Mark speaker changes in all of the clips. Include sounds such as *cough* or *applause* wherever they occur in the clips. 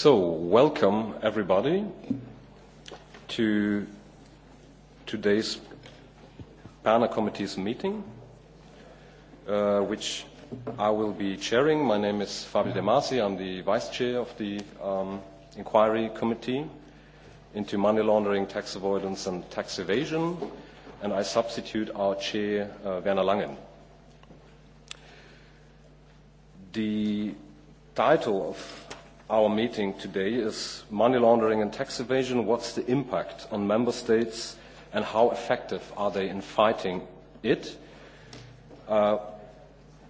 Speaker 1: So, welcome everybody to today's PANA committee's meeting, uh, which I will be chairing. My name is Fabio De Masi. I'm the vice chair of the um, inquiry committee into money laundering, tax avoidance and tax evasion, and I substitute our chair, uh, Werner Langen. The title of our meeting today is money laundering and tax evasion. What's the impact on member states and how effective are they in fighting it? Uh,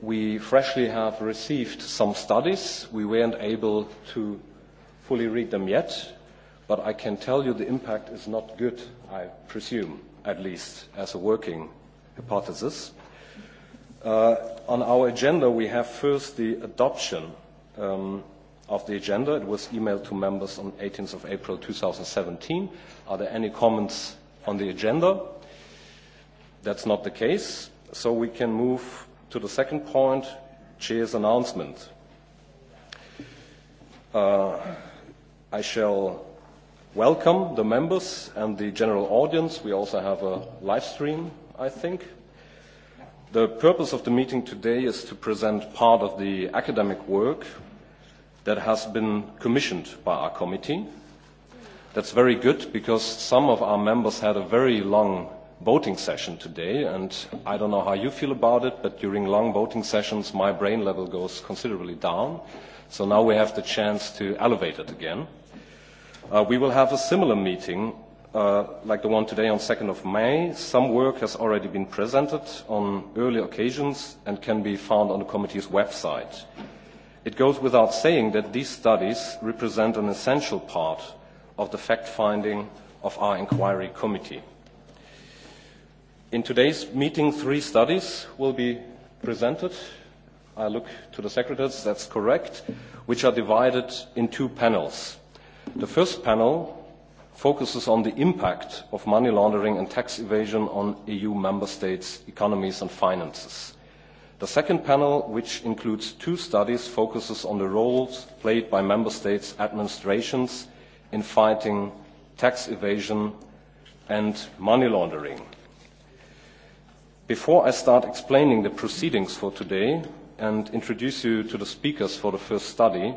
Speaker 1: we freshly have received some studies. We weren't able to fully read them yet, but I can tell you the impact is not good, I presume, at least as a working hypothesis. Uh, on our agenda, we have first the adoption um, of the agenda. It was emailed to members on 18th of April 2017. Are there any comments on the agenda? That's not the case. So we can move to the second point, Chair's announcement. Uh, I shall welcome the members and the general audience. We also have a live stream, I think. The purpose of the meeting today is to present part of the academic work that has been commissioned by our committee. That's very good because some of our members had a very long voting session today, and I don't know how you feel about it, but during long voting sessions, my brain level goes considerably down. So now we have the chance to elevate it again. Uh, we will have a similar meeting uh, like the one today on 2nd of May. Some work has already been presented on earlier occasions and can be found on the committee's website. It goes without saying that these studies represent an essential part of the fact-finding of our inquiry committee. In today's meeting, three studies will be presented. I look to the secretaries, that's correct, which are divided in two panels. The first panel focuses on the impact of money laundering and tax evasion on EU member states' economies and finances. The second panel, which includes two studies, focuses on the roles played by member states' administrations in fighting tax evasion and money laundering. Before I start explaining the proceedings for today and introduce you to the speakers for the first study,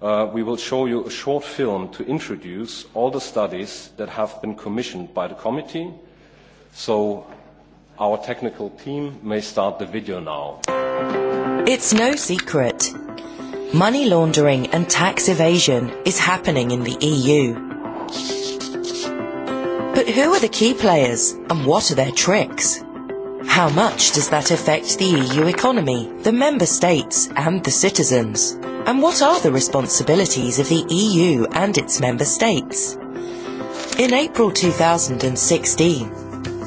Speaker 1: uh, we will show you a short film to introduce all the studies that have been commissioned by the committee. So Our technical team may start the video now.
Speaker 2: It's no secret. Money laundering and tax evasion is happening in the EU. But who are the key players and what are their tricks? How much does that affect the EU economy, the member states and the citizens? And what are the responsibilities of the EU and its member states? In April 2016,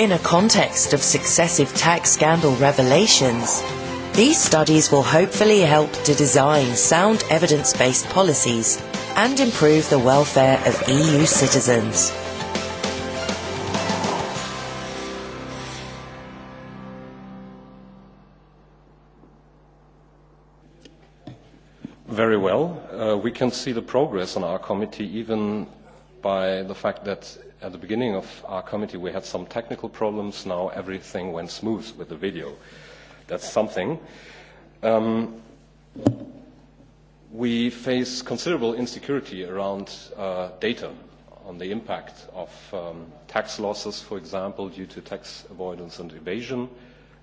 Speaker 2: In a context of successive tax scandal revelations, these studies will hopefully help to design sound evidence based policies and improve the welfare of EU citizens.
Speaker 1: Very well. Uh, we can see the progress on our committee even by the fact that at the beginning of our committee, we had some technical problems. Now everything went smooth with the video. That's something. Um, we face considerable insecurity around uh, data on the impact of um, tax losses, for example, due to tax avoidance and evasion,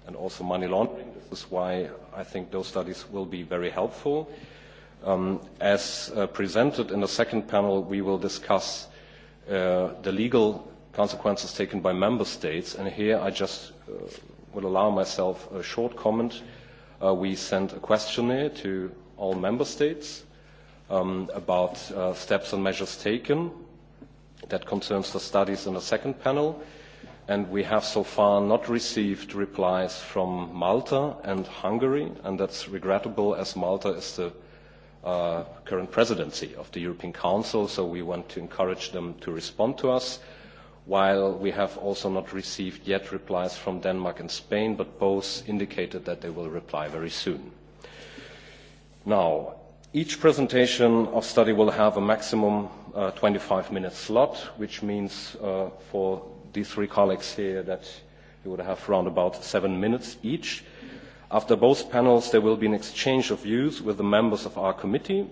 Speaker 1: and also money laundering. This is why I think those studies will be very helpful. Um, as uh, presented in the second panel, we will discuss uh, the legal consequences taken by member states. And here I just uh, will allow myself a short comment. Uh, we sent a questionnaire to all member states um, about uh, steps and measures taken. That concerns the studies in the second panel. And we have so far not received replies from Malta and Hungary, and that's regrettable as Malta is the uh, uh, current presidency of the European Council, so we want to encourage them to respond to us, while we have also not received yet replies from Denmark and Spain, but both indicated that they will reply very soon. Now, each presentation of study will have a maximum uh, 25-minute slot, which means uh, for these three colleagues here that you would have around about seven minutes each. After both panels, there will be an exchange of views with the members of our committee.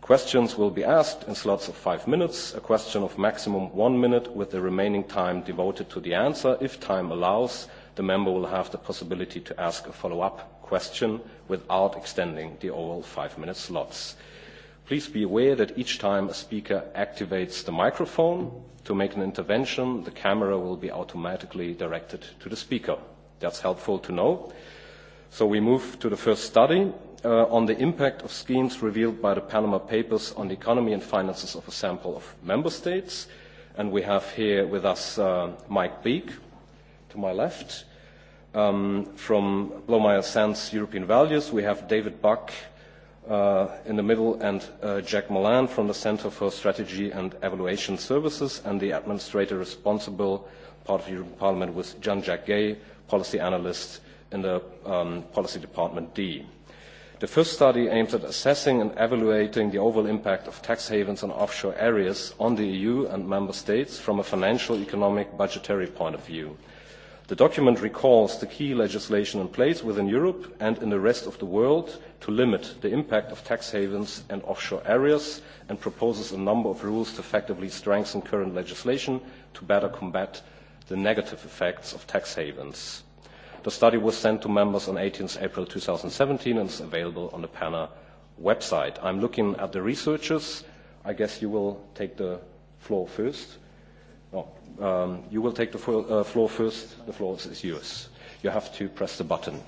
Speaker 1: Questions will be asked in slots of five minutes, a question of maximum one minute, with the remaining time devoted to the answer. If time allows, the member will have the possibility to ask a follow-up question without extending the overall five-minute slots. Please be aware that each time a speaker activates the microphone to make an intervention, the camera will be automatically directed to the speaker. That's helpful to know. So we move to the first study uh, on the impact of schemes revealed by the Panama Papers on the economy and finances of a sample of member states. And we have here with us uh, Mike Beek, to my left. Um, from Blomeyer Sands European Values, we have David Buck uh, in the middle and uh, Jack Milan from the Center for Strategy and Evaluation Services and the administrator responsible part of the European Parliament was Jan-Jack Gay, policy analyst in the um, Policy Department D. The fifth study aims at assessing and evaluating the overall impact of tax havens and offshore areas on the EU and member states from a financial, economic, budgetary point of view. The document recalls the key legislation in place within Europe and in the rest of the world to limit the impact of tax havens and offshore areas and proposes a number of rules to effectively strengthen current legislation to better combat the negative effects of tax havens. The study was sent to members on 18th April 2017 and is available on the PANA website. I'm looking at the researchers. I guess you will take the floor first. No, um, you will take the fo- uh, floor first. The floor is yours. You have to press the button.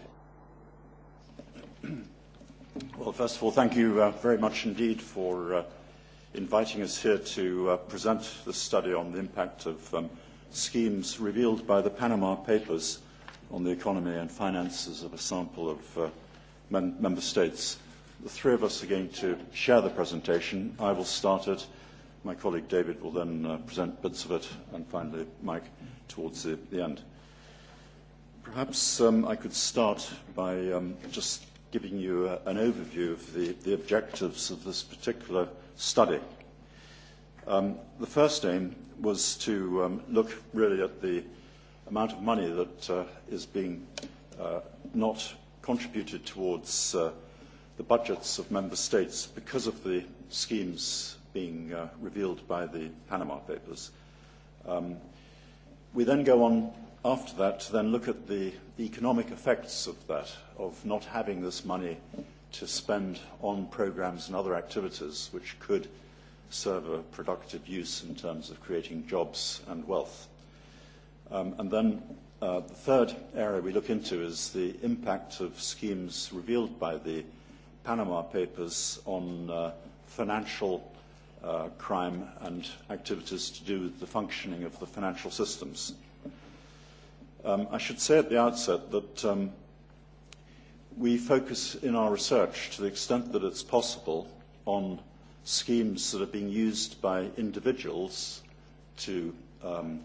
Speaker 3: *clears throat* Well, first of all, thank you uh, very much indeed for uh, inviting us here to uh, present the study on the impact of um, schemes revealed by the Panama Papers on the economy and finances of a sample of uh, mem- member states. The three of us are going to share the presentation. I will start it. My colleague David will then uh, present bits of it, and finally Mike towards the, the end. Perhaps um, I could start by um, just giving you a, uh, an overview of the, the objectives of this particular study. Um, the first aim was to um, look really at the amount of money that uh, is being uh, not contributed towards uh, the budgets of member states because of the schemes being uh, revealed by the Panama Papers. Um, we then go on after that to then look at the economic effects of that, of not having this money to spend on programs and other activities which could serve a productive use in terms of creating jobs and wealth. Um, and then uh, the third area we look into is the impact of schemes revealed by the Panama Papers on uh, financial uh, crime and activities to do with the functioning of the financial systems. Um, I should say at the outset that um, we focus in our research to the extent that it's possible on schemes that are being used by individuals to um,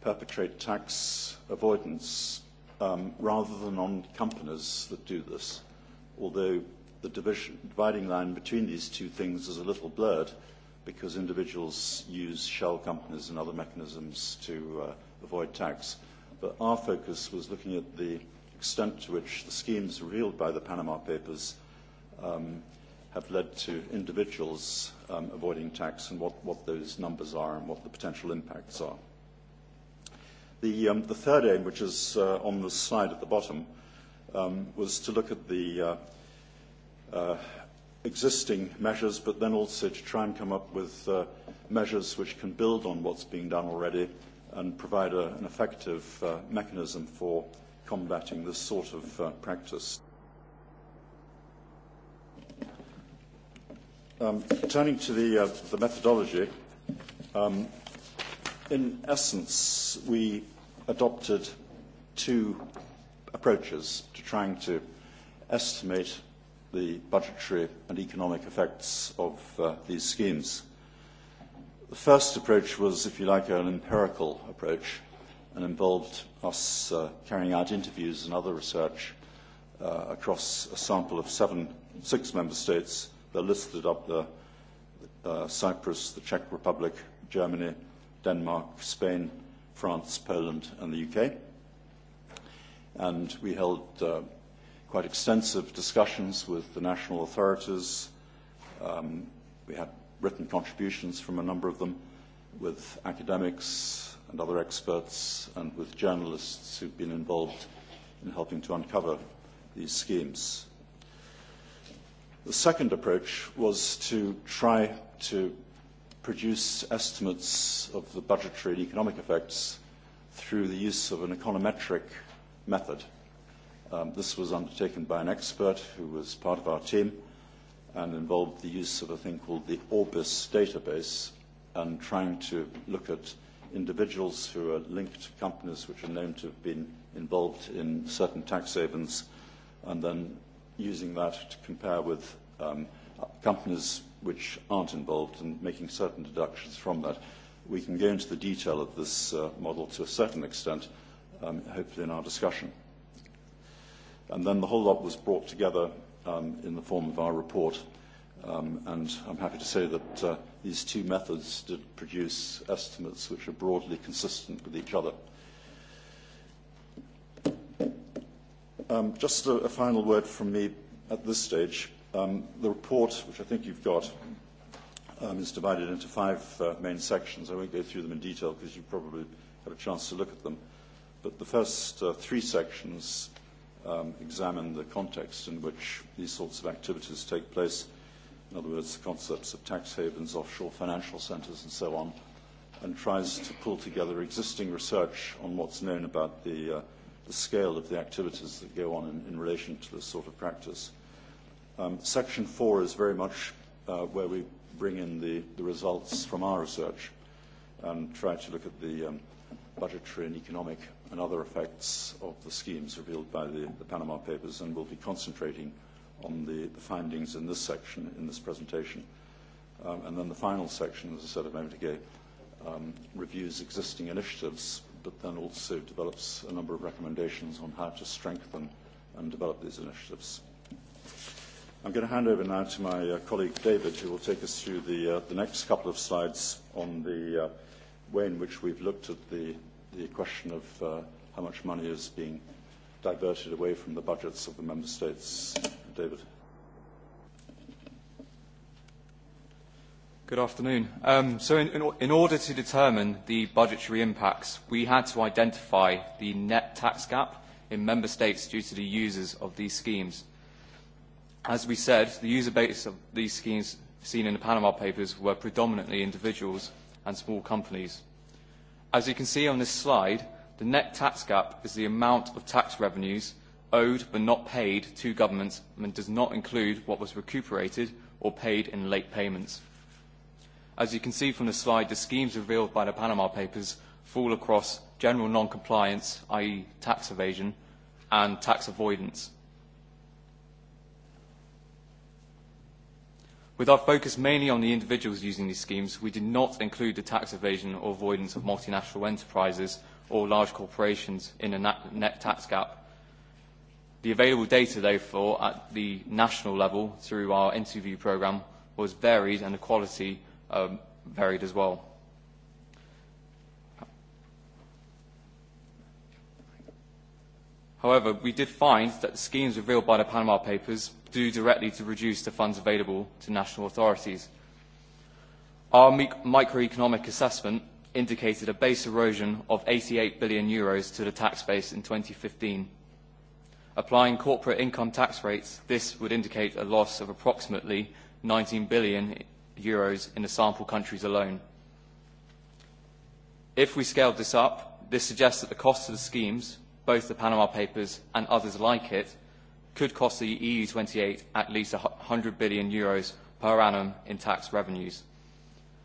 Speaker 3: perpetrate tax avoidance um, rather than on companies that do this, although the division, dividing line between these two things is a little blurred because individuals use shell companies and other mechanisms to uh, avoid tax. But our focus was looking at the extent to which the schemes revealed by the Panama Papers um, have led to individuals um, avoiding tax and what, what those numbers are and what the potential impacts are. The, um, the third aim, which is uh, on the slide at the bottom, um, was to look at the uh, uh, existing measures, but then also to try and come up with uh, measures which can build on what's being done already and provide a, an effective uh, mechanism for combating this sort of uh, practice. Um, turning to the, uh, the methodology, um, in essence, we adopted two approaches to trying to estimate the budgetary and economic effects of uh, these schemes. The first approach was, if you like, an empirical approach and involved us uh, carrying out interviews and other research uh, across a sample of seven, six member states. They're listed up there, uh, Cyprus, the Czech Republic, Germany, Denmark, Spain, France, Poland, and the UK. And we held uh, quite extensive discussions with the national authorities. Um, we had written contributions from a number of them with academics and other experts and with journalists who've been involved in helping to uncover these schemes. The second approach was to try to produce estimates of the budgetary and economic effects through the use of an econometric method. Um, this was undertaken by an expert who was part of our team and involved the use of a thing called the Orbis database and trying to look at individuals who are linked to companies which are known to have been involved in certain tax havens and then using that to compare with um, companies which aren't involved and making certain deductions from that. We can go into the detail of this uh, model to a certain extent, um, hopefully in our discussion. And then the whole lot was brought together um, in the form of our report. Um, and I'm happy to say that uh, these two methods did produce estimates which are broadly consistent with each other. Um, just a, a final word from me at this stage Um, the report, which I think you've got, um, is divided into five uh, main sections. I won't go through them in detail because you've probably had a chance to look at them. But the first uh, three sections um, examine the context in which these sorts of activities take place. In other words, the concepts of tax havens, offshore financial centres, and so on, and tries to pull together existing research on what's known about the, uh, the scale of the activities that go on in, in relation to this sort of practice. Um, section four is very much uh, where we bring in the, the results from our research and try to look at the um, budgetary and economic and other effects of the schemes revealed by the, the Panama Papers, and we'll be concentrating on the, the findings in this section, in this presentation. Um, and then the final section, as I said a moment ago, um, reviews existing initiatives, but then also develops a number of recommendations on how to strengthen and develop these initiatives. I'm going to hand over now to my uh, colleague David, who will take us through the, uh, the next couple of slides on the uh, way in which we've looked at the, the question of uh, how much money is being diverted away from the budgets of the member states. David.
Speaker 4: Good afternoon. Um, so in, in, in order to determine the budgetary impacts, we had to identify the net tax gap in member states due to the users of these schemes. As we said, the user base of these schemes seen in the Panama Papers were predominantly individuals and small companies. As you can see on this slide, the net tax gap is the amount of tax revenues owed but not paid to governments and does not include what was recuperated or paid in late payments. As you can see from the slide, the schemes revealed by the Panama Papers fall across general non-compliance, i.e. tax evasion, and tax avoidance. With our focus mainly on the individuals using these schemes, we did not include the tax evasion or avoidance of multinational enterprises or large corporations in a net tax gap. The available data, therefore, at the national level through our interview programme was varied and the quality um, varied as well. However, we did find that the schemes revealed by the Panama Papers do directly to reduce the funds available to national authorities. Our microeconomic assessment indicated a base erosion of €88 billion Euros to the tax base in 2015. Applying corporate income tax rates, this would indicate a loss of approximately €19 billion Euros in the sample countries alone. If we scaled this up, this suggests that the cost of the schemes, both the Panama Papers and others like it, could cost the EU28 at least 100 billion euros per annum in tax revenues.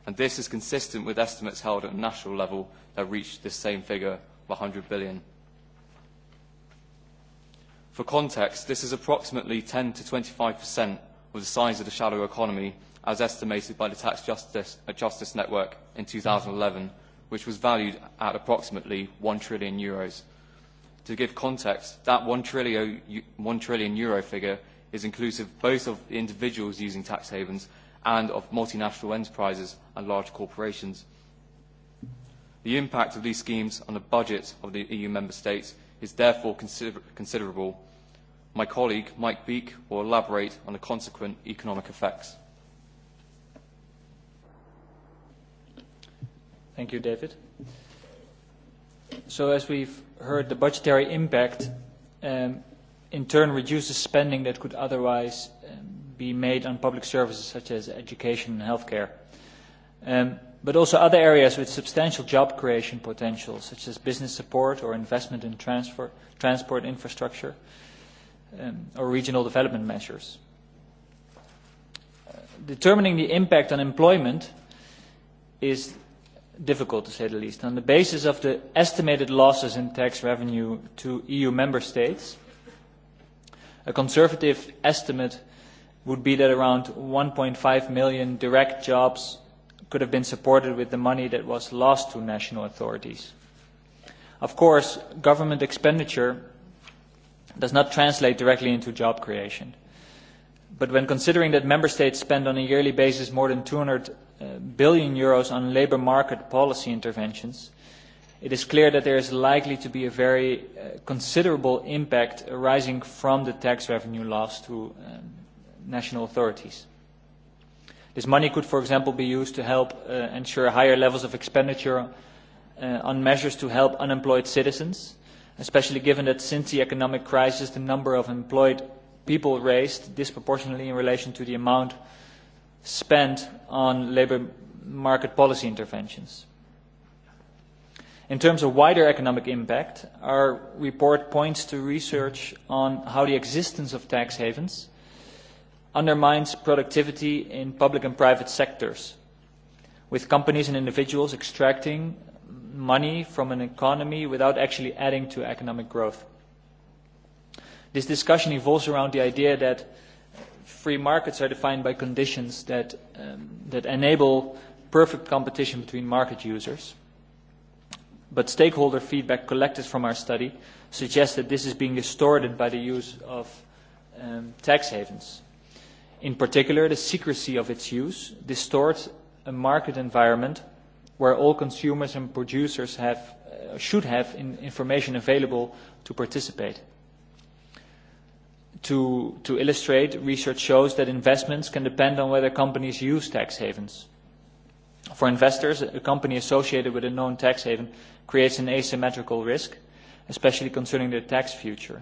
Speaker 4: And this is consistent with estimates held at a national level that reached this same figure of 100 billion. For context, this is approximately 10 to 25% of the size of the shadow economy as estimated by the Tax Justice, uh, Justice Network in 2011, which was valued at approximately 1 trillion euros. To give context, that 1 trillion, 1 trillion euro figure is inclusive both of individuals using tax havens and of multinational enterprises and large corporations. The impact of these schemes on the budget of the EU member states is therefore consider considerable. My colleague, Mike Beek, will elaborate on the consequent economic effects.
Speaker 5: Thank you, David. So as we've heard, the budgetary impact um, in turn reduces spending that could otherwise um, be made on public services such as education and healthcare. Um, but also other areas with substantial job creation potential, such as business support or investment in transfer, transport infrastructure um, or regional development measures. Uh, determining the impact on employment is difficult, to say the least. On the basis of the estimated losses in tax revenue to EU member states, a conservative estimate would be that around 1.5 million direct jobs could have been supported with the money that was lost to national authorities. Of course, government expenditure does not translate directly into job creation. But when considering that member states spend on a yearly basis more than 200 Uh, billion euros on labour market policy interventions, it is clear that there is likely to be a very uh, considerable impact arising from the tax revenue loss to um, national authorities. This money could, for example, be used to help uh, ensure higher levels of expenditure uh, on measures to help unemployed citizens, especially given that since the economic crisis, the number of employed people raised disproportionately in relation to the amount uh, spent on labour market policy interventions. In terms of wider economic impact, our report points to research on how the existence of tax havens undermines productivity in public and private sectors, with companies and individuals extracting money from an economy without actually adding to economic growth. This discussion evolves around the idea that free markets are defined by conditions that, um, that enable perfect competition between market users. But stakeholder feedback collected from our study suggests that this is being distorted by the use of um, tax havens. In particular, the secrecy of its use distorts a market environment where all consumers and producers have, uh, should have in information available to participate to, to illustrate, research shows that investments can depend on whether companies use tax havens. For investors, a company associated with a known tax haven creates an asymmetrical risk, especially concerning their tax future.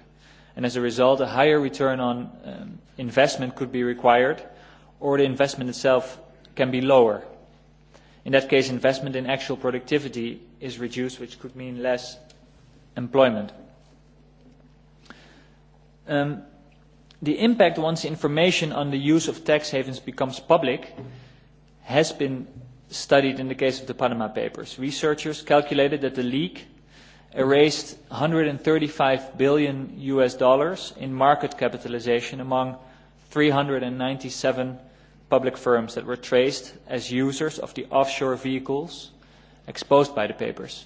Speaker 5: And as a result, a higher return on um, investment could be required, or the investment itself can be lower. In that case, investment in actual productivity is reduced, which could mean less employment. Um, The impact once information on the use of tax havens becomes public has been studied in the case of the Panama Papers. Researchers calculated that the leak erased 135 billion US dollars in market capitalization among 397 public firms that were traced as users of the offshore vehicles exposed by the papers.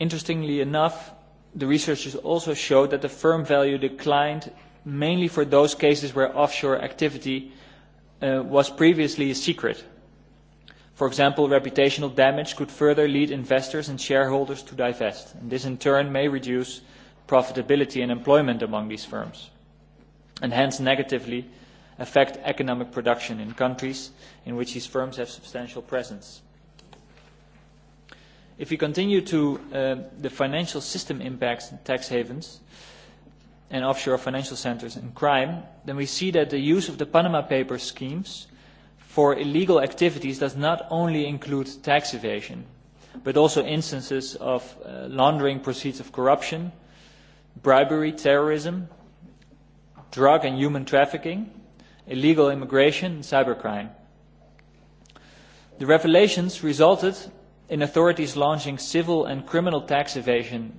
Speaker 5: Interestingly enough, the researchers also showed that the firm value declined mainly for those cases where offshore activity uh, was previously a secret. For example, reputational damage could further lead investors and shareholders to divest, and this in turn may reduce profitability and employment among these firms, and hence negatively affect economic production in countries in which these firms have substantial presence. If we continue to uh, the financial system impacts in tax havens and offshore financial centers and crime, then we see that the use of the Panama Papers schemes for illegal activities does not only include tax evasion, but also instances of uh, laundering proceeds of corruption, bribery, terrorism, drug and human trafficking, illegal immigration, and cybercrime. The revelations resulted in authorities launching civil and criminal tax evasion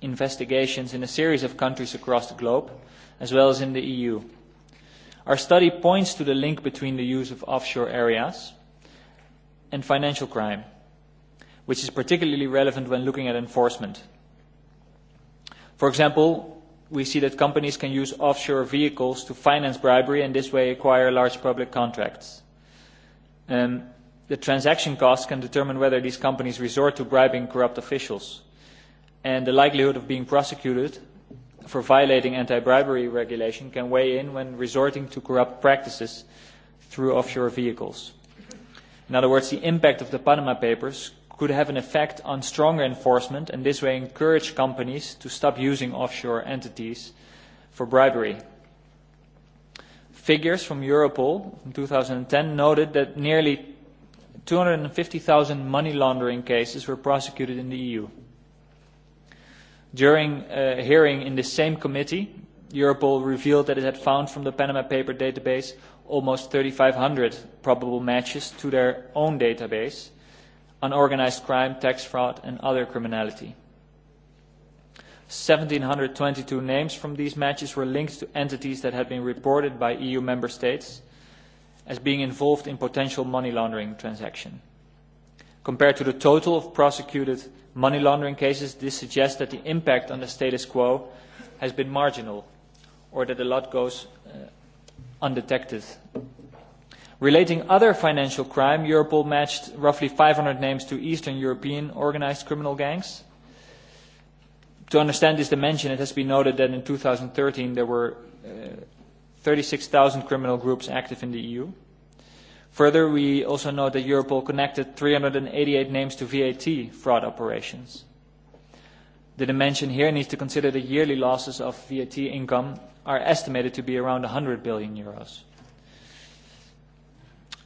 Speaker 5: investigations in a series of countries across the globe, as well as in the EU. Our study points to the link between the use of offshore areas and financial crime, which is particularly relevant when looking at enforcement. For example, we see that companies can use offshore vehicles to finance bribery and this way acquire large public contracts. Um, the transaction costs can determine whether these companies resort to bribing corrupt officials and the likelihood of being prosecuted for violating anti bribery regulation can weigh in when resorting to corrupt practices through offshore vehicles. In other words, the impact of the Panama Papers could have an effect on stronger enforcement and this way encourage companies to stop using offshore entities for bribery. Figures from Europol in 2010 noted that nearly 250,000 money laundering cases were prosecuted in the EU. During uh, a hearing in this same committee, Europol revealed that it had found from the Panama Paper database almost 3,500 probable matches to their own database on organized crime, tax fraud, and other criminality. 1,722 names from these matches were linked to entities that had been reported by EU member states – as being involved in potential money laundering transactions. Compared to the total of prosecuted money laundering cases, this suggests that the impact on the status quo has been marginal or that a lot goes uh, undetected. Relating other financial crime, Europol matched roughly 500 names to Eastern European organized criminal gangs. To understand this dimension, it has been noted that in 2013 there were uh, 36,000 criminal groups active in the EU. Further, we also note that Europol connected 388 names to VAT fraud operations. The dimension here needs to consider the yearly losses of VAT income are estimated to be around 100 billion euros.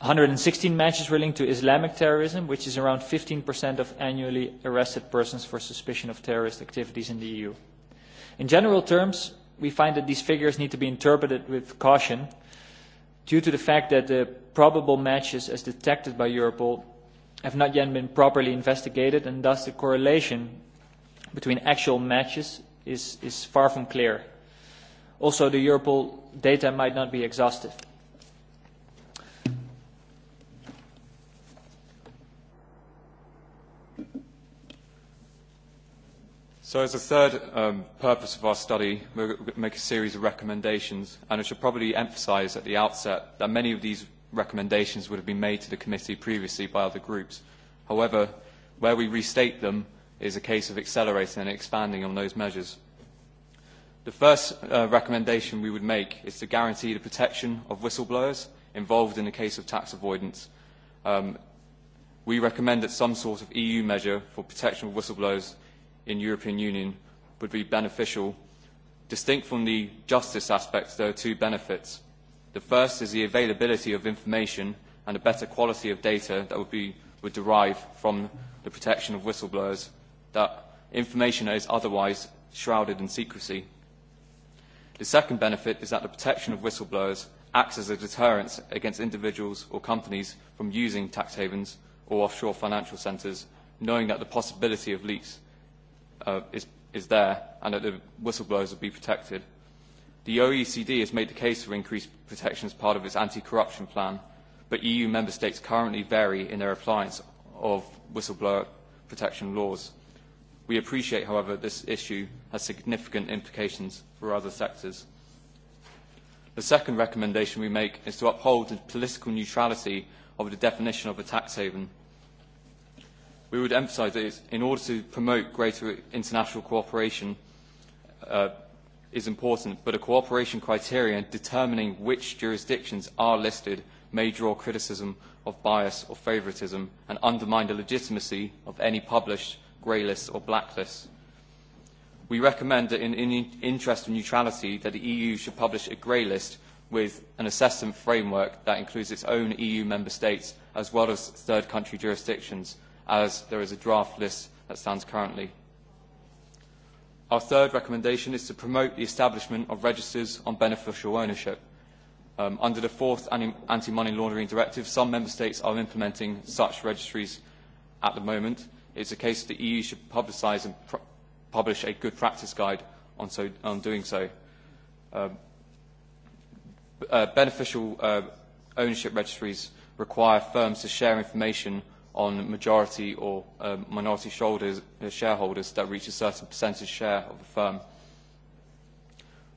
Speaker 5: 116 matches were linked to Islamic terrorism, which is around 15% of annually arrested persons for suspicion of terrorist activities in the EU. In general terms, we find that these figures need to be interpreted with caution due to the fact that the probable matches as detected by Europol have not yet been properly investigated and thus the correlation between actual matches is, is far from clear. Also, the Europol data might not be exhaustive.
Speaker 4: So as a third um, purpose of our study, we'll make a series of recommendations, and I should probably emphasise at the outset that many of these recommendations would have been made to the committee previously by other groups. However, where we restate them is a case of accelerating and expanding on those measures. The first uh, recommendation we would make is to guarantee the protection of whistleblowers involved in the case of tax avoidance. Um, we recommend that some sort of EU measure for protection of whistleblowers in European Union would be beneficial, distinct from the justice aspects, there are two benefits. The first is the availability of information and a better quality of data that would, be, would derive from the protection of whistleblowers, that information that is otherwise shrouded in secrecy. The second benefit is that the protection of whistleblowers acts as a deterrent against individuals or companies from using tax havens or offshore financial centres, knowing that the possibility of leaks uh, is, is there and that the whistleblowers will be protected. The OECD has made the case for increased protection as part of its anti-corruption plan, but EU member states currently vary in their appliance of whistleblower protection laws. We appreciate, however, this issue has significant implications for other sectors. The second recommendation we make is to uphold the political neutrality of the definition of a tax haven we would emphasise that in order to promote greater international cooperation uh, is important, but a cooperation criterion determining which jurisdictions are listed may draw criticism of bias or favouritism and undermine the legitimacy of any published grey lists or blacklists. We recommend that in, in the interest of neutrality that the EU should publish a grey list with an assessment framework that includes its own EU member states as well as third country jurisdictions as there is a draft list that stands currently. Our third recommendation is to promote the establishment of registers on beneficial ownership. Um, under the fourth anti-money laundering directive, some member states are implementing such registries at the moment. It's a case the EU should publicise and pr publish a good practice guide on, so, on doing so. Um, uh, beneficial uh, ownership registries require firms to share information on majority or uh, minority shoulders, uh, shareholders that reach a certain percentage share of the firm.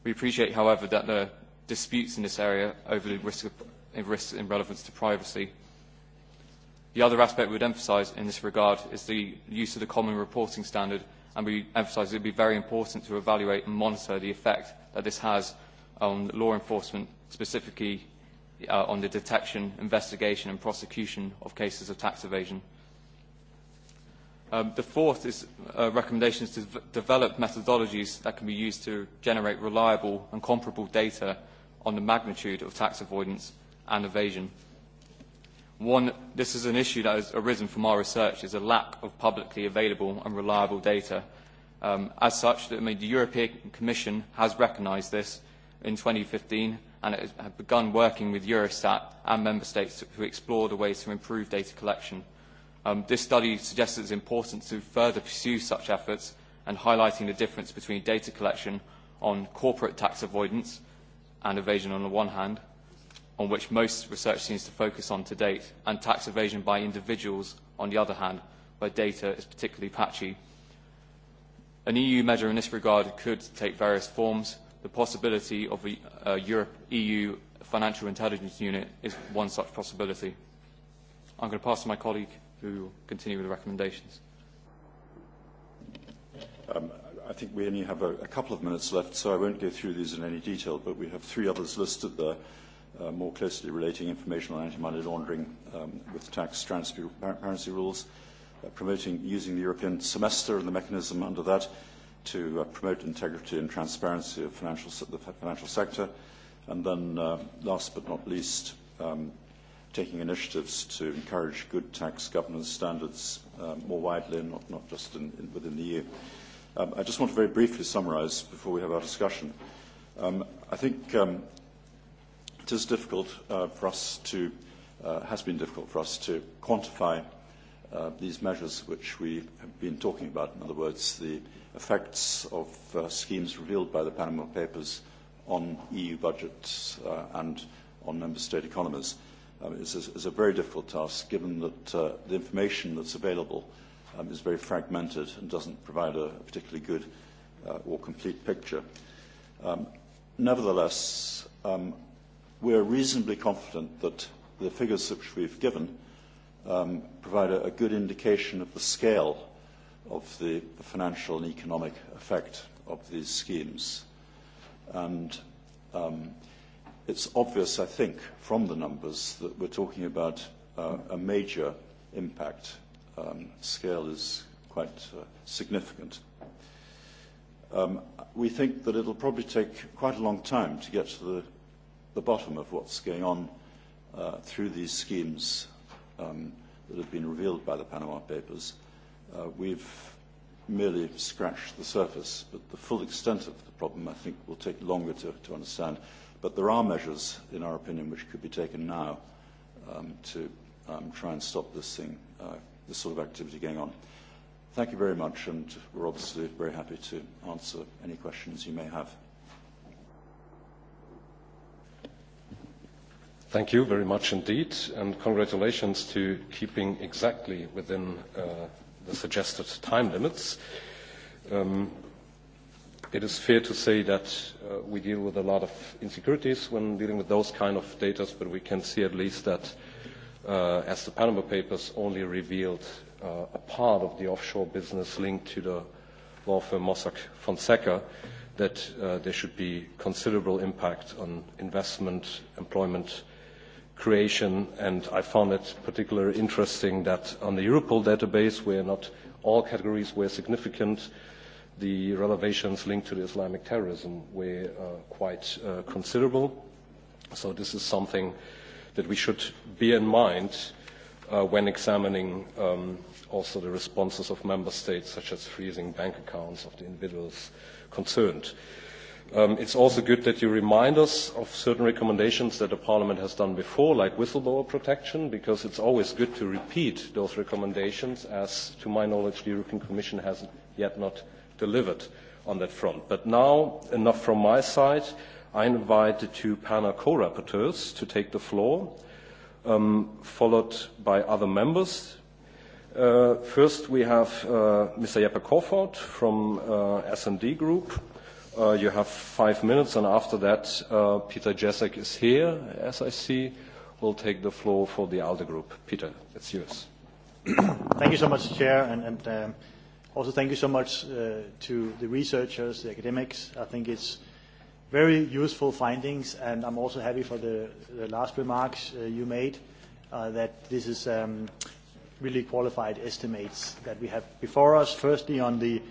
Speaker 4: We appreciate, however, that the disputes in this area over the risk of, uh, risks in relevance to privacy. The other aspect we would emphasise in this regard is the use of the common reporting standard, and we emphasise it would be very important to evaluate and monitor the effect that this has on law enforcement, specifically uh, on the detection, investigation and prosecution of cases of tax evasion. Um, the fourth is uh, recommendations to develop methodologies that can be used to generate reliable and comparable data on the magnitude of tax avoidance and evasion. One, this is an issue that has arisen from our research, is a lack of publicly available and reliable data. Um, as such, I mean, the European Commission has recognised this in 2015 and it has begun working with Eurostat and member states who explore the ways to improve data collection. Um, this study suggests it's important to further pursue such efforts and highlighting the difference between data collection on corporate tax avoidance and evasion on the one hand, on which most research seems to focus on to date, and tax evasion by individuals on the other hand, where data is particularly patchy. An EU measure in this regard could take various forms, the possibility of a, a Europe, EU financial intelligence unit is one such possibility. I'm going to pass to my colleague who will continue with the recommendations.
Speaker 3: Um, I think we only have a, a couple of minutes left, so I won't go through these in any detail, but we have three others listed there, uh, more closely relating information on anti-money laundering um, with tax transparency rules, uh, promoting using the European semester and the mechanism under that, uh, to uh, promote integrity and transparency of financial, the financial sector. And then, uh, last but not least, um, taking initiatives to encourage good tax governance standards uh, more widely and not, not just in, in, within the EU. Um, I just want to very briefly summarize before we have our discussion. Um, I think um, it is difficult uh, for us to, uh, has been difficult for us to quantify uh, these measures which we have been talking about. In other words, the uh, effects of uh, schemes revealed by the Panama Papers on EU budgets uh, and on member state economies um, is, is, is a very difficult task given that uh, the information that's available um, is very fragmented and doesn't provide a particularly good uh, or complete picture. Um, nevertheless, um, we're reasonably confident that the figures which we've given um, provide a, a good indication of the scale of the, the financial and economic effect of these schemes. And um, it's obvious, I think, from the numbers that we're talking about uh, a major impact. Um, scale is quite uh, significant. Um, we think that it'll probably take quite a long time to get to the, the bottom of what's going on uh, through these schemes um, that have been revealed by the Panama Papers uh, we've merely scratched the surface, but the full extent of the problem, I think, will take longer to, to understand. But there are measures, in our opinion, which could be taken now um, to um, try and stop this thing, uh, this sort of activity going on. Thank you very much, and we're obviously very happy to answer any questions you may have.
Speaker 1: Thank you very much indeed, and congratulations to keeping exactly within uh, the suggested time limits. Um, it is fair to say that uh, we deal with a lot of insecurities when dealing with those kind of data, but we can see at least that uh, as the Panama Papers only revealed uh, a part of the offshore business linked to the law firm Mossack Fonseca, that uh, there should be considerable impact on investment, employment, creation, and I found it particularly interesting that on the Europol database, where not all categories were significant, the revelations linked to the Islamic terrorism were uh, quite uh, considerable. So this is something that we should bear in mind uh, when examining um, also the responses of member states, such as freezing bank accounts of the individuals concerned. Uh, Um, it's also good that you remind us of certain recommendations that the Parliament has done before, like whistleblower protection, because it's always good to repeat those recommendations, as to my knowledge, the European Commission has yet not delivered on that front. But now, enough from my side. I invite the two PANA co-rapporteurs to take the floor, um, followed by other members. Uh, first, we have uh, Mr. Jeppe Kofod from uh, S&D Group Uh, you have five minutes, and after that, uh, Peter Jacek is here, as I see, will take the floor for the ALDE group. Peter, it's
Speaker 6: yours. *coughs* thank you so much, Chair, and, and um, also thank you so much uh, to the researchers, the academics. I think it's very useful findings, and I'm also happy for the, the last remarks uh, you made, uh, that this is um, really qualified estimates that we have before us, firstly on the uh,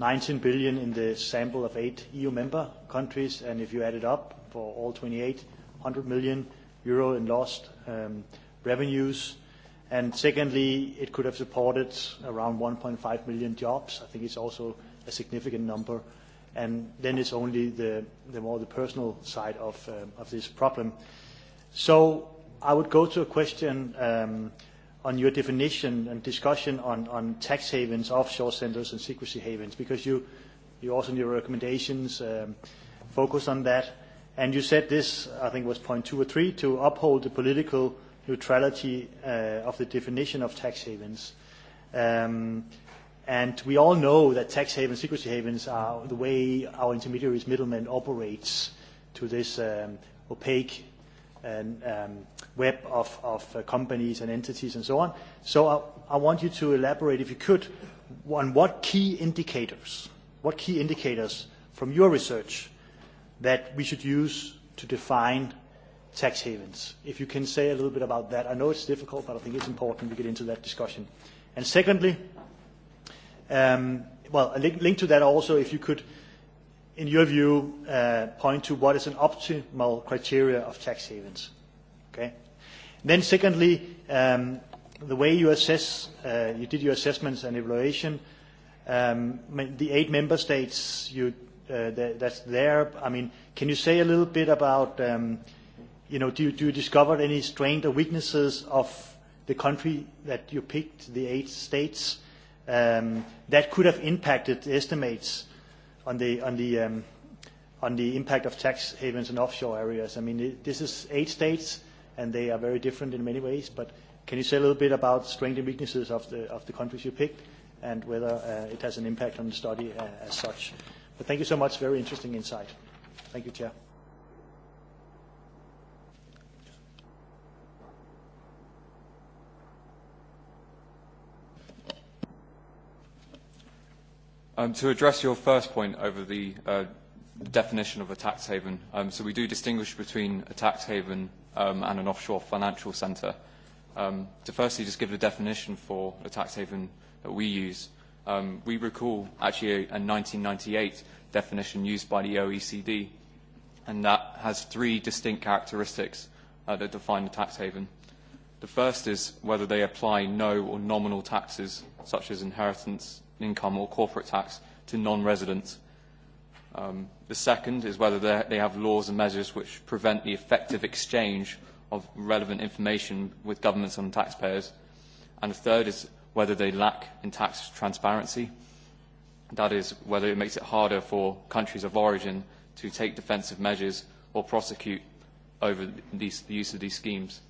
Speaker 6: 19 billion in the sample of eight EU member countries, and if you add it up for all 28, 100 million euro in lost um, revenues. And secondly, it could have supported around 1.5 million jobs. I think it's also a significant number. And then it's only the, the more the personal side of, um, of this problem. So I would go to a question um, – on your definition and discussion on, on tax havens, offshore centers, and secrecy havens, because you, you also in your recommendations um, focused on that. And you said this, I think was point two or three, to uphold the political neutrality uh, of the definition of tax havens. Um, and we all know that tax havens, secrecy havens are the way our intermediaries, middlemen operates to this um, opaque and um, web of, of uh, companies and entities and so on. So I, I want you to elaborate, if you could, on what key indicators, what key indicators from your research that we should use to define tax havens. If you can say a little bit about that. I know it's difficult, but I think it's important we get into that discussion. And secondly, um, well, linked link to that also, if you could, in your view, uh, point to what is an optimal criteria of tax havens. Okay? Then secondly, um, the way you assess, uh, you did your assessments and evaluation, um, the eight member states you, uh, th that's there. I mean, can you say a little bit about, um, you know, do you, do you discover any strengths or weaknesses of the country that you picked, the eight states, um, that could have impacted the estimates on the, on the, um, on the impact of tax havens and offshore areas? I mean, this is eight states and they are very different in many ways. But can you say a little bit about strengths and weaknesses of the, of the countries you picked and whether uh, it has an impact on the study uh, as such? But thank you so much. Very interesting insight. Thank you, Chair.
Speaker 4: Um, to address your first point over the uh, the definition of a tax haven. Um, so we do distinguish between a tax haven um, and an offshore financial centre. Um, to firstly just give the definition for a tax haven that we use, um, we recall actually a, a 1998 definition used by the OECD, and that has three distinct characteristics uh, that define a tax haven. The first is whether they apply no or nominal taxes, such as inheritance, income, or corporate tax, to non-residents. Um, The second is whether they have laws and measures which prevent the effective exchange of relevant information with governments and taxpayers. And the third is whether they lack in tax transparency. That is, whether it makes it harder for countries of origin to take defensive measures or prosecute over these, the use of these schemes.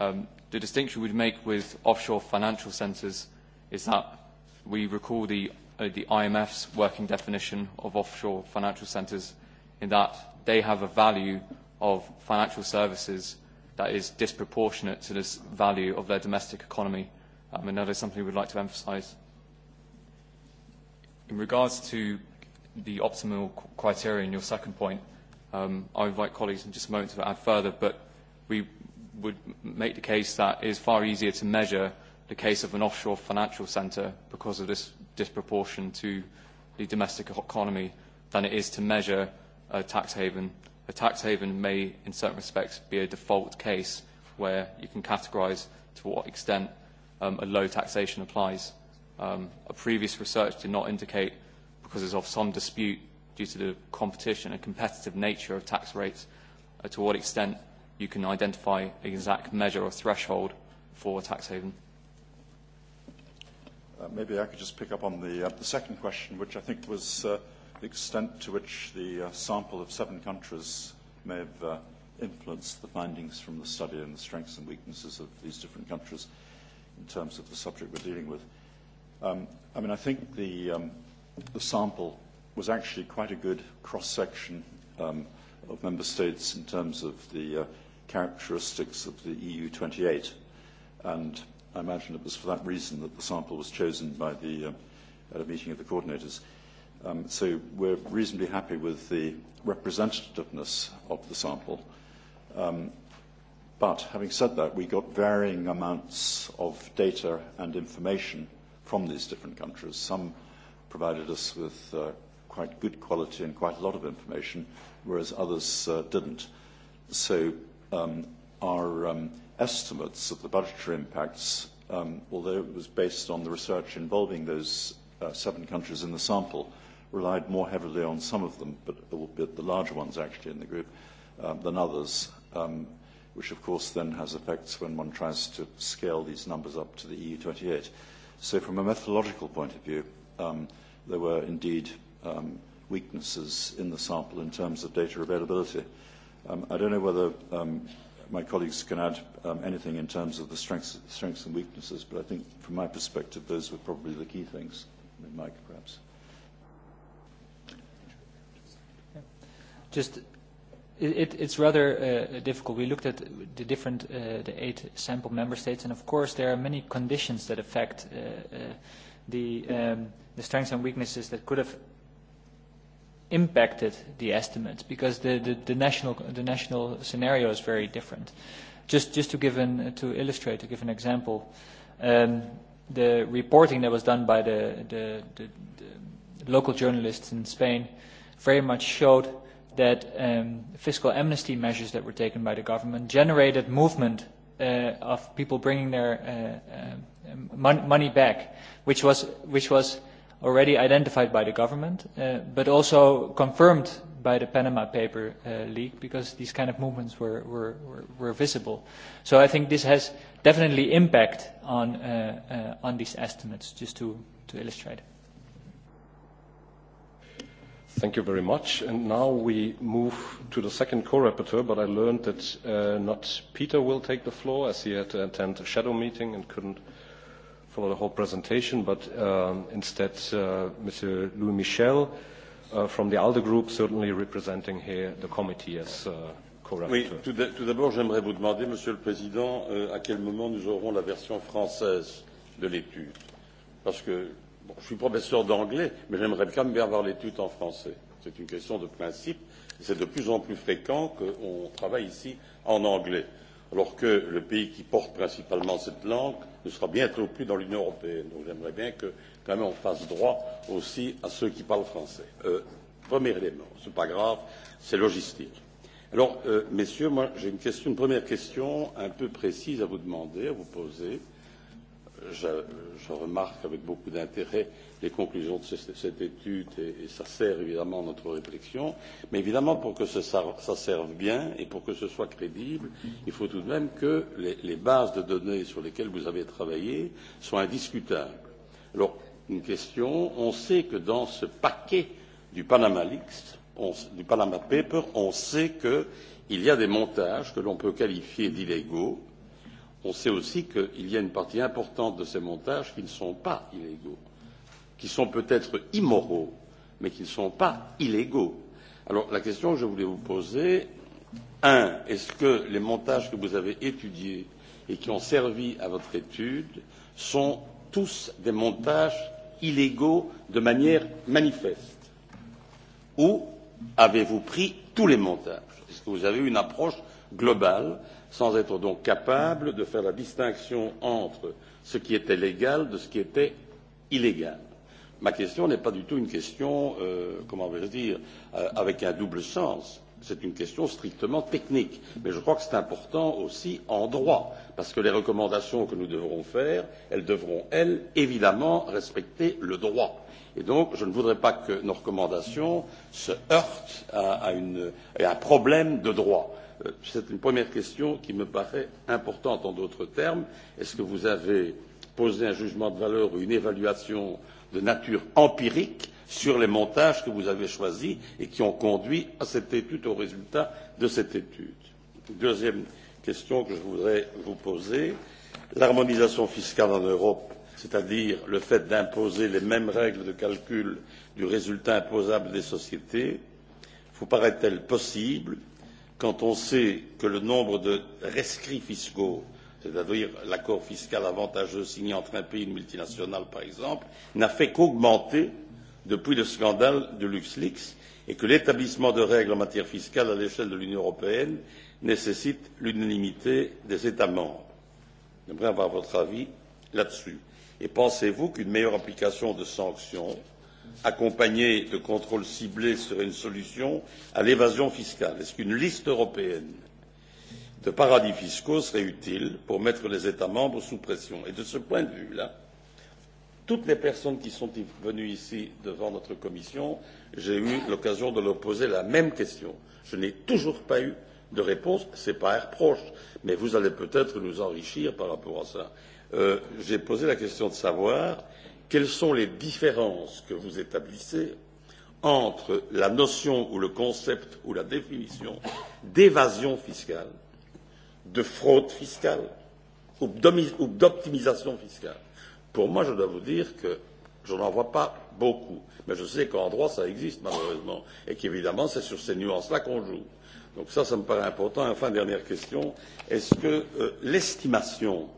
Speaker 4: Um, the distinction we'd make with offshore financial centres is that we recall the uh, the IMF's working definition of offshore financial centres in that they have a value of financial services that is disproportionate to this value of their domestic economy, um, and that is something we'd like to emphasise. In regards to the optimal criterion, your second point, um, I'll invite colleagues in just a moment to add further, but we would make the case that it is far easier to measure the case of an offshore financial centre because of this disproportion to the domestic economy than it is to measure a tax haven. A tax haven may, in certain respects, be a default case where you can categorise to what extent um, a low taxation applies. Um, a previous research did not indicate, because there's of some dispute due to the competition and competitive nature of tax rates, uh, to what extent you can identify an exact measure or threshold for a tax haven. Uh, maybe I could just pick up on the, uh, the second question, which I think
Speaker 3: was uh, the extent to which the uh, sample of seven countries may have uh, influenced the findings from the study and the strengths and weaknesses of these different countries in terms of the subject we're dealing with. Um, I mean, I think the, um, the sample was actually quite a good cross-section um, of member states in terms of the uh, characteristics of the EU 28. And I imagine it was for that reason that the sample was chosen by the, uh, at a meeting of the coordinators. Um, so we're reasonably happy with the representativeness of the sample. Um, but having said that, we got varying amounts of data and information from these different countries. Some provided us with uh, quite good quality and quite a lot of information, whereas others uh, didn't. So um, our um, estimates of the budgetary impacts, um, although it was based on the research involving those uh, seven countries in the sample, relied more heavily on some of them, but albeit the larger ones actually in the group, um, than others, um, which of course then has effects when one tries to scale these numbers up to the EU28. So from a methodological point of view, um, there were indeed um, weaknesses in the sample in terms of data availability. Um, I don't know whether um, my colleagues can add um, anything in terms of the strengths, strengths and weaknesses, but I think from my perspective, those were probably the key things. Mike, perhaps.
Speaker 5: Just, it, it's rather uh, difficult. We looked at the different, uh, the eight sample member states, and of course there are many conditions that affect uh, uh, the, um, the strengths and weaknesses that could have impacted the estimates because the, the, the, national, the national scenario is very different. Just, just to, give an, to illustrate, to give an example, um, the reporting that was done by the, the, the, the local journalists in Spain very much showed that um, fiscal amnesty measures that were taken by the government generated movement uh, of people bringing their uh, uh, mon money back, which was, which was already identified by the government, uh, but also confirmed by the Panama paper uh, leak because these kind of movements were, were, were, were visible. So I think this has definitely impact on, uh, uh, on these estimates, just to, to illustrate.
Speaker 1: Thank you very much. And now we move to the second co-rapporteur, but I learned that uh, not Peter will take the floor as he had to attend a shadow meeting and couldn't uh, follow the whole presentation, but um, instead, uh, Mr. Louis Michel uh, from the ALDE group, certainly representing here the committee as uh, co-rapporteur. Oui,
Speaker 7: tout d'abord, j'aimerais vous demander, Monsieur le Président, euh, à quel moment nous aurons la version française de l'étude. Parce que bon, je suis professeur d'anglais, mais j'aimerais quand même bien avoir l'étude en français. C'est une question de principe. C'est de plus en plus fréquent qu'on travaille ici en anglais. Euh, alors que le pays qui porte principalement cette langue ne sera bientôt plus dans l'union européenne. donc j'aimerais bien que quand même on fasse droit aussi à ceux qui parlent français. Euh, premier élément ce n'est pas grave c'est logistique. alors euh, messieurs moi j'ai une, question, une première question un peu précise à vous demander à vous poser. Euh, je, je remarque avec beaucoup d'intérêt les conclusions de ce, cette étude et, et ça sert évidemment à notre réflexion. Mais évidemment, pour que ce, ça, ça serve bien et pour que ce soit crédible, il faut tout de même que les, les bases de données sur lesquelles vous avez travaillé soient indiscutables. Alors, une question. On sait que dans ce paquet du Panama Leaks, on, du Panama Paper, on sait qu'il y a des montages que l'on peut qualifier d'illégaux on sait aussi qu'il y a une partie importante de ces montages qui ne sont pas illégaux, qui sont peut-être immoraux, mais qui ne sont pas illégaux. Alors la question que je voulais vous poser, un, est-ce que les montages que vous avez étudiés et qui ont servi à votre étude sont tous des montages illégaux de manière manifeste Ou avez-vous pris tous les montages Est-ce que vous avez une approche globale sans être donc capable de faire la distinction entre ce qui était légal et ce qui était illégal. Ma question n'est pas du tout une question, euh, comment vais-je dire, euh, avec un double sens. C'est une question strictement technique. Mais je crois que c'est important aussi en droit, parce que les recommandations que nous devrons faire, elles devront, elles, évidemment, respecter le droit. Et donc, je ne voudrais pas que nos recommandations se heurtent à, à, une, à un problème de droit c'est une première question qui me paraît importante. En d'autres termes, est-ce que vous avez posé un jugement de valeur ou une évaluation de nature empirique sur les montages que vous avez choisis et qui ont conduit à cette étude, au résultat de cette étude Deuxième question que je voudrais vous poser. L'harmonisation fiscale en Europe, c'est-à-dire le fait d'imposer les mêmes règles de calcul du résultat imposable des sociétés, vous paraît-elle possible quand on sait que le nombre de rescrits fiscaux c'est à dire l'accord fiscal avantageux signé entre un pays et une multinationale par exemple n'a fait qu'augmenter depuis le scandale de luxleaks et que l'établissement de règles en matière fiscale à l'échelle de l'union européenne nécessite l'unanimité des états membres. j'aimerais avoir votre avis là dessus. et pensez vous qu'une meilleure application des sanctions accompagnée de contrôles ciblés serait une solution à l'évasion fiscale? est ce qu'une liste européenne de paradis fiscaux serait utile pour mettre les états membres sous pression? de ce point de vue toutes les personnes qui sont venues ici devant notre commission j'ai eu l'occasion de leur poser la même question. je n'ai toujours pas eu de réponse. ce n'est pas un reproche mais vous allez peut être nous enrichir par rapport à cela. Euh, j'ai posé la question de savoir quelles sont les différences que vous établissez entre la notion ou le concept ou la définition d'évasion fiscale, de fraude fiscale ou d'optimisation fiscale. Pour moi, je dois vous dire que je n'en vois pas beaucoup, mais je sais qu'en droit, ça existe malheureusement et qu'évidemment, c'est sur ces nuances-là qu'on joue. Donc ça, ça me paraît important. Enfin, dernière question, est-ce que euh, l'estimation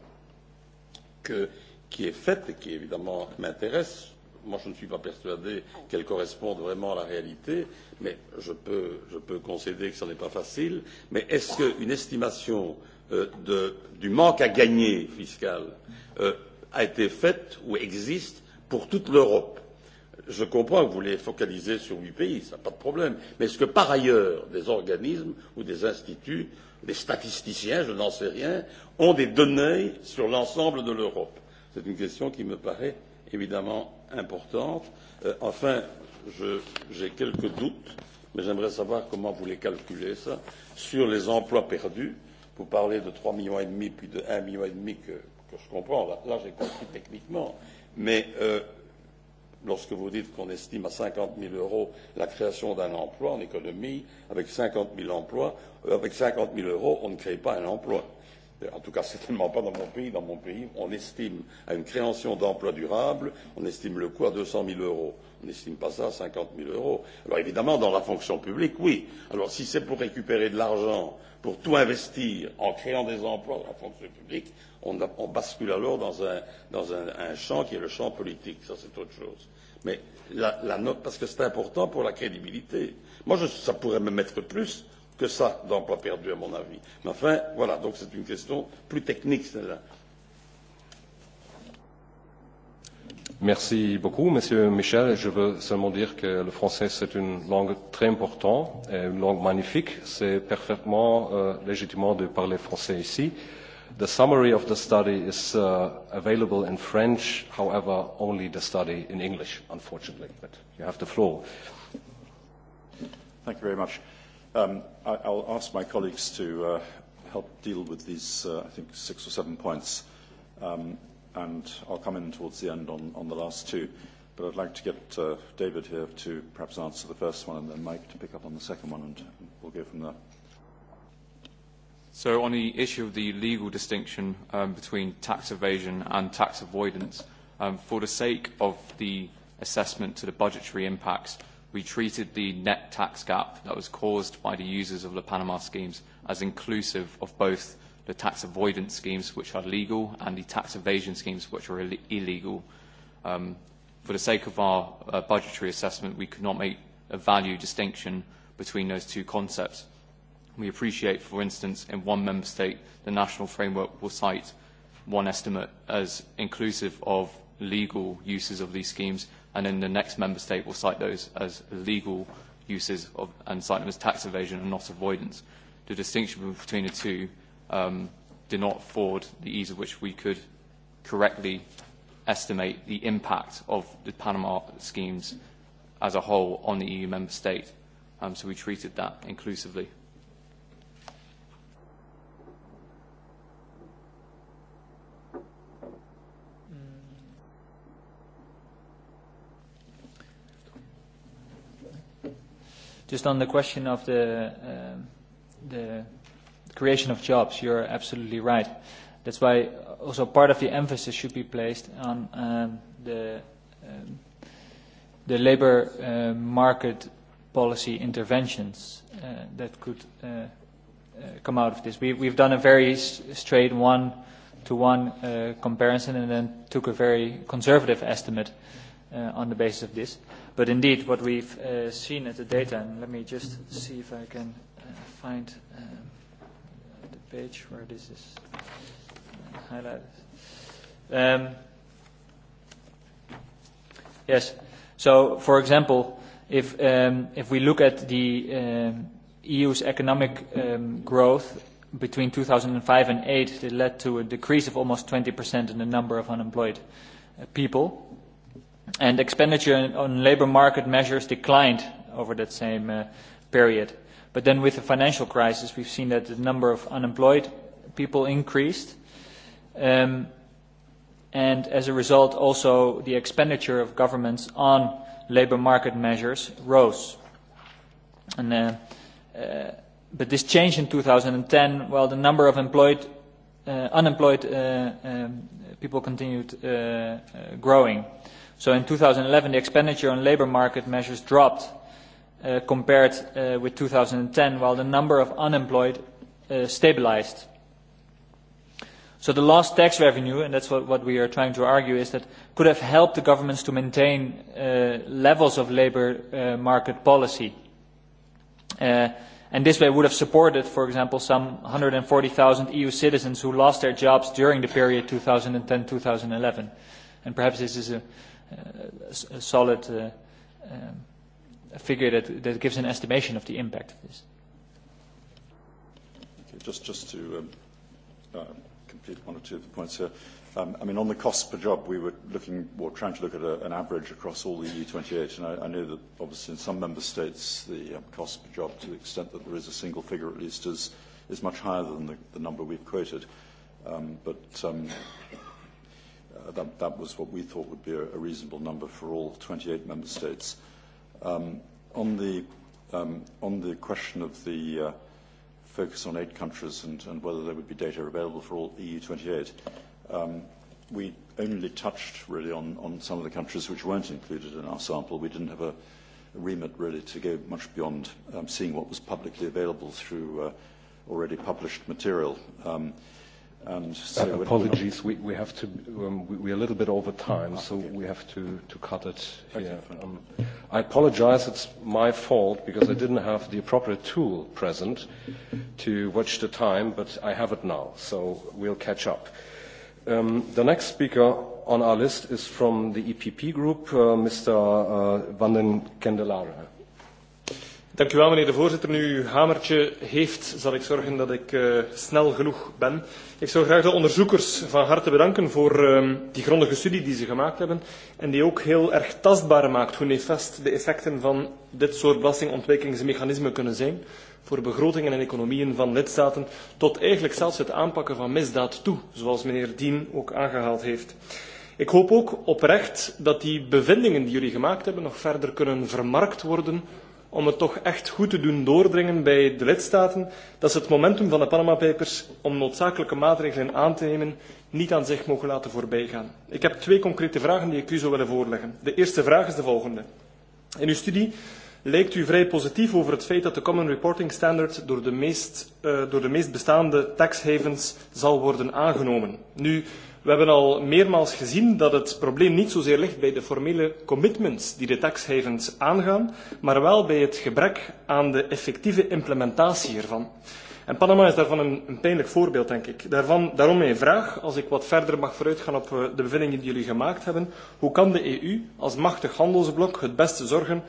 Speaker 7: que qui est faite et qui évidemment m'intéresse. Moi, je ne suis pas persuadé qu'elle corresponde vraiment à la réalité, mais je peux, je peux concéder que ce n'est pas facile. Mais est-ce qu'une estimation euh, de, du manque à gagner fiscal euh, a été faite ou existe pour toute l'Europe je comprends que vous voulez focaliser sur huit pays, ça n'a pas de problème. Mais est-ce que par ailleurs, des organismes ou des instituts, des statisticiens, je n'en sais rien, ont des données sur l'ensemble de l'Europe C'est une question qui me paraît évidemment importante. Euh, enfin, j'ai quelques doutes, mais j'aimerais savoir comment vous les calculez, ça, sur les emplois perdus. Vous parlez de 3,5 millions et demi, puis de 1,5 million et demi que, que je comprends. Là, là j'ai compris techniquement. Mais euh, lorsque vous dites qu'on estime à 50 000 euros la création d'un emploi en économie, avec 50 000 emplois, euh, avec 50 000 euros, on ne crée pas un emploi. Euh, Euh, en tout cas certainement pas dans mon pays. Dans mon pays, on estime à une création d'emplois durables, on estime le coût à 200 000 euros. On n'estime pas ça à 50 000 euros. Alors évidemment, dans la fonction publique, oui. Alors si c'est pour récupérer de l'argent, pour tout investir en créant des emplois dans la fonction publique, on, a, on bascule alors dans, un, dans un, un champ qui est le champ politique. Ça, c'est autre chose. Mais la, la note, parce que c'est important pour la crédibilité. Moi, je, ça pourrait me mettre plus que ça d'emplois perdus, à mon avis. Mais enfin, voilà, donc c'est une question plus technique, celle-là.
Speaker 1: Merci beaucoup, Monsieur Michel. Je veux seulement dire que le français, c'est une langue très importante, et une langue magnifique. C'est parfaitement euh, légitimement de parler français ici. The summary of the study is uh, available in French, however, only the study in English, unfortunately. But you have the floor. Thank you very much. Uh, Um, I, I'll ask my colleagues
Speaker 3: to uh, help deal with these, uh, I think, six or seven points, um, and I'll come in towards the end on, on the last two. But I'd like to get uh, David here to perhaps answer the first one, and then Mike to pick up on the second one, and we'll go from there.
Speaker 4: So on the issue of the legal distinction um, between tax evasion and tax avoidance, um, for the sake of the assessment to the budgetary impacts, we treated the net tax gap that was caused by the users of the Panama schemes as inclusive of both the tax avoidance schemes, which are legal, and the tax evasion schemes, which are Ill illegal. Um, for the sake of our uh, budgetary assessment, we could not make a value distinction between those two concepts. We appreciate, for instance, in one member state, the national framework will cite one estimate as inclusive of legal uses of these schemes and then the next member state will cite those as legal uses of, and cite them as tax evasion and not avoidance. The distinction between the two um, did not afford the ease of which we could correctly estimate the impact of the Panama schemes as a whole on the EU member state. Um, so we treated that inclusively.
Speaker 5: Just on the question of the, uh, the creation of jobs, you're absolutely right. That's why also part of the emphasis should be placed on um, the, um, the labor uh, market policy interventions uh, that could uh, uh, come out of this. We, we've done a very straight one-to-one -one, uh, comparison and then took a very conservative estimate uh, uh, on the basis of this. But indeed, what we've uh, seen at the data, and let me just see if I can uh, find um, the page where this is uh, highlighted. Um, yes. So, for example, if um, if we look at the um, EU's economic um, growth between 2005 and 2008, it led to a decrease of almost 20% in the number of unemployed uh, people and expenditure on labour market measures declined over that same uh, period. But then with the financial crisis, we've seen that the number of unemployed people increased. Um, and as a result, also the expenditure of governments on labour market measures rose. And, uh, uh, but this change in 2010, well, the number of employed, uh, unemployed uh, um, people continued uh, uh, growing. Uh, So in 2011, the expenditure on labor market measures dropped uh, compared uh, with 2010, while the number of unemployed uh, stabilized. So the lost tax revenue, and that's what, what we are trying to argue, is that could have helped the governments to maintain uh, levels of labor uh, market policy. Uh, and this way would have supported, for example, some 140,000 EU citizens who lost their jobs during the period 2010-2011. And perhaps this is a, Uh, a solid uh, um, a figure that, that gives an estimation of the impact of this.
Speaker 3: Okay, just, just to um, uh, complete one or two of the points here. Um, I mean, on the cost per job, we were looking or trying to look at a, an average across all the EU28, and I, I know that obviously in some member states, the um, cost per job, to the extent that there is a single figure at least, is, is much higher than the, the number we've quoted. Um, but um, Uh, that, that was what we thought would be a, a reasonable number for all 28 member states. Um, on, the, um, on the question of the uh, focus on eight countries and, and whether there would be data available for all EU 28, um, we only touched really on, on some of the countries which weren't included in our sample. We didn't have a, a remit really to go much beyond um, seeing what was publicly available through uh, already
Speaker 1: published material. Um, uh, And uh, so apologies, we, we have to, um, we, we're a little bit over time, so we have to, to cut it here. Um, I apologize, it's my fault because I didn't have the appropriate tool present to watch the time, but I have it now, so we'll catch up. Um, the next speaker on our list is from the EPP group, uh, Mr. Uh, Van den Candelare.
Speaker 8: Dank u wel, meneer de voorzitter. Nu uw hamertje heeft, zal ik zorgen dat ik uh, snel genoeg ben. Ik zou graag de onderzoekers van harte bedanken voor uh, die grondige studie die ze gemaakt hebben en die ook heel erg tastbaar maakt hoe nefast de effecten van dit soort belastingontwijkingsmechanismen kunnen zijn voor begrotingen en economieën van lidstaten tot eigenlijk zelfs het aanpakken van misdaad toe, zoals meneer Dien ook aangehaald heeft. Ik hoop ook oprecht dat die bevindingen die jullie gemaakt hebben nog verder kunnen vermarkt worden om het toch echt goed te doen doordringen bij de lidstaten dat ze het momentum van de Panama Papers om noodzakelijke maatregelen aan te nemen niet aan zich mogen laten voorbijgaan. Ik heb twee concrete vragen die ik u zou willen voorleggen. De eerste vraag is de volgende. In uw studie lijkt u vrij positief over het feit dat de Common Reporting Standard door de meest, uh, door de meest bestaande tax havens zal worden aangenomen. Nu, We hebben al meermaals gezien dat het probleem niet zozeer ligt bij de formele commitments die de taxhavens aangaan, maar wel bij het gebrek aan de effectieve implementatie ervan. En Panama is daarvan een, een pijnlijk voorbeeld, denk ik. Daarvan, daarom mijn vraag, als ik wat verder mag vooruitgaan op eh, de bevindingen die jullie gemaakt hebben. Hoe kan de EU als machtig handelsblok het beste zorgen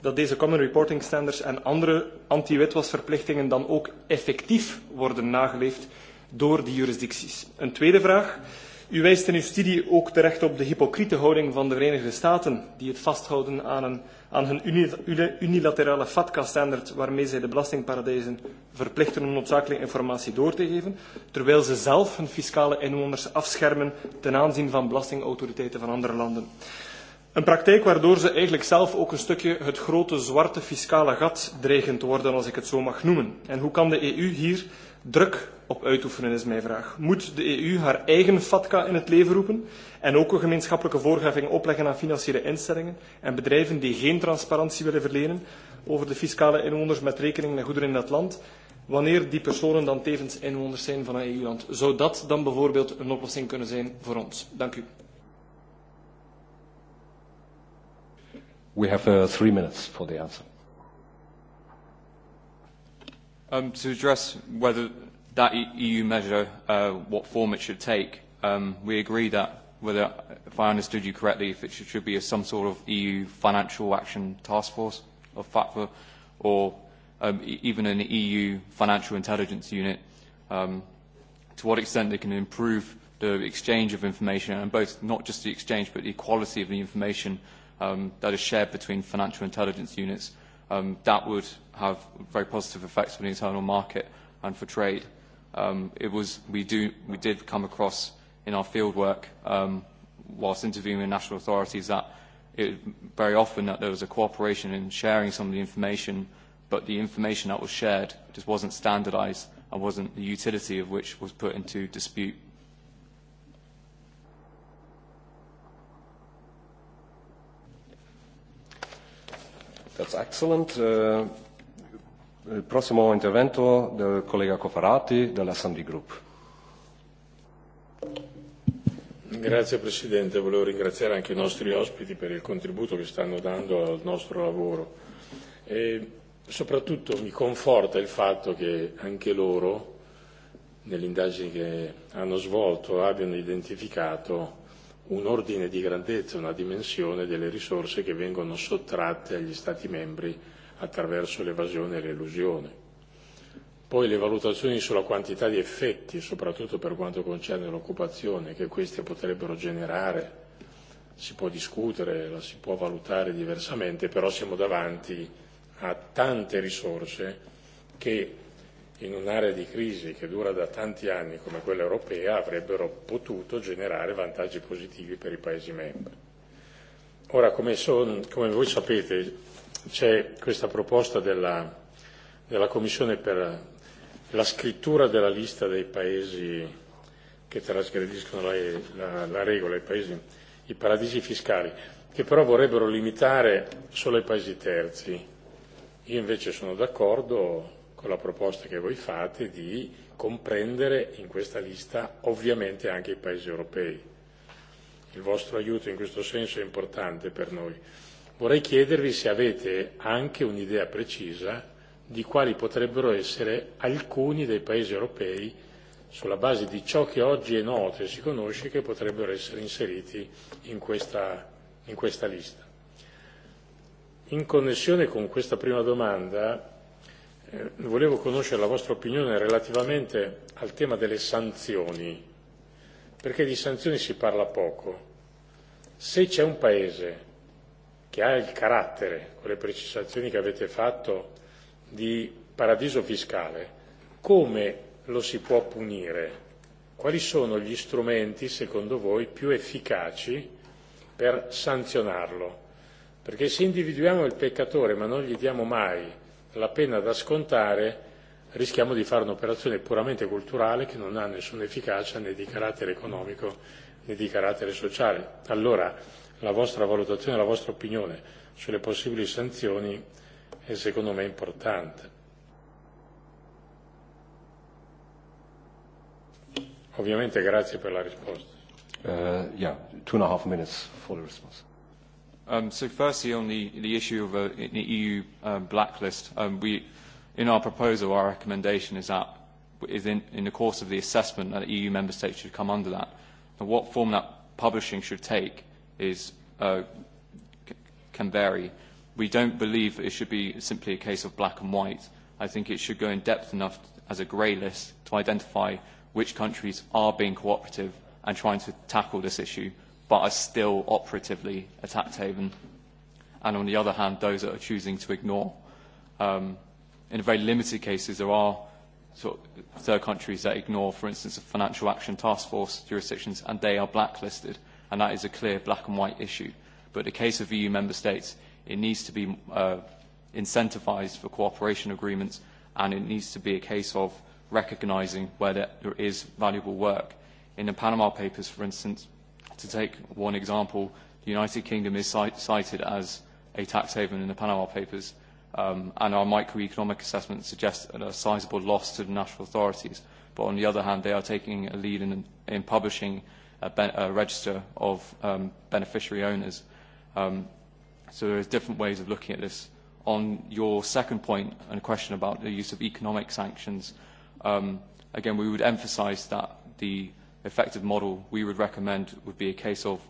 Speaker 8: dat deze Common Reporting Standards en andere anti-witwasverplichtingen dan ook effectief worden nageleefd door die jurisdicties? Een tweede vraag. U wijst in uw studie ook terecht op de hypocriete houding van de Verenigde Staten, die het vasthouden aan, een, aan hun unilaterale FATCA-standaard, waarmee zij de belastingparadijzen verplichten om noodzakelijke informatie door te geven, terwijl ze zelf hun fiscale inwoners afschermen ten aanzien van belastingautoriteiten van andere landen. Een praktijk waardoor ze eigenlijk zelf ook een stukje het grote zwarte fiscale gat dreigen te worden, als ik het zo mag noemen. En hoe kan de EU hier druk op uitoefenen, is mijn vraag. Moet de EU haar eigen FATCA in het leven roepen en ook een gemeenschappelijke voorgeving opleggen aan financiële instellingen en bedrijven die geen transparantie willen verlenen over de fiscale inwoners met rekening met goederen in dat land, wanneer die personen dan tevens inwoners zijn van een EU-land? Zou dat dan bijvoorbeeld een oplossing kunnen zijn voor ons? Dank u.
Speaker 1: We have uh, three minutes for the answer.
Speaker 4: Um, to address whether that EU e measure, uh, what form it should take, um, we agree that whether, if I understood you correctly, if it should, should be a, some sort of EU financial action task force of FATFA or um, e even an EU financial intelligence unit, um, to what extent they can improve the exchange of information and both not just the exchange but the quality of the information um, that is shared between financial intelligence units um, that would have very positive effects for the internal market and for trade. Um, it was, we, do, we did come across in our fieldwork um, whilst interviewing national authorities that it, very often that there was a cooperation in sharing some of the information, but the information that was shared just wasn't standardised and wasn't the utility of which was put into dispute
Speaker 1: That's excellent. Uh, il uh, prossimo intervento del collega Cofarati dell'Assembly Group. Grazie Presidente,
Speaker 9: volevo ringraziare anche i nostri ospiti per il contributo che stanno dando al nostro lavoro e soprattutto mi conforta il fatto che anche loro, nell'indagine che hanno svolto, abbiano identificato un ordine di grandezza, una dimensione delle risorse che vengono sottratte agli Stati membri attraverso l'evasione e l'elusione. Poi le valutazioni sulla quantità di effetti, soprattutto per quanto concerne l'occupazione, che queste potrebbero generare, si può discutere, la si può valutare diversamente, però siamo davanti a tante risorse che in un'area di crisi che dura da tanti anni come quella europea avrebbero potuto generare vantaggi positivi per i Paesi membri. Ora, come, son, come voi sapete, c'è questa proposta della, della Commissione per la scrittura della lista dei Paesi che trasgrediscono la, la, la regola, i, paesi, i paradisi fiscali, che però vorrebbero limitare solo ai Paesi terzi. Io invece sono d'accordo con la proposta che voi fate di comprendere in questa lista ovviamente anche i paesi europei. Il vostro aiuto in questo senso è importante per noi. Vorrei chiedervi se avete anche un'idea precisa di quali potrebbero essere alcuni dei paesi europei sulla base di ciò che oggi è noto e si conosce che potrebbero essere inseriti in questa, in questa lista. In connessione con questa prima domanda eh, volevo conoscere la vostra opinione relativamente al tema delle sanzioni, perché di sanzioni si parla poco. Se c'è un Paese che ha il carattere, con le precisazioni che avete fatto, di paradiso fiscale, come lo si può punire? Quali sono gli strumenti, secondo voi, più efficaci per sanzionarlo? Perché se individuiamo il peccatore ma non gli diamo mai la pena da scontare rischiamo di fare un'operazione puramente culturale che non ha nessuna efficacia né di carattere economico né di carattere sociale. Allora la vostra valutazione, la vostra opinione sulle possibili sanzioni è secondo me importante.
Speaker 4: Ovviamente grazie per la risposta. Uh, yeah,
Speaker 1: two and a half minutes for the response.
Speaker 4: Um, so firstly, on the, the issue of a, an EU um, blacklist, um, we, in our proposal, our recommendation is that is in, in the course of the assessment that EU member states should come under that. And what form that publishing should take is uh, can vary. We don't believe it should be simply a case of black and white. I think it should go in depth enough as a grey list to identify which countries are being cooperative and trying to tackle this issue but are still operatively a tax haven. And on the other hand, those that are choosing to ignore. Um, in very limited cases, there are sort of third countries that ignore, for instance, the Financial Action Task Force jurisdictions, and they are blacklisted. And that is a clear black and white issue. But in the case of EU member states, it needs to be uh, incentivized for cooperation agreements, and it needs to be a case of recognizing where there is valuable work. In the Panama Papers, for instance, To take one example, the United Kingdom is cited as a tax haven in the Panama Papers, um, and our microeconomic assessment suggests a sizable loss to the national authorities. But on the other hand, they are taking a lead in, in publishing a, ben, a register of um, beneficiary owners. Um, so there are different ways of looking at this. On your second point and a question about the use of economic sanctions, um, again, we would emphasize that the effective model we would recommend would be a case of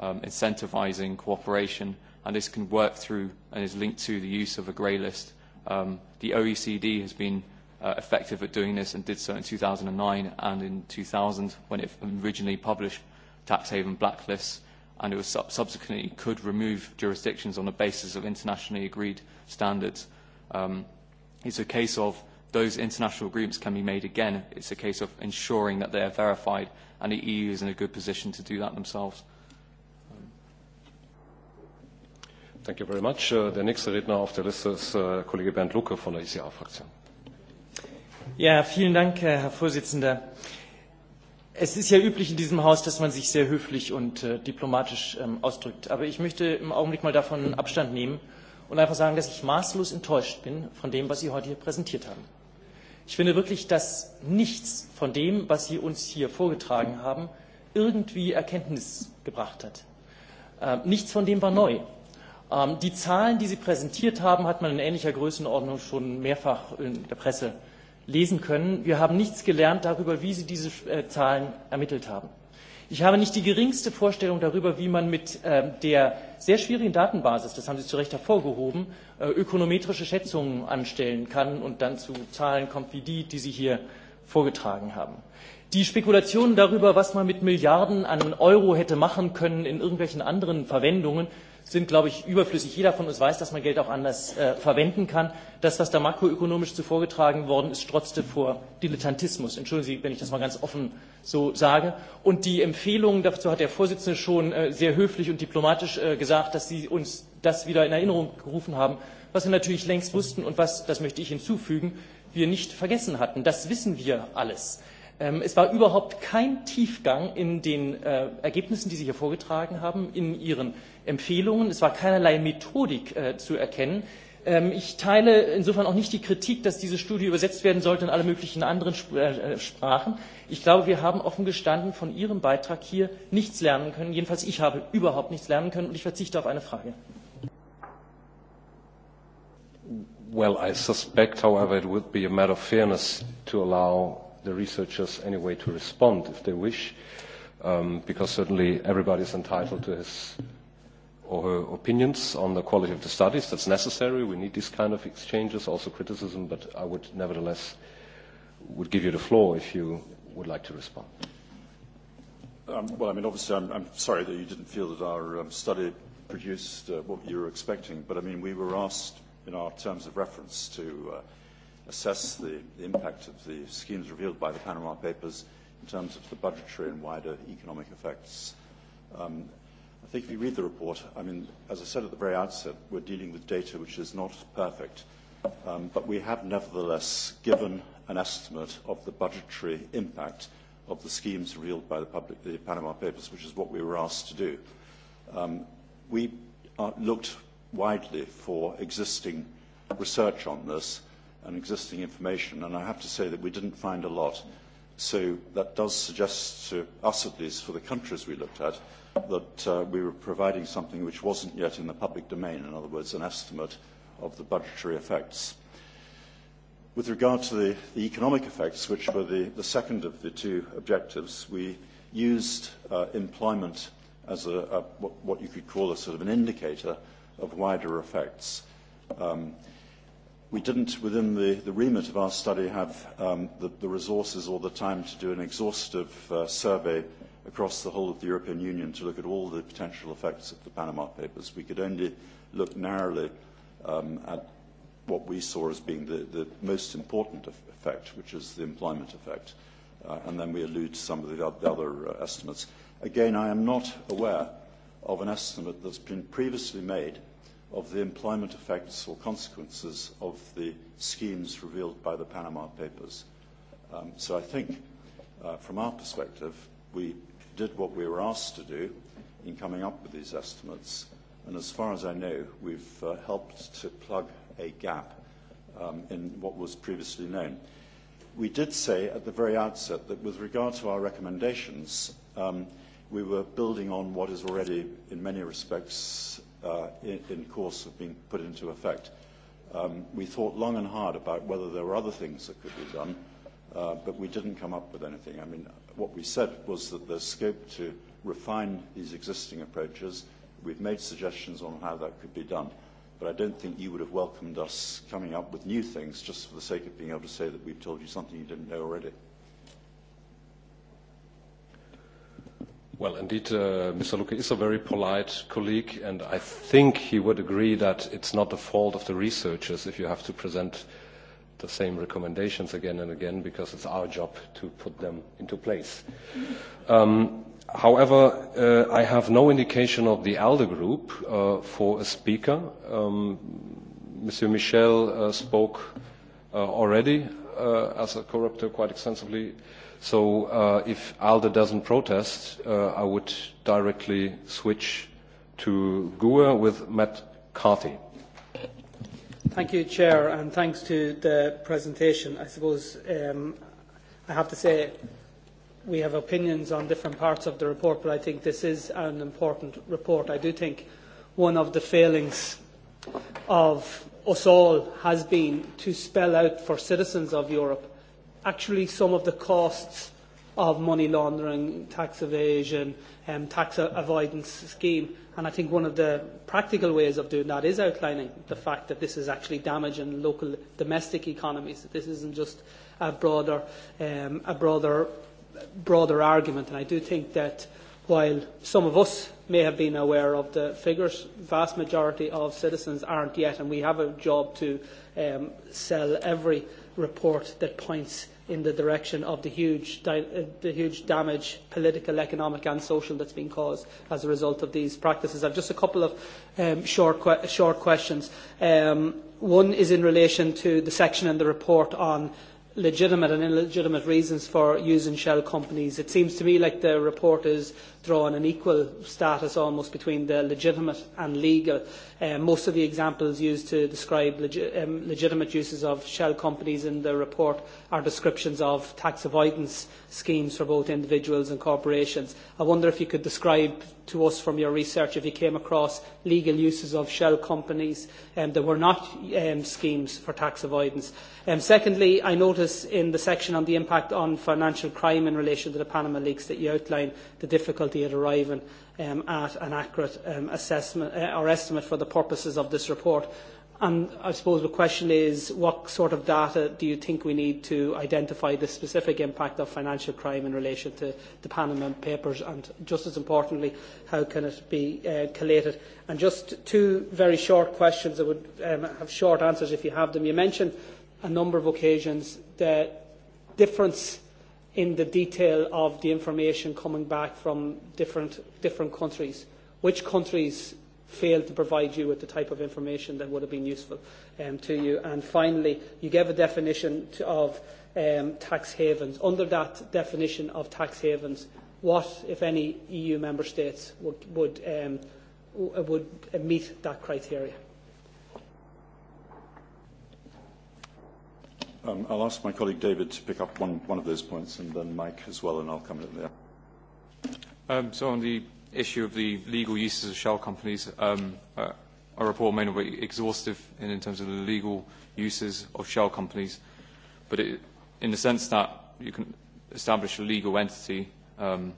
Speaker 4: um, incentivizing cooperation, and this can work through and is linked to the use of a grey list. Um, the OECD has been uh, effective at doing this and did so in 2009 and in 2000 when it originally published tax haven blacklists, and it was sub subsequently could remove jurisdictions on the basis of internationally agreed standards. Um, it's a case of those international agreements can be made again. It's a case of ensuring that they are verified, and the EU is in a good position to do that themselves.
Speaker 1: Thank you very much. Uh, der nächste Redner auf der Liste ist uh, Kollege Bernd Lucke von der ICA-Fraktion.
Speaker 10: E ja, vielen Dank, äh, Herr Vorsitzender. Es ist ja üblich in diesem Haus, dass man sich sehr höflich und äh, diplomatisch ähm, ausdrückt. Aber ich möchte im Augenblick mal davon Abstand nehmen und einfach sagen, dass ich maßlos enttäuscht bin von dem, was Sie heute hier präsentiert haben. Ich finde wirklich, dass nichts von dem, was Sie uns hier vorgetragen haben, irgendwie Erkenntnis gebracht hat. Ähm, nichts von dem war neu. Ähm, die Zahlen, die Sie präsentiert haben, hat man in ähnlicher Größenordnung schon mehrfach in der Presse lesen können. Wir haben nichts gelernt darüber, wie Sie diese äh, Zahlen ermittelt haben. Ich habe nicht die geringste Vorstellung darüber, wie man mit ähm, der sehr schwierigen Datenbasis, das haben Sie zu Recht hervorgehoben, äh, ökonometrische Schätzungen anstellen kann und dann zu Zahlen kommt wie die, die Sie hier vorgetragen haben. Die Spekulationen darüber, was man mit Milliarden an Euro hätte machen können in irgendwelchen anderen Verwendungen, sind, glaube ich, überflüssig. Jeder von uns weiß, dass man Geld auch anders äh, verwenden kann. Das, was da makroökonomisch zuvor getragen worden ist, strotzte vor Dilettantismus. Entschuldigen Sie, wenn ich das mal ganz offen so sage. Und die Empfehlungen, dazu hat der Vorsitzende schon äh, sehr höflich und diplomatisch äh, gesagt, dass Sie uns das wieder in Erinnerung gerufen haben, was wir natürlich längst wussten und was, das möchte ich hinzufügen, wir nicht vergessen hatten. Das wissen wir alles. Ähm, es war überhaupt kein Tiefgang in den äh, Ergebnissen, die Sie hier vorgetragen haben, in Ihren Empfehlungen. Es war keinerlei Methodik äh, zu erkennen. Ähm, ich teile insofern auch nicht die Kritik, dass diese Studie übersetzt werden sollte in alle möglichen anderen Sp äh, Sprachen. Ich glaube, wir haben offen gestanden von Ihrem Beitrag hier nichts lernen können. Jedenfalls ich habe überhaupt nichts lernen können und ich verzichte auf eine Frage.
Speaker 1: Well, I suspect, however, it would be a matter of fairness to allow the researchers anyway to respond if they wish, um, because certainly everybody is entitled to his or her opinions on the quality of the studies. That's necessary. We need these kind of exchanges, also criticism, but I would nevertheless would give you the floor if you would like to respond.
Speaker 3: Um, well, I mean, obviously, I'm, I'm sorry that you didn't feel that our um, study produced uh, what you were expecting, but I mean, we were asked in our terms of reference to uh, assess the, the impact of the schemes revealed by the Panama Papers in terms of the budgetary and wider economic effects. Um, I think if you read the report, I mean, as I said at the very outset, we're dealing with data which is not perfect, um, but we have nevertheless given an estimate of the budgetary impact of the schemes revealed by the, public, the Panama Papers, which is what we were asked to do. Um, we uh, looked widely for existing research on this and existing information, and I have to say that we didn't find a lot. Mm-hmm So that does suggest to us, at least, for the countries we looked at, that uh, we were providing something which wasn't yet in the public domain, in other words, an estimate of the budgetary effects. With regard to the, the economic effects, which were the, the second of the two objectives, we used uh, employment as a, a, what you could call a sort of an indicator of wider effects. Um, uh, We didn't, within the, the remit of our study, have um, the, the resources or the time to do an exhaustive uh, survey across the whole of the European Union to look at all the potential effects of the Panama Papers. We could only look narrowly um, at what we saw as being the, the most important effect, which is the employment effect. Uh, and then we allude to some of the, the other uh, estimates. Again, I am not aware of an estimate that's been previously made – of the employment effects or consequences of the schemes revealed by the Panama Papers. Um, so I think, uh, from our perspective, we did what we were asked to do in coming up with these estimates. And as far as I know, we've uh, helped to plug a gap um, in what was previously known. We did say at the very outset that with regard to our recommendations, um, we were building on what is already, in many respects, uh, in, in course of being put into effect. Um, we thought long and hard about whether there were other things that could be done, uh, but we didn't come up with anything. I mean, what we said was that there's scope to refine these existing approaches. We've made suggestions on how that could be done, but I don't think you would have welcomed us coming up with new things just for the sake of being able to say that we've told you something you didn't know already.
Speaker 1: Well, indeed, uh, Mr. Luque is a very polite colleague, and I think he would agree that it's not the fault of the researchers if you have to present the same recommendations again and again, because it's our job to put them into place. Um, however, uh, I have no indication of the ALDE group uh, for a speaker. Um, Monsieur Michel uh, spoke uh, already uh, as a co-rapporteur quite extensively. Uh, So uh, if ALDE doesn't protest, uh, I would directly switch to GUE with Matt Carthy.
Speaker 11: Thank you, Chair, and thanks to the presentation. I suppose um, I have to say we have opinions on different parts of the report, but I think this is an important report. I do think one of the failings of us all has been to spell out for citizens of Europe actually some of the costs of money laundering, tax evasion, um, tax avoidance scheme. And I think one of the practical ways of doing that is outlining the fact that this is actually damaging local domestic economies, that this isn't just a broader, um, a broader, broader argument. And I do think that while some of us may have been aware of the figures, vast majority of citizens aren't yet, and we have a job to um, sell every report that points in the direction of the huge, di- uh, the huge damage, political, economic and social, that's been caused as a result of these practices. I've just a couple of um, short, que- short questions. Um, one is in relation to the section in the report on legitimate and illegitimate reasons for using shell companies. It seems to me like the report is drawing an equal status almost between the legitimate and legal. Uh, most of the examples used to describe legi- um, legitimate uses of shell companies in the report are descriptions of tax avoidance schemes for both individuals and corporations. I wonder if you could describe to us from your research if you came across legal uses of shell companies um, that were not um, schemes for tax avoidance. Um, secondly, I notice in the section on the impact on financial crime in relation to the Panama leaks that you outline the difficulty difficulty at arriving um, at an accurate um, assessment uh, or estimate for the purposes of this report. And I suppose the question is, what sort of data do you think we need to identify the specific impact of financial crime in relation to the Panama Papers? And just as importantly, how can it be uh, collated? And just two very short questions that would um, have short answers if you have them. You mentioned a number of occasions the difference in the detail of the information coming back from different, different countries. Which countries failed to provide you with the type of information that would have been useful um, to you? And finally, you gave a definition to, of um, tax havens. Under that definition of tax havens, what, if any, EU member states would, would, um, would meet that criteria?
Speaker 3: Um, I'll ask my colleague David to pick up one, one of those points and then Mike as well, and I'll come in there.
Speaker 4: Um, so on the issue of the legal uses of shell companies, um, uh, our report may not be exhaustive in, in terms of the legal uses of shell companies, but it, in the sense that you can establish a legal entity um,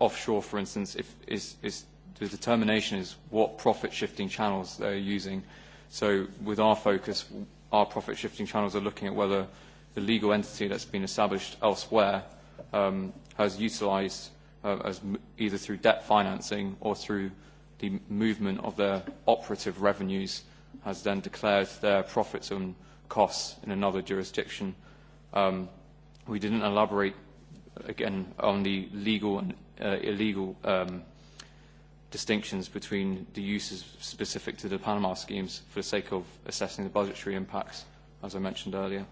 Speaker 4: offshore, for instance, if is, is the determination is what profit-shifting channels they're using. So with our focus, our profit shifting channels are looking at whether the legal entity that's been established elsewhere um, has utilised uh, as m either through debt financing or through the movement of their operative revenues has then declared their profits and costs in another jurisdiction. Um, we didn't elaborate again on the legal and uh, illegal um, distinctions between the uses specific to the Panama schemes for the sake of assessing the budgetary impacts, as I mentioned earlier.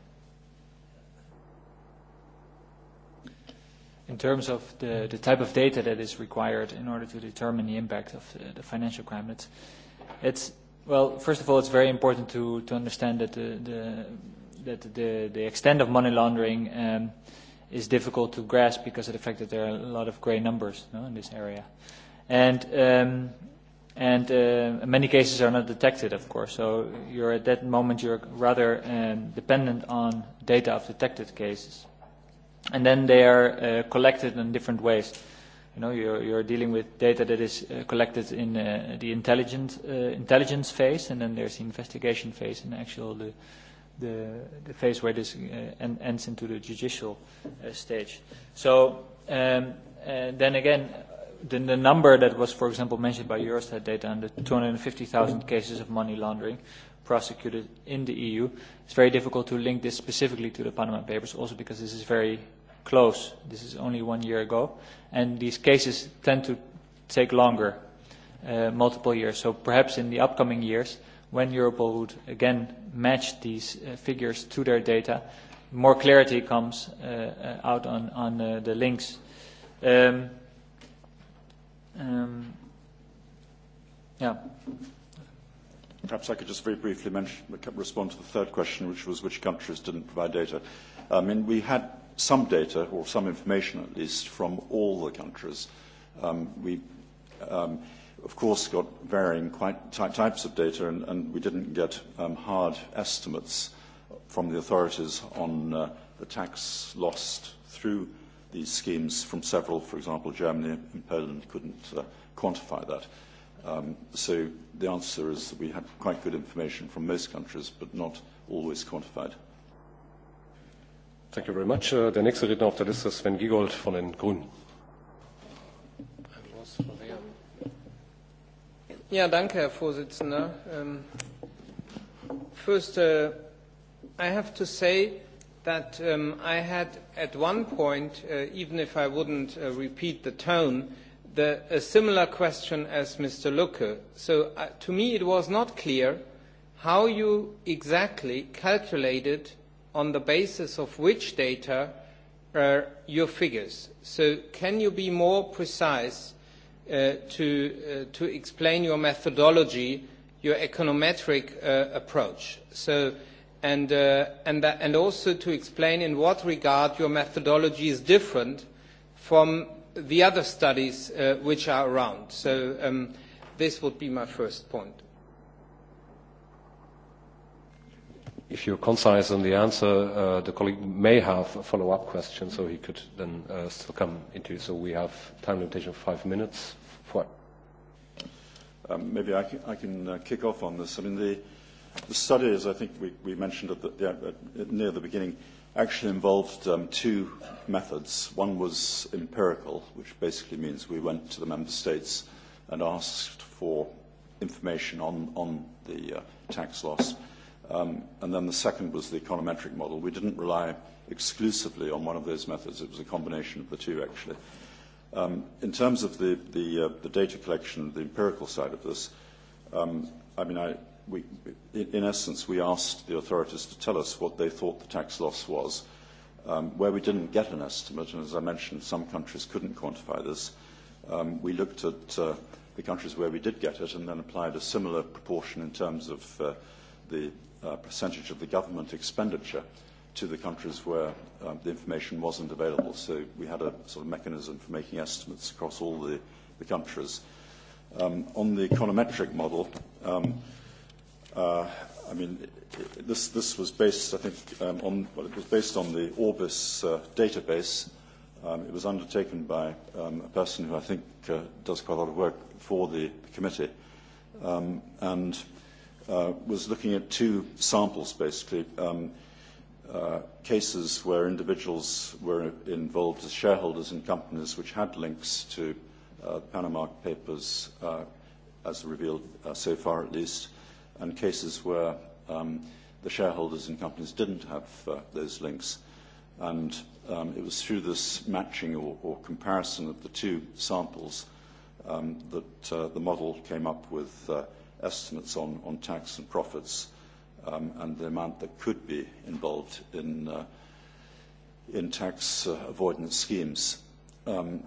Speaker 5: In terms of the, the type of data that is required in order to determine the impact of the, the financial crime, it's, it's, well, first of all, it's very important to, to understand that the, the, that the, the extent of money laundering um, is difficult to grasp because of the fact that there are a lot of gray numbers no, in this area. Uh, and um, and uh, many cases are not detected, of course. So you're at that moment you're rather um, dependent on data of detected cases, and then they are uh, collected in different ways. You know, you're, you're dealing with data that is uh, collected in uh, the intelligence uh, intelligence phase, and then there's the investigation phase, and actual the the, the phase where this uh, en ends into the judicial uh, stage. So um, uh, then again, the, the number that was, for example, mentioned by Eurostat data and the 250,000 cases of money laundering prosecuted in the EU, it's very difficult to link this specifically to the Panama Papers, also because this is very close. This is only one year ago, and these cases tend to take longer, uh, multiple years. So perhaps in the upcoming years, when Europol would again match these uh, figures to their data, more clarity comes uh, uh out on, on uh, the links. Um, Um, yeah. Perhaps I could just very briefly mention,
Speaker 3: respond to the third question, which was which countries didn't provide data. I mean, we had some data, or some information at least, from all the countries. Um, we, um, of course, got varying quite ty types of data, and, and we didn't get um, hard estimates from the authorities on uh, the tax lost through these schemes from several, for example, Germany and Poland couldn't uh, quantify that. Um, so the answer is that we had quite good information from most countries, but
Speaker 1: not always quantified. Thank you very much. Uh, der nächste Redner auf der Liste ist Sven Giegold von den Grünen.
Speaker 12: Ja, danke, Herr Vorsitzender. Um, first, uh, I have to say that um, I had at one point, uh, even if I wouldn't uh, repeat the tone, the, a similar question as Mr. Lucke. So uh, to me it was not clear how you exactly calculated on the basis of which data uh, your figures. So can you be more precise uh, to, uh, to explain your methodology, your econometric uh, approach? So and, uh, and, that, and also to explain in what regard your methodology is different from the other studies uh, which are around. So um, this would be my first point.
Speaker 1: If you're concise on the answer, uh, the colleague may have a follow-up question, so he could then uh, still come into. So we have time limitation of five minutes. For
Speaker 3: um, maybe I can, I can uh, kick off on this. I mean, the, uh, The study, as I think we, we mentioned at the, yeah, at, near the beginning, actually involved um, two methods. One was empirical, which basically means we went to the member states and asked for information on, on the uh, tax loss. Um, and then the second was the econometric model. We didn't rely exclusively on one of those methods. It was a combination of the two, actually. Um, in terms of the, the, uh, the data collection, the empirical side of this, um, I mean, I, we, in essence, we asked the authorities to tell us what they thought the tax loss was. Um, where we didn't get an estimate, and as I mentioned, some countries couldn't quantify this, um, we looked at uh, the countries where we did get it and then applied a similar proportion in terms of uh, the uh, percentage of the government expenditure to the countries where um, the information wasn't available. So we had a sort of mechanism for making estimates across all the, the countries. Um, on the econometric model, um, Uh, I mean, this, this was based, I think, um, on, well, it was based on the Orbis uh, database. Um, it was undertaken by um, a person who I think uh, does quite a lot of work for the committee um, and uh, was looking at two samples, basically, um, uh, cases where individuals were involved as shareholders in companies which had links to uh, the Panama Papers, uh, as revealed uh, so far at least, uh, and cases where um, the shareholders in companies didn't have uh, those links. And um, it was through this matching or, or comparison of the two samples um, that uh, the model came up with uh, estimates on, on tax and profits um, and the amount that could be involved in, uh, in tax uh, avoidance schemes. Um,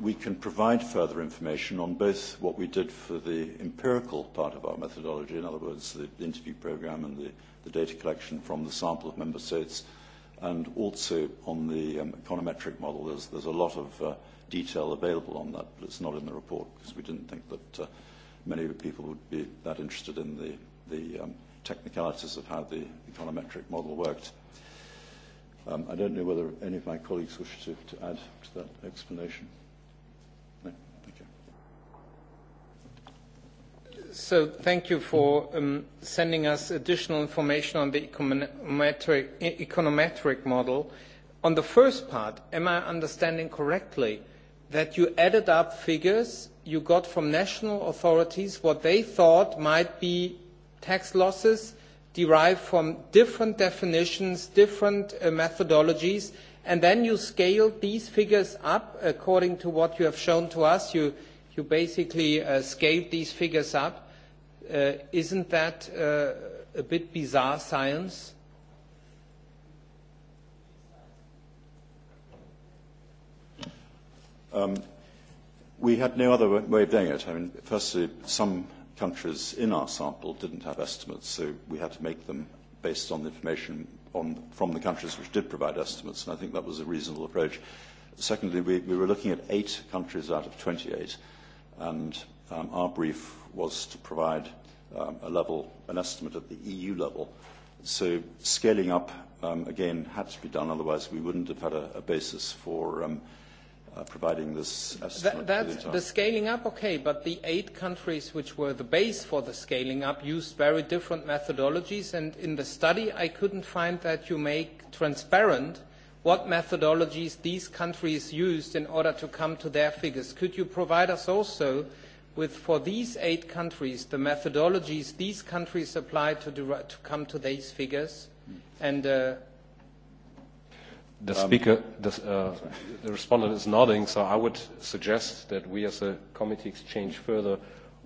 Speaker 3: we can provide further information on both what we did for the empirical part of our methodology, in other words, the interview program and the, the data collection from the sample of member states, and also on the um, econometric model. There's, there's a lot of uh, detail available on that, but it's not in the report because we didn't think that uh, many people would be that interested in the, the um, technicalities of how the econometric model worked. Um, I don't know whether any of my colleagues wish to,
Speaker 12: to add to that explanation. so thank you for um, sending us additional information on the econometric, econometric model. On the first part, am I understanding correctly that you added up figures you got from national authorities what they thought might be tax losses derived from different definitions, different uh, methodologies, and then you scaled these figures up according to what you have shown to us. You, uh, you basically uh, scaled these figures up. Uh, isn't that uh, a bit bizarre science?
Speaker 3: Um, we had no other way of doing it. I mean, firstly, some countries in our sample didn't have estimates, so we had to make them based on the information on, from the countries which did provide estimates, and I think that was a reasonable approach. Secondly, we, we were looking at eight countries out of 28, and um, our brief was to provide um, a level, an estimate at the EU level. So scaling up, um, again, had to be done, otherwise we wouldn't have had a, a basis for um, uh, providing this estimate. That, that's the, the
Speaker 12: scaling up, okay, but the eight countries which were the base for the scaling up used very different methodologies, and in the study I couldn't find that you make transparent – what methodologies these countries used in order to come to their figures. Could you provide us also with, for these eight countries, the methodologies these countries applied to, to come to these figures? And uh,
Speaker 1: the um, speaker, the, uh, the respondent is nodding, so I would suggest that we as a committee exchange further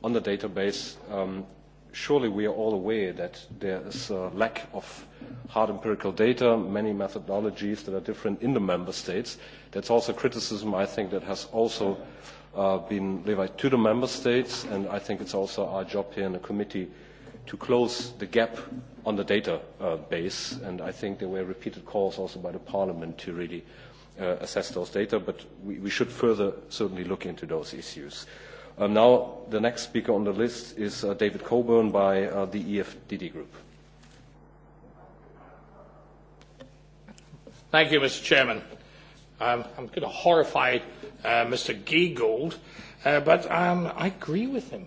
Speaker 1: on the database um, surely we are all aware that there is a lack of hard empirical data, many methodologies that are different in the member states. That's also criticism, I think, that has also uh, been levied to the member states, and I think it's also our job here in the committee to close the gap on the data uh, base, and I think there were repeated calls also by the Parliament to really uh, assess those data, but we, we should further certainly look into those issues. Uh, Um, now, the next speaker on the list is uh, David Coburn by uh, the EFDD Group.
Speaker 13: Thank you, Mr. Chairman. Um, I'm kind of horrified, uh, Mr. Giegold, uh, but um, I agree with him.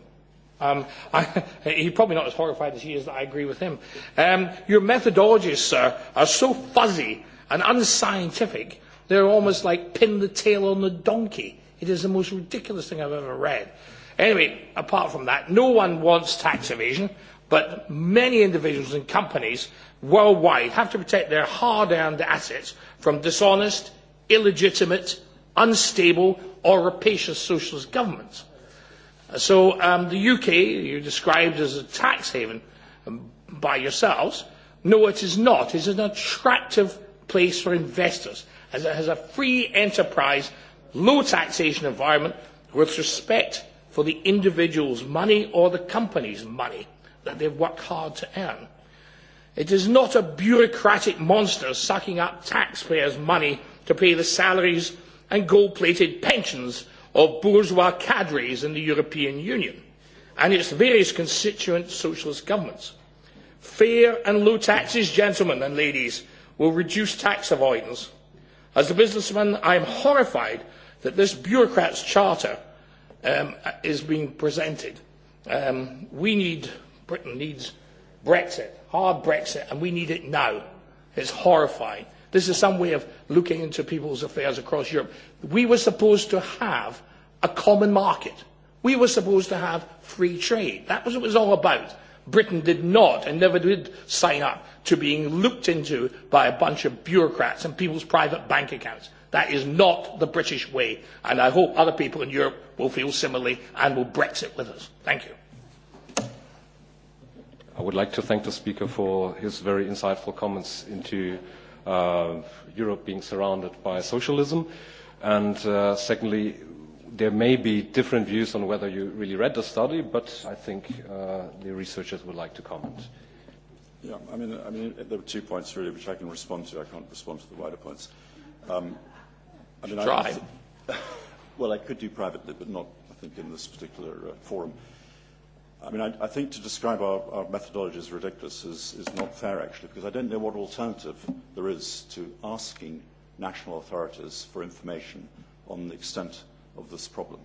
Speaker 13: Um, I, *laughs* he's probably not as horrified as he is that I agree with him. Um, your methodologies, sir, are so fuzzy and unscientific, they're almost like pin the tail on the donkey It is the most ridiculous thing I've ever read. Anyway, apart from that, no one wants tax evasion, but many individuals and companies worldwide have to protect their hard-earned assets from dishonest, illegitimate, unstable or rapacious socialist governments. So um, the UK, you described as a tax haven um, by yourselves, no, it is not. It is an attractive place for investors as it has a free enterprise low taxation environment with respect for the individual's money or the company's money that they've worked hard to earn. It is not a bureaucratic monster sucking up taxpayers' money to pay the salaries and gold plated pensions of bourgeois cadres in the European Union and its various constituent socialist governments. Fair and low taxes, gentlemen and ladies, will reduce tax avoidance. As a businessman, I am horrified that this bureaucrat's charter um, is being presented. Um, we need, Britain needs Brexit, hard Brexit, and we need it now. It's horrifying. This is some way of looking into people's affairs across Europe. We were supposed to have a common market. We were supposed to have free trade. That was what it was all about. Britain did not and never did sign up to being looked into by a bunch of bureaucrats and people's private bank accounts. That is not the British way, and I hope other people in Europe will feel similarly and will Brexit with us. Thank you.
Speaker 1: I would like to thank the Speaker for his very insightful comments into uh, Europe being surrounded by socialism. And uh, secondly, there may be different views on whether you really read the study, but I think uh, the researchers would like to comment.
Speaker 3: Yeah, I mean, I mean, there were two points really which I can respond to. I can't respond to the wider points. Um, I mean, try. I, *laughs* well, I could do privately, but not, I think, in this particular uh, forum. I mean, I, I think to describe our, our methodology as ridiculous is, is not fair, actually, because I don't know what alternative there is to asking national authorities for information on the extent of this problem.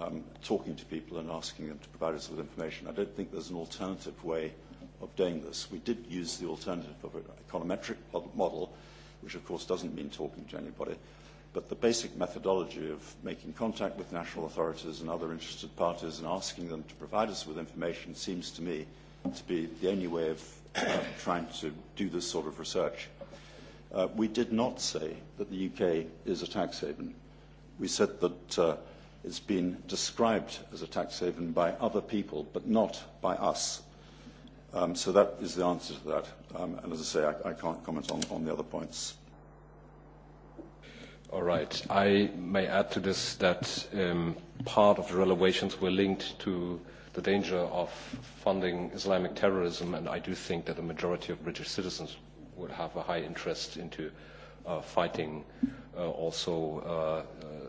Speaker 3: Um, talking to people and asking them to provide us with information. I don't think there's an alternative way of doing this. We did use the alternative of an econometric model, which of course doesn't mean talking to anybody. But the basic methodology of making contact with national authorities and other interested parties and asking them to provide us with information seems to me to be the only way of uh, trying to do this sort of research. Uh, we did not say that the UK is a tax haven. We said that uh, it's been described as a tax haven by other people, but not by us. Um, so that is the answer to that. Um,
Speaker 1: and as I say, I, I can't comment on, on the other points. All right. I may add to this that um, part of the relevations were linked to the danger of funding Islamic terrorism, and I do think that the majority of British citizens would have a high interest into uh, fighting uh, also uh, uh,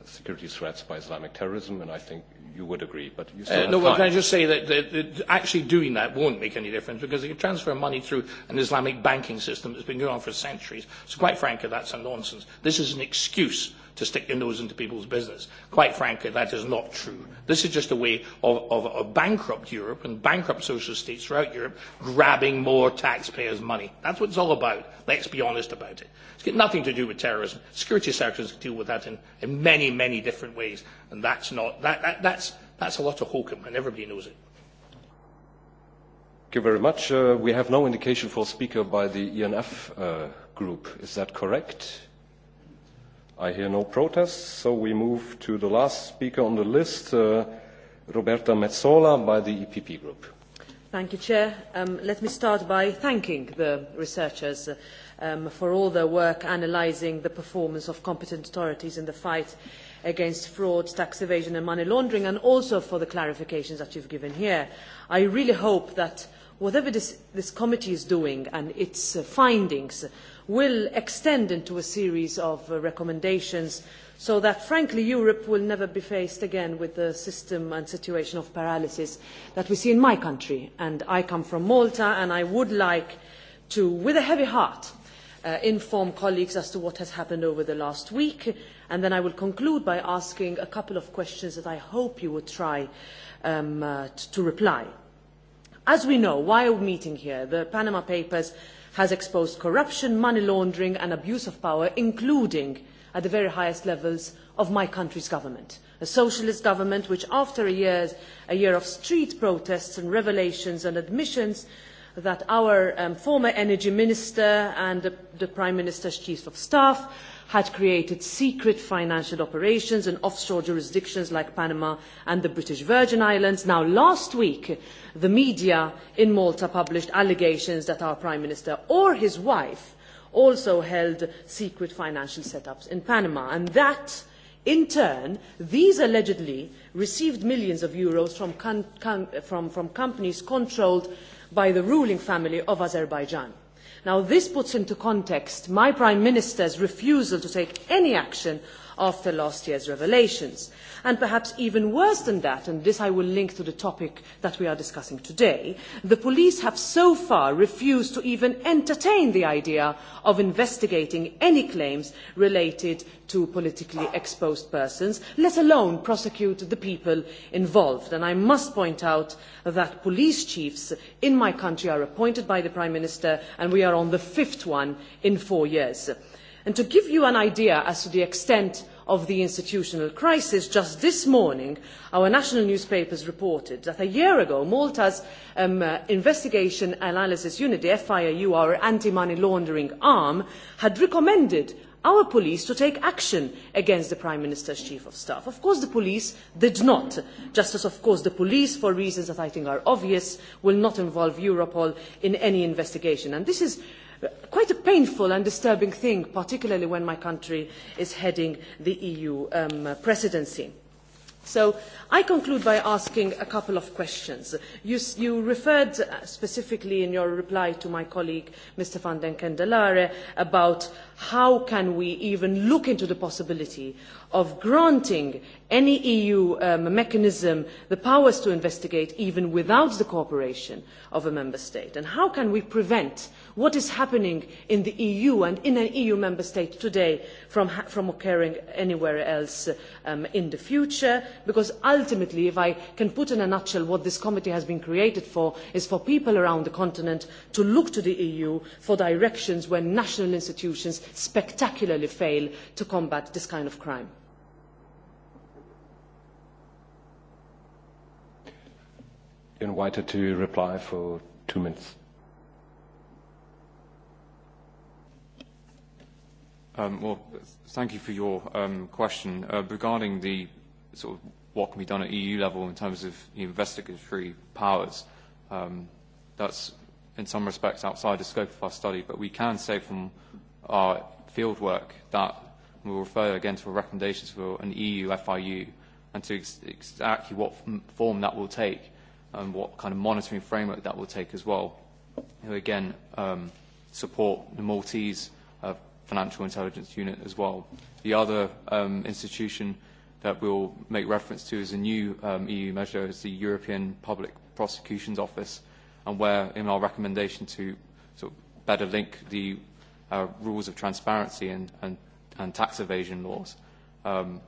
Speaker 1: security threats by Islamic terrorism, and I think you would agree, but you uh, still uh, have No, time. well, can I
Speaker 13: just say that, that, that actually doing that won't make any difference because you transfer money through an Islamic banking system that's been going on for centuries. So quite frankly, that's a nonsense. This is an excuse to stick your nose into people's business. Quite frankly, that is not true. This is just a way of, of, of bankrupt Europe and bankrupt social states throughout Europe grabbing more taxpayers' money. That's what it's all about. Let's be honest about it. It's got nothing to do with terrorism. Security sectors deal with that in, in many, many different ways. And that's not, that, that, that's, that's a lot of hokum, and everybody knows it.
Speaker 1: Thank you very much. Uh, we have no indication for speaker by the ENF uh, group. Is that correct? I hear no protests, so we move to the last speaker on the list, uh, Roberta Metsola by the EPP Group.
Speaker 14: Thank you, Chair. Um, let me start by thanking the researchers uh, um, for all their work analysing the performance of competent authorities in the fight against fraud, tax evasion and money laundering, and also for the clarifications that you've given here. I really hope that whatever this, this committee is doing and its uh, findings will extend into a series of uh, recommendations so that, frankly, Europe will never be faced again with the system and situation of paralysis that we see in my country. And I come from Malta, and I would like to, with a heavy heart, uh, inform colleagues as to what has happened over the last week. And then I will conclude by asking a couple of questions that I hope you would try um, uh, to reply. As we know, why are we meeting here? The Panama Papers has exposed corruption, money laundering and abuse of power, including at the very highest levels of my country's government, a socialist government which, after a, years, a year of street protests and revelations and admissions that our um, former energy minister and the, the prime minister's chief of staff had created secret financial operations in offshore jurisdictions like Panama and the British Virgin Islands. Now, last week, the media in Malta published allegations that our Prime Minister or his wife also held secret financial setups in Panama, and that in turn, these allegedly received millions of euros from, com com from, from companies controlled by the ruling family of Azerbaijan. Now, this puts into context my Prime Minister's refusal to take any action after last year's revelations. And perhaps even worse than that, and this I will link to the topic that we are discussing today, the police have so far refused to even entertain the idea of investigating any claims related to politically exposed persons, let alone prosecute the people involved. And I must point out that police chiefs in my country are appointed by the Prime Minister, and we are on the fifth one in four years. And to give you an idea as to the extent of the institutional crisis, just this morning our national newspapers reported that a year ago Malta's um, uh, investigation analysis unit, the FIU, our anti-money laundering arm, had recommended our police to take action against the Prime Minister's Chief of Staff. Of course, the police did not, just as, of course, the police, for reasons that I think are obvious, will not involve Europol in any investigation. And this is quite a painful and disturbing thing, particularly when my country is heading the EU um, presidency. So I conclude by asking a couple of questions. You, you referred uh, specifically in your reply to my colleague, Mr. van den Kendelare, about how can we even look into the possibility of granting any EU um, mechanism the powers to investigate even without the cooperation of a member state? And how can we prevent what is happening in the EU and in an EU member state today from, from occurring anywhere else uh, um, in the future. Because ultimately, if I can put in a nutshell what this committee has been created for, is for people around the continent to look to the EU for directions when national institutions spectacularly fail to combat this kind of crime.
Speaker 1: invited to reply for two minutes. Um, well, thank you for your um,
Speaker 4: question. Uh, regarding the sort of what can be done at EU level in terms of investigatory powers, um, that's in some respects outside the scope of our study, but we can say from our field work that we will refer again to our recommendations for an EU FIU and to ex exactly what form that will take and what kind of monitoring framework that will take as well. Who again um, support the Maltese Financial Intelligence Unit as well. The other um, institution that we'll make reference to is a new um, EU measure, is the European Public Prosecution's Office, and where in our recommendation to sort of better link the uh, rules of transparency and, and, and tax evasion laws, um,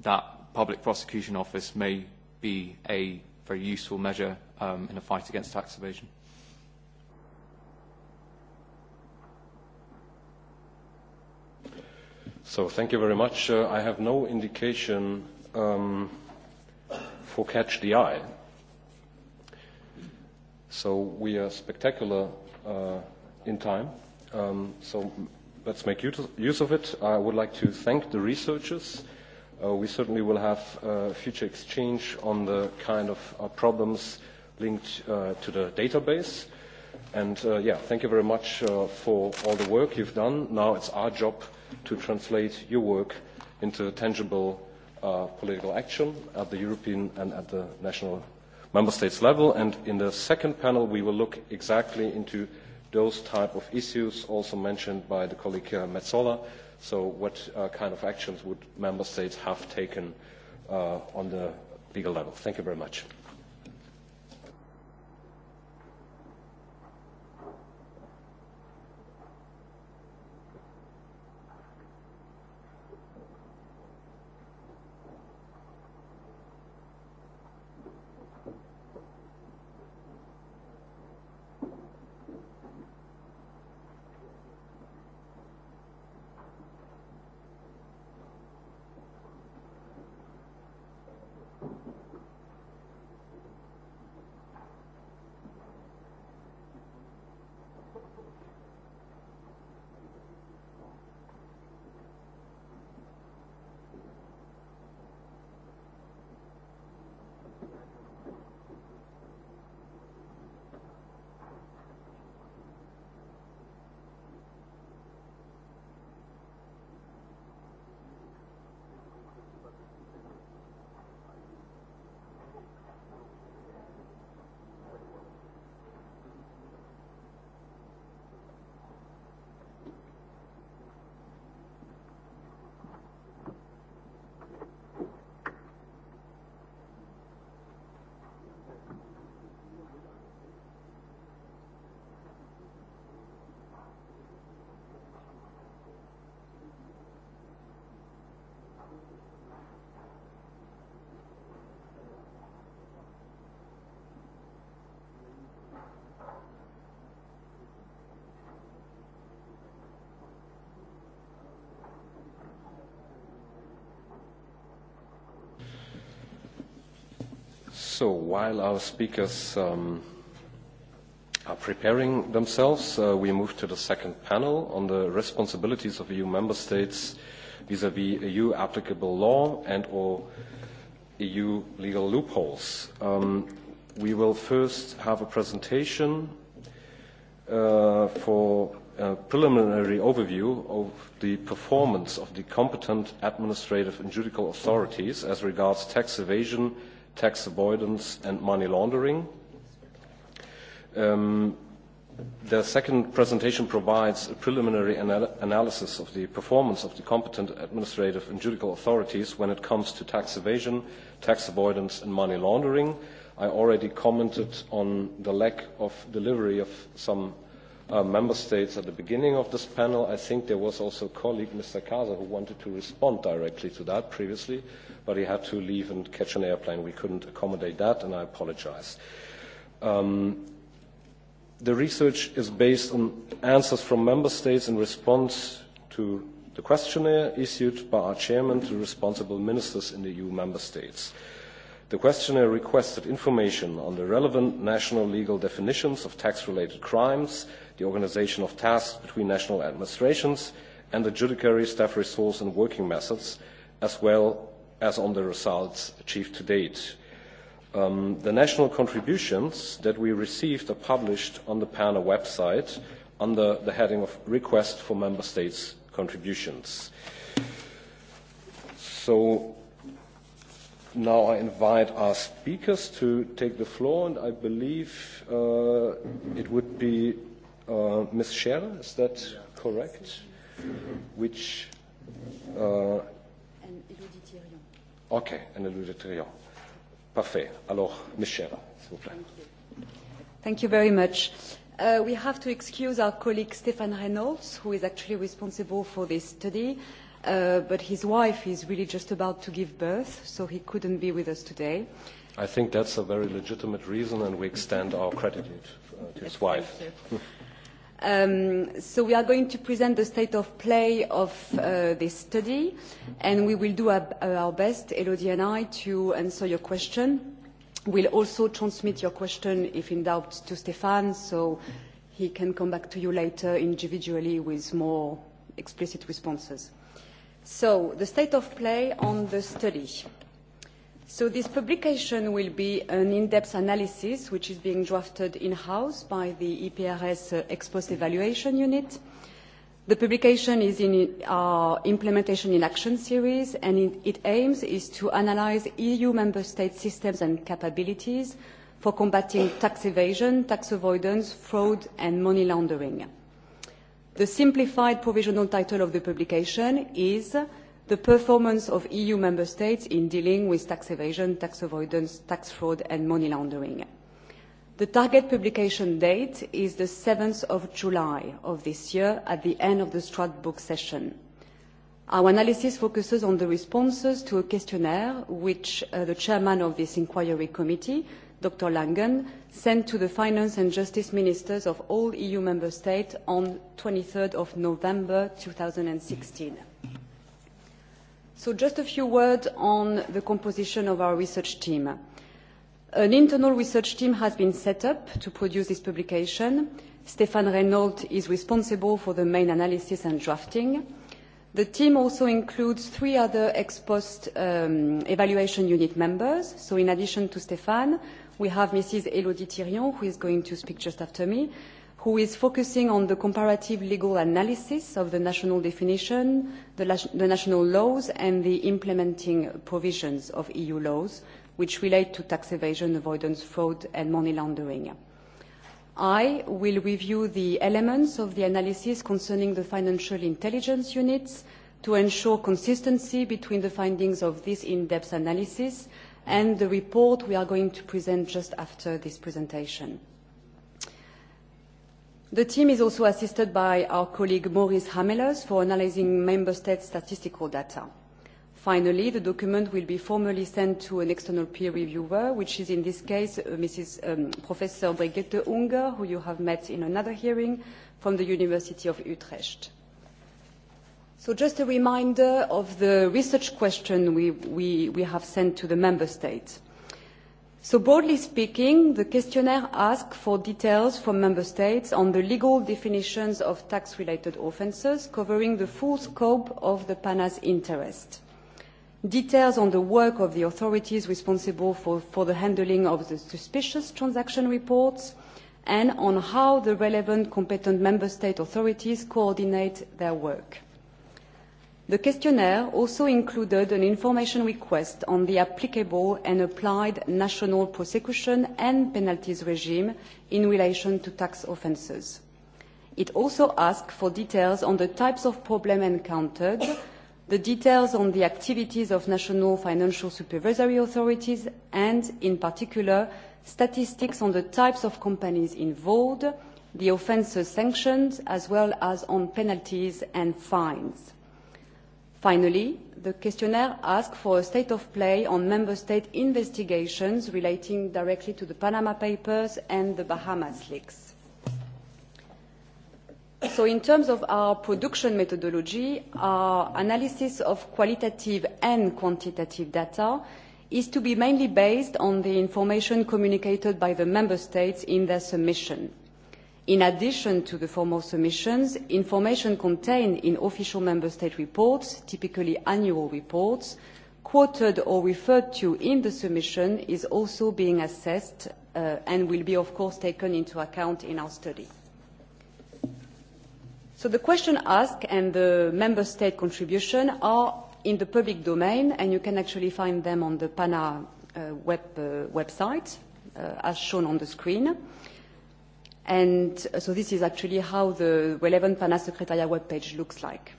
Speaker 4: that public prosecution office may be a very useful measure um, in the fight against tax evasion.
Speaker 1: So thank you very much. Uh, I have no indication um, for Catch the Eye. So we are spectacular uh, in time. Um, so let's make use of it. I would like to thank the researchers. Uh, we certainly will have uh, future exchange on the kind of uh, problems linked uh, to the database. And uh, yeah, thank you very much uh, for all the work you've done. Now it's our job to translate your work into tangible uh, political action at the European and at the national member states level. And in the second panel, we will look exactly into those type of issues also mentioned by the colleague uh, Metzola. So what uh, kind of actions would member states have taken uh, on the legal level? Thank you very much. So while our speakers um, are preparing themselves, uh, we move to the second panel on the responsibilities of EU member states vis-à-vis -vis e EU applicable law and or EU legal loopholes. Um, we will first have a presentation uh, for a preliminary overview of the performance of the competent administrative and judicial authorities as regards tax evasion, tax avoidance and money laundering. Um, the second presentation provides a preliminary anal analysis of the performance of the competent administrative and judicial authorities when it comes to tax evasion, tax avoidance and money laundering. I already commented on the lack of delivery of some uh, member states at the beginning of this panel. I think there was also a colleague, Mr. Kaza, who wanted to respond directly to that previously, but he had to leave and catch an airplane. We couldn't accommodate that, and I apologize. Um, the research is based on answers from member states in response to the questionnaire issued by our chairman to responsible ministers in the EU member states. The questionnaire requested information on the relevant national legal definitions of tax-related crimes, the organisation of tasks between national administrations and the judiciary staff resource and working methods, as well as on the results achieved to date. Um, the national contributions that we received are published on the PANA website under the heading of Request for Member States Contributions. So now I invite our speakers to take the floor, and I believe uh, it would be uh, Ms. Scherer, is that correct? Which? Uh,
Speaker 15: and Elodie Thirion.
Speaker 1: Okay, and Elodie Thirion. Parfait. Alors, Ms. Scherer, s'il vous plaît. Thank you.
Speaker 16: Thank you very much. Uh, we have to excuse our colleague Stefan Reynolds, who is actually responsible for this study, uh, but his wife is really just about to give birth, so he couldn't be with us today.
Speaker 1: I think that's a very legitimate reason, and we extend our gratitude uh, to his yes, wife. Thank *laughs* you.
Speaker 16: Um, so we are going to present the state of play of uh, this study, and we will do our, our best, Elodie and I, to answer your question. We'll also transmit your question, if in doubt, to Stéphane, so he can come back to you later individually with more explicit responses. So the state of play on the study. Uh, So this publication will be an in-depth analysis which is being drafted in-house by the EPRS uh, Ex-Post Evaluation Unit. The publication is in our uh, Implementation in Action series and it, it aims is to analyze EU member state systems and capabilities for combating tax evasion, tax avoidance, fraud and money laundering. The simplified provisional title of the publication is the performance of EU member states in dealing with tax evasion, tax avoidance, tax fraud and money laundering. The target publication date is the 7th of July of this year at the end of the Strasbourg session. Our analysis focuses on the responses to a questionnaire which uh, the chairman of this inquiry committee, Dr. Langen, sent to the finance and justice ministers of all EU member states on 23rd of November 2016. Mm-hmm. So just a few words on the composition of our research team. An internal research team has been set up to produce this publication. Stefan Reynaud is responsible for the main analysis and drafting. The team also includes three other ex post um, evaluation unit members. So in addition to Stefan, we have Mrs. Elodie Thirion, who is going to speak just after me, who is focusing on the comparative legal analysis of the national definition, the, the national laws, and the implementing provisions of EU laws, which relate to tax evasion, avoidance, fraud, and money laundering. I will review the elements of the analysis concerning the financial intelligence units to ensure consistency between the findings of this in-depth analysis and the report we are going to present just after this presentation. The team is also assisted by our colleague Maurice Hamelers for analyzing member state statistical data. Finally, the document will be formally sent to an external peer reviewer, which is in this case uh, Mrs. Um, Professor Brigitte Unger, who you have met in another hearing from the University of Utrecht. So just a reminder of the research question we, we, we have sent to the member states. So broadly speaking, the questionnaire asks for details from member states on the legal definitions of tax-related offences, covering the full scope of the PANA's interest. Details on the work of the authorities responsible for, for the handling of the suspicious transaction reports, and on how the relevant competent member state authorities coordinate their work. The questionnaire also included an information request on the applicable and applied national prosecution and penalties regime in relation to tax offences. It also asked for details on the types of problem encountered, the details on the activities of national financial supervisory authorities, and in particular, statistics on the types of companies involved, the offences sanctioned, as well as on penalties and fines. Finally, the questionnaire asked for a state of play on member state investigations relating directly to the Panama Papers and the Bahamas leaks. So in terms of our production methodology, our analysis of qualitative and quantitative data is to be mainly based on the information communicated by the member states in their submission. In addition to the formal submissions, information contained in official member state reports, typically annual reports, quoted or referred to in the submission is also being assessed uh, and will be, of course, taken into account in our study. So the question asked and the member state contribution are in the public domain, and you can actually find them on the PANA uh, web, uh, website, uh, as shown on the screen. Uh, And uh, so this is actually how the relevant PANA Secretariat webpage looks like.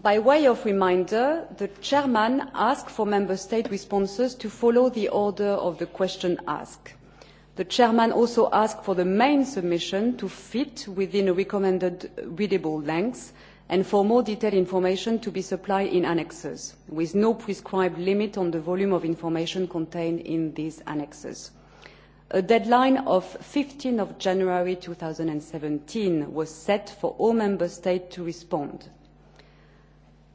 Speaker 16: By way of reminder, the chairman asked for member state responses to follow the order of the question asked. The chairman also asked for the main submission to fit within a recommended uh, readable length and for more detailed information to be supplied in annexes, with no prescribed limit on the volume of information contained in these annexes. A deadline of 15 of January 2017 was set for all member states to respond.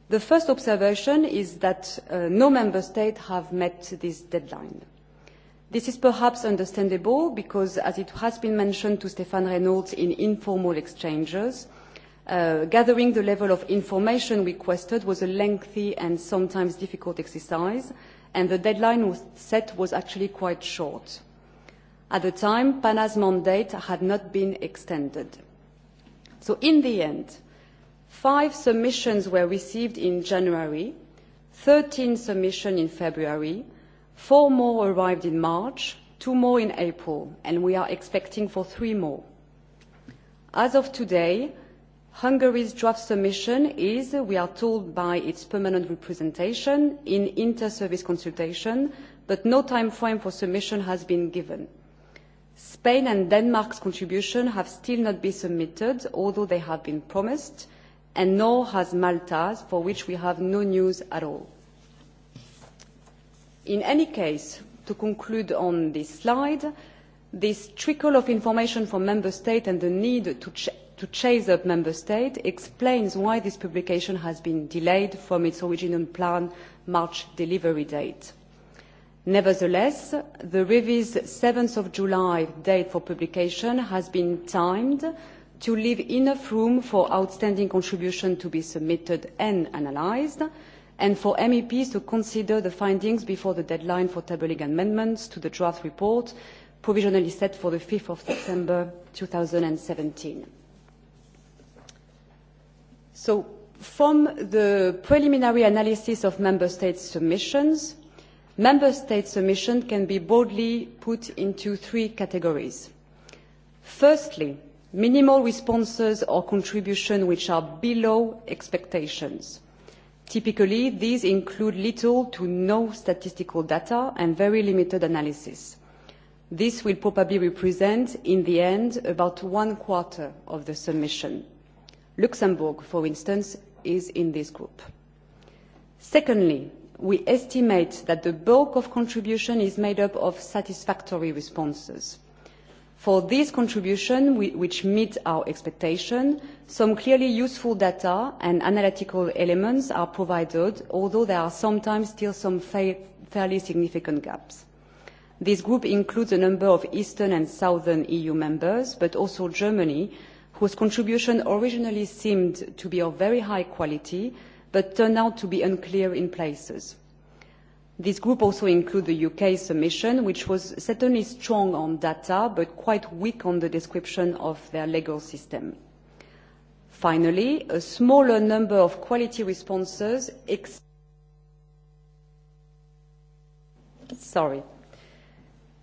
Speaker 16: The first observation is that uh, no member state have met this deadline. This is perhaps understandable because, as it has been mentioned to Stefan Reynolds in informal exchanges, uh, gathering the level of information requested was a lengthy and sometimes difficult exercise, and the deadline was set was actually quite short. Uh, At the time, PANA's mandate had not been extended. So in the end, five submissions were received in January, 13 submissions in February, four more arrived in March, two more in April, and we are expecting for three more. As of today, Hungary's draft submission is, we are told by its permanent representation, in inter-service consultation, but no time frame for submission has been given. Spain and Denmark's contribution have still not been submitted, although they have been promised, and nor has Malta's, for which we have no news at all. In any case, to conclude on this slide, this trickle of information from member states and the need to, ch to chase up member states explains why this publication has been delayed from its original planned March delivery date Nevertheless, the review's 7th of July date for publication has been timed to leave enough room for outstanding contribution to be submitted and analysed, and for MEPs to consider the findings before the deadline for tabling amendments to the draft report, provisionally set for the 5th of September 2017. So, from the preliminary analysis of Member States' submissions, Member State submissions can be broadly put into three categories. Firstly, minimal responses or contributions which are below expectations. Typically, these include little to no statistical data and very limited analysis. This will probably represent, in the end, about one quarter of the submission. Luxembourg, for instance, is in this group. Secondly, we estimate that the bulk of contribution is made up of satisfactory responses. For these contributions, which meet our expectation, some clearly useful data and analytical elements are provided, although there are sometimes still some fa fairly significant gaps. This group includes a number of Eastern and Southern EU members, but also Germany, whose contribution originally seemed to be of very high quality, but turned out to be unclear in places. This group also includes the UK submission, which was certainly strong on data, but quite weak on the description of their legal system. Finally, a smaller number of quality responses ex- Sorry.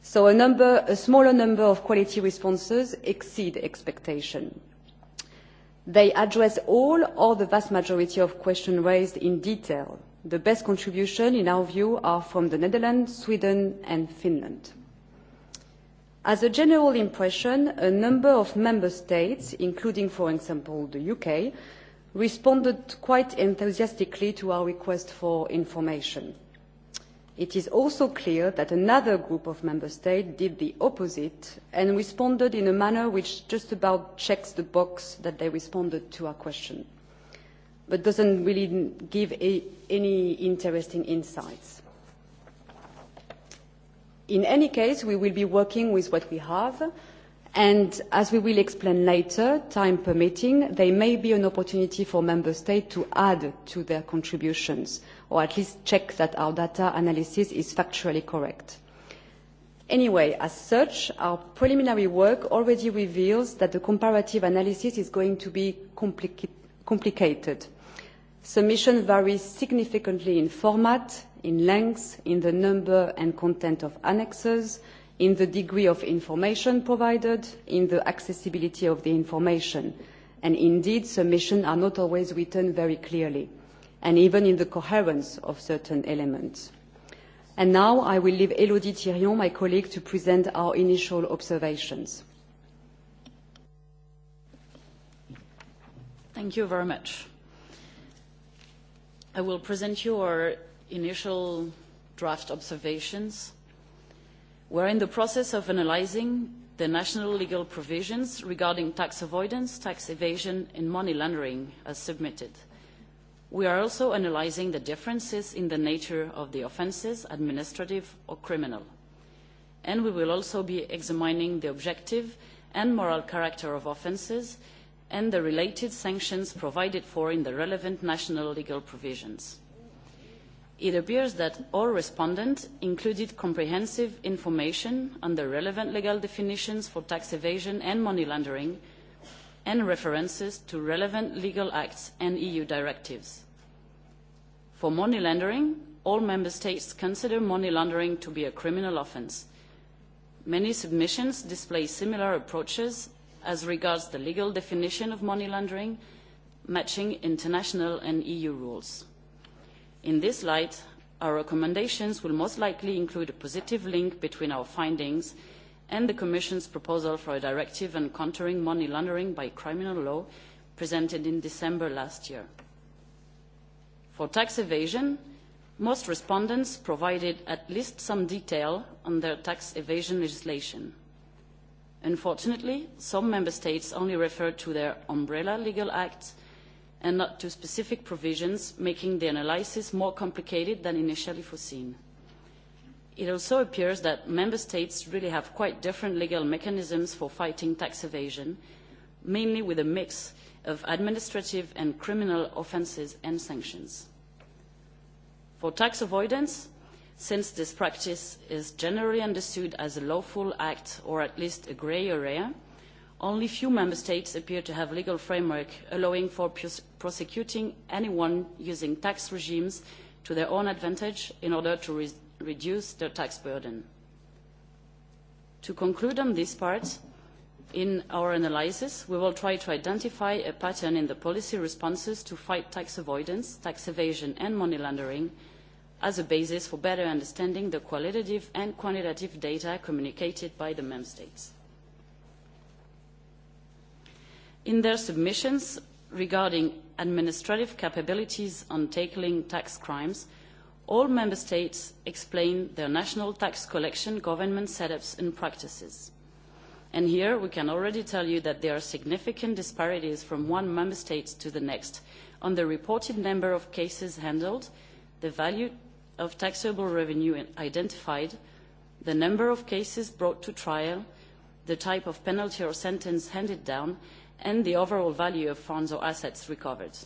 Speaker 16: So a, number, a smaller number of quality responses exceed expectation They address all or the vast majority of questions raised in detail. The best contribution, in our view, are from the Netherlands, Sweden and Finland. As a general impression, a number of member states, including, for example, the UK, responded quite enthusiastically to our request for information it is also clear that another group of member states did the opposite and responded in a manner which just about checks the box that they responded to our question, but doesn't really give a, any interesting insights. In any case, we will be working with what we have, and as we will explain later, time permitting, there may be an opportunity for member states to add to their contributions – or at least check that our data analysis is factually correct. Anyway, as such, our preliminary work already reveals that the comparative analysis is going to be complica complicated. Submission varies significantly in format, in length, in the number and content of annexes, in the degree of information provided, in the accessibility of the information. And indeed, submissions are not always written very clearly and even in the coherence of certain elements. And now I will leave Elodie Thirion, my colleague, to present our initial observations.
Speaker 15: Thank you very much. I will present you our initial draft observations. We're in the process of analyzing the national legal provisions regarding tax avoidance, tax evasion, and money laundering as submitted – We are also analysing the differences in the nature of the offences, administrative or criminal. And we will also be examining the objective and moral character of offences and the related sanctions provided for in the relevant national legal provisions. It appears that all respondents included comprehensive information on the relevant legal definitions for tax evasion and money laundering – and references to relevant legal acts and EU directives. For money laundering, all member states consider money laundering to be a criminal offence. Many submissions display similar approaches as regards the legal definition of money laundering, matching international and EU rules. In this light, our recommendations will most likely include a positive link between our findings and the Commission's proposal for a directive on countering money laundering by criminal law presented in December last year. For tax evasion, most respondents provided at least some detail on their tax evasion legislation. Unfortunately, some member states only refer to their umbrella legal acts and not to specific provisions, making the analysis more complicated than initially foreseen it also appears that member states really have quite different legal mechanisms for fighting tax evasion, mainly with a mix of administrative and criminal offences and sanctions. For tax avoidance, since this practice is generally understood as a lawful act or at least a grey area, only few member states appear to have legal framework allowing for prosecuting anyone using tax regimes to their own advantage in order to, re reduce their tax burden. To conclude on this part, in our analysis, we will try to identify a pattern in the policy responses to fight tax avoidance, tax evasion and money laundering as a basis for better understanding the qualitative and quantitative data communicated by the member states. In their submissions regarding administrative capabilities on tackling tax crimes, all member states explain their national tax collection government setups and practices. And here we can already tell you that there are significant disparities from one member state to the next on the reported number of cases handled, the value of taxable revenue identified, the number of cases brought to trial, the type of penalty or sentence handed down, and the overall value of funds or assets recovered.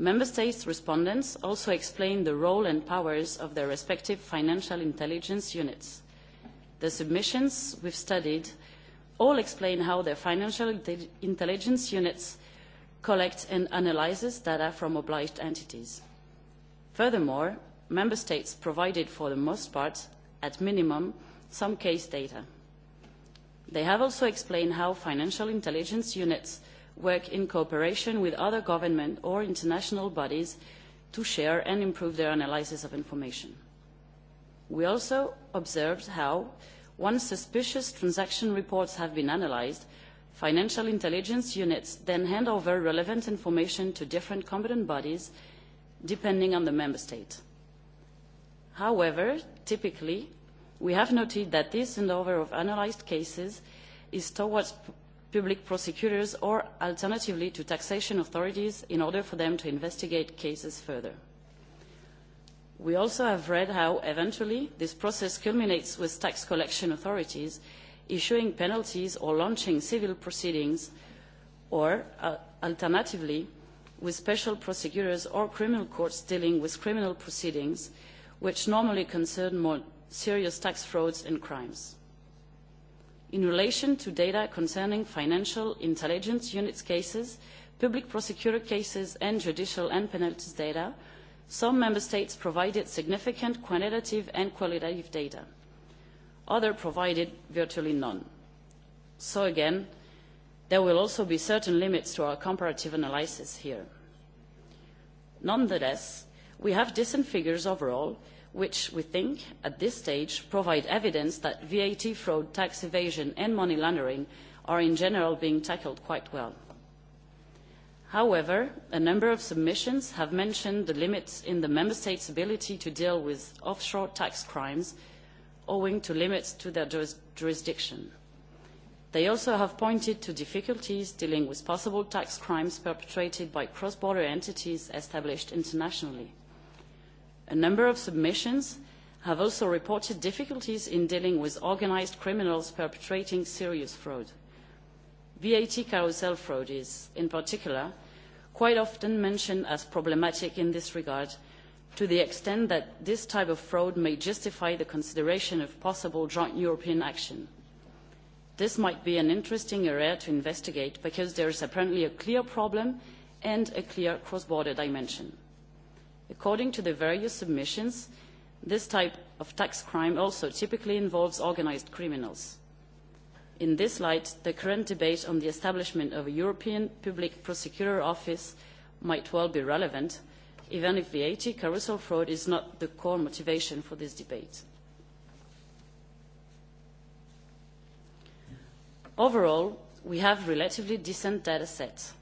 Speaker 15: Member States' respondents also explained the role and powers of their respective financial intelligence units. The submissions we've studied all explain how their financial intelligence units collects and analyzes data from obliged entities. Furthermore, member states provided for the most part, at minimum, some case data. They have also explained how financial intelligence units work in cooperation with other government or international bodies to share and improve their analysis of information. We also observed how, once suspicious transaction reports have been analyzed, financial intelligence units then hand over relevant information to different competent bodies depending on the member state. However, typically, we have noted that this handover of analyzed cases is towards public prosecutors or alternatively to taxation authorities in order for them to investigate cases further. We also have read how, eventually, this process culminates with tax collection authorities issuing penalties or launching civil proceedings or, uh, alternatively, with special prosecutors or criminal courts dealing with criminal proceedings, which normally concern more serious tax frauds and crimes in relation to data concerning financial intelligence units cases, public prosecutor cases and judicial and penalties data, some member states provided significant quantitative and qualitative data. Others provided virtually none. So again, there will also be certain limits to our comparative analysis here. Nonetheless, we have decent figures overall which we think at this stage provide evidence that VAT fraud, tax evasion and money laundering are in general being tackled quite well. However, a number of submissions have mentioned the limits in the Member States' ability to deal with offshore tax crimes owing to limits to their juris jurisdiction. They also have pointed to difficulties dealing with possible tax crimes perpetrated by cross-border entities established internationally. A number of submissions have also reported difficulties in dealing with organized criminals perpetrating serious fraud. VAT carousel fraud is, in particular, quite often mentioned as problematic in this regard to the extent that this type of fraud may justify the consideration of possible joint European action. This might be an interesting area to investigate because there is apparently a clear problem and a clear cross-border dimension. According to the various submissions, this type of tax crime also typically involves organized criminals. In this light, the current debate on the establishment of a European Public Prosecutor Office might well be relevant, even if VAT carousel fraud is not the core motivation for this debate. Overall, we have relatively decent data sets.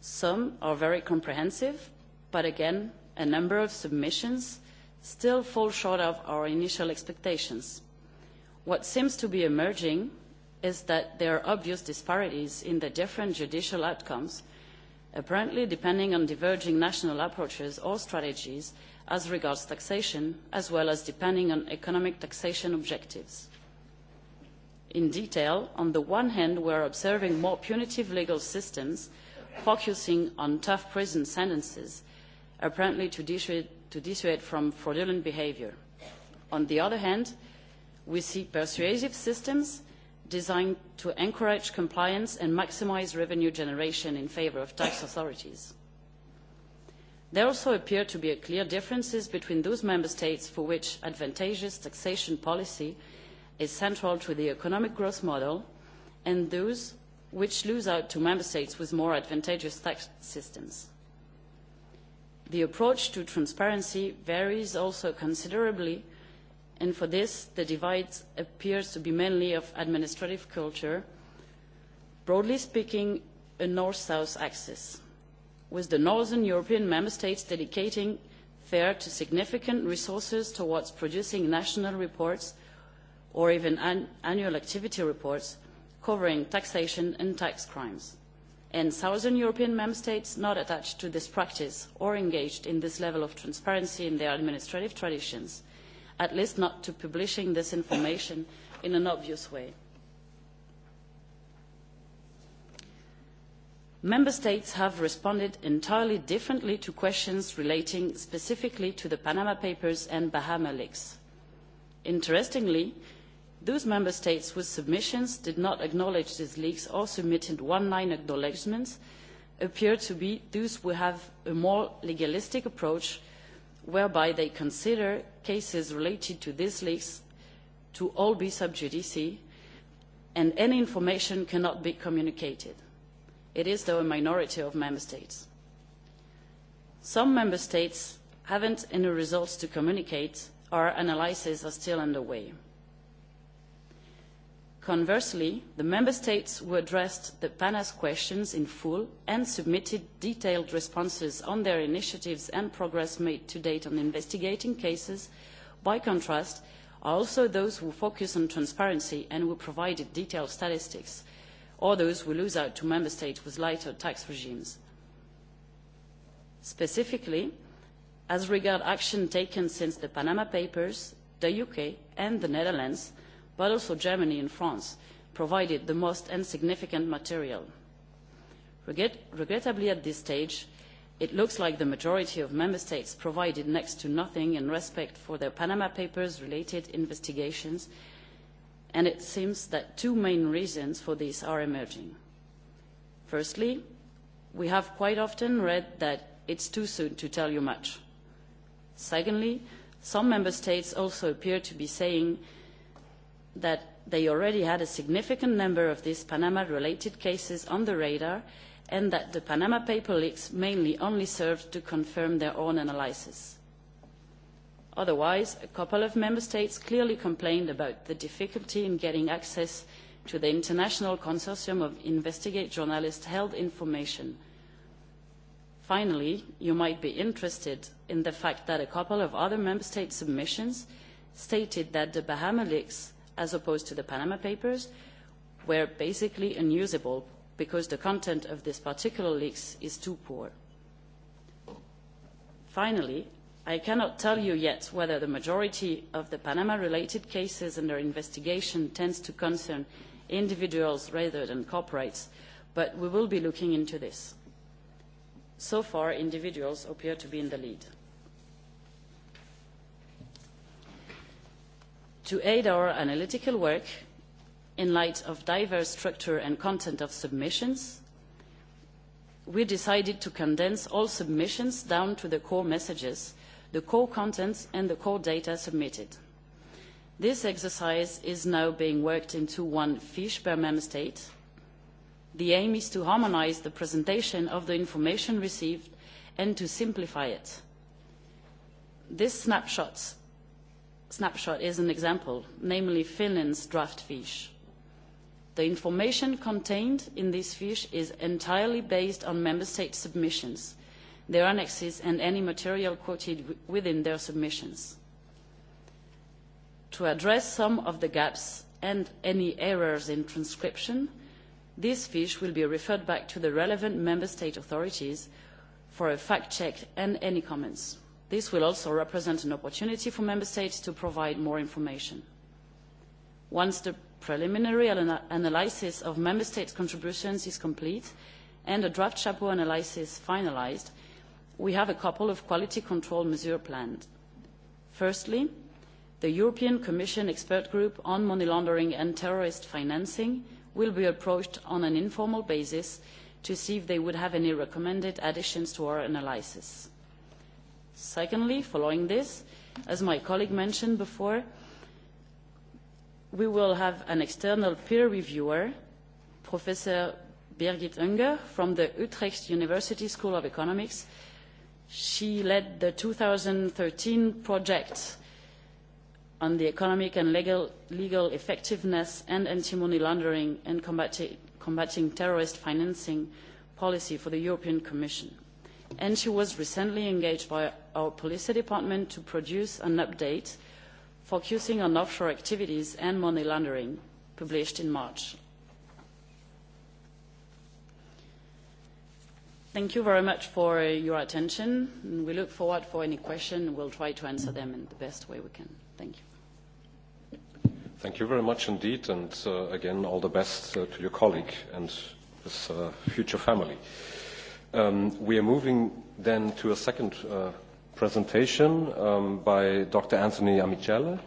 Speaker 15: Some are very comprehensive, but again, a number of submissions still fall short of our initial expectations. What seems to be emerging is that there are obvious disparities in the different judicial outcomes, apparently depending on diverging national approaches or strategies as regards taxation, as well as depending on economic taxation objectives. In detail, on the one hand, we are observing more punitive legal systems focusing on tough prison sentences apparently to dissuade, to dissuade from fraudulent behavior. On the other hand, we see persuasive systems designed to encourage compliance and maximize revenue generation in favor of tax authorities. There also appear to be clear differences between those member states for which advantageous taxation policy is central to the economic growth model and those which lose out to member states with more advantageous tax systems. The approach to transparency varies also considerably, and for this, the divide appears to be mainly of administrative culture, broadly speaking, a north-south axis, with the northern European member states dedicating their to significant resources towards producing national reports or even an annual activity reports covering taxation and tax crimes and southern European member states not attached to this practice or engaged in this level of transparency in their administrative traditions, at least not to publishing this information in an obvious way. Member states have responded entirely differently to questions relating specifically to the Panama Papers and Bahama leaks. Interestingly, Those member states whose submissions did not acknowledge these leaks or submitted one-line acknowledgements appear to be those who have a more legalistic approach whereby they consider cases related to these leaks to all be sub judice and any information cannot be communicated. It is, though, a minority of member states. Some member states haven't any results to communicate or analyses are still underway. Conversely, the Member States who addressed the PANAS questions in full and submitted detailed responses on their initiatives and progress made to date on investigating cases, by contrast, are also those who focus on transparency and who provided detailed statistics, or those who lose out to Member States with lighter tax regimes. Specifically, as regards action taken since the Panama Papers, the UK and the Netherlands but also Germany and France, provided the most and significant material. Regret regrettably at this stage, it looks like the majority of member states provided next to nothing in respect for their Panama Papers-related investigations, and it seems that two main reasons for this are emerging. Firstly, we have quite often read that it's too soon to tell you much. Secondly, some member states also appear to be saying that they already had a significant number of these Panama-related cases on the radar and that the Panama paper leaks mainly only served to confirm their own analysis. Otherwise, a couple of member states clearly complained about the difficulty in getting access to the International Consortium of Investigate Journalists held information. Finally, you might be interested in the fact that a couple of other member state submissions stated that the Bahama leaks as opposed to the Panama Papers, were basically unusable because the content of this particular leaks is too poor. Finally, I cannot tell you yet whether the majority of the Panama-related cases under investigation tends to concern individuals rather than corporates, but we will be looking into this. So far, individuals appear to be in the lead. to aid our analytical work in light of diverse structure and content of submissions, we decided to condense all submissions down to the core messages, the core contents and the core data submitted. This exercise is now being worked into one fiche per member state. The aim is to harmonize the presentation of the information received and to simplify it. This snapshot snapshot is an example, namely Finland's draft fish. The information contained in this fish is entirely based on member state submissions, their annexes and any material quoted within their submissions. To address some of the gaps and any errors in transcription, this fish will be referred back to the relevant member state authorities for a fact check and any comments. This will also represent an opportunity for Member States to provide more information. Once the preliminary analysis of Member States' contributions is complete and a draft chapeau analysis finalized, we have a couple of quality control measures planned. Firstly, the European Commission Expert Group on Money Laundering and Terrorist Financing will be approached on an informal basis to see if they would have any recommended additions to our analysis. Secondly, following this, as my colleague mentioned before, we will have an external peer reviewer, Professor Birgit Unger from the Utrecht University School of Economics. She led the 2013 project on the economic and legal, legal effectiveness and anti-money laundering and combating, combating terrorist financing policy for the European Commission and she was recently engaged by our police department to produce an update focusing on offshore activities and money laundering, published in March. Thank you very much for your attention. We look forward for any question. We'll try to answer them in the best way we can. Thank
Speaker 1: you. Thank you very much indeed, and uh, again, all the best uh, to your colleague and his uh, future family. Um, we are moving then to a second uh, presentation um, by Dr. Anthony Amicele,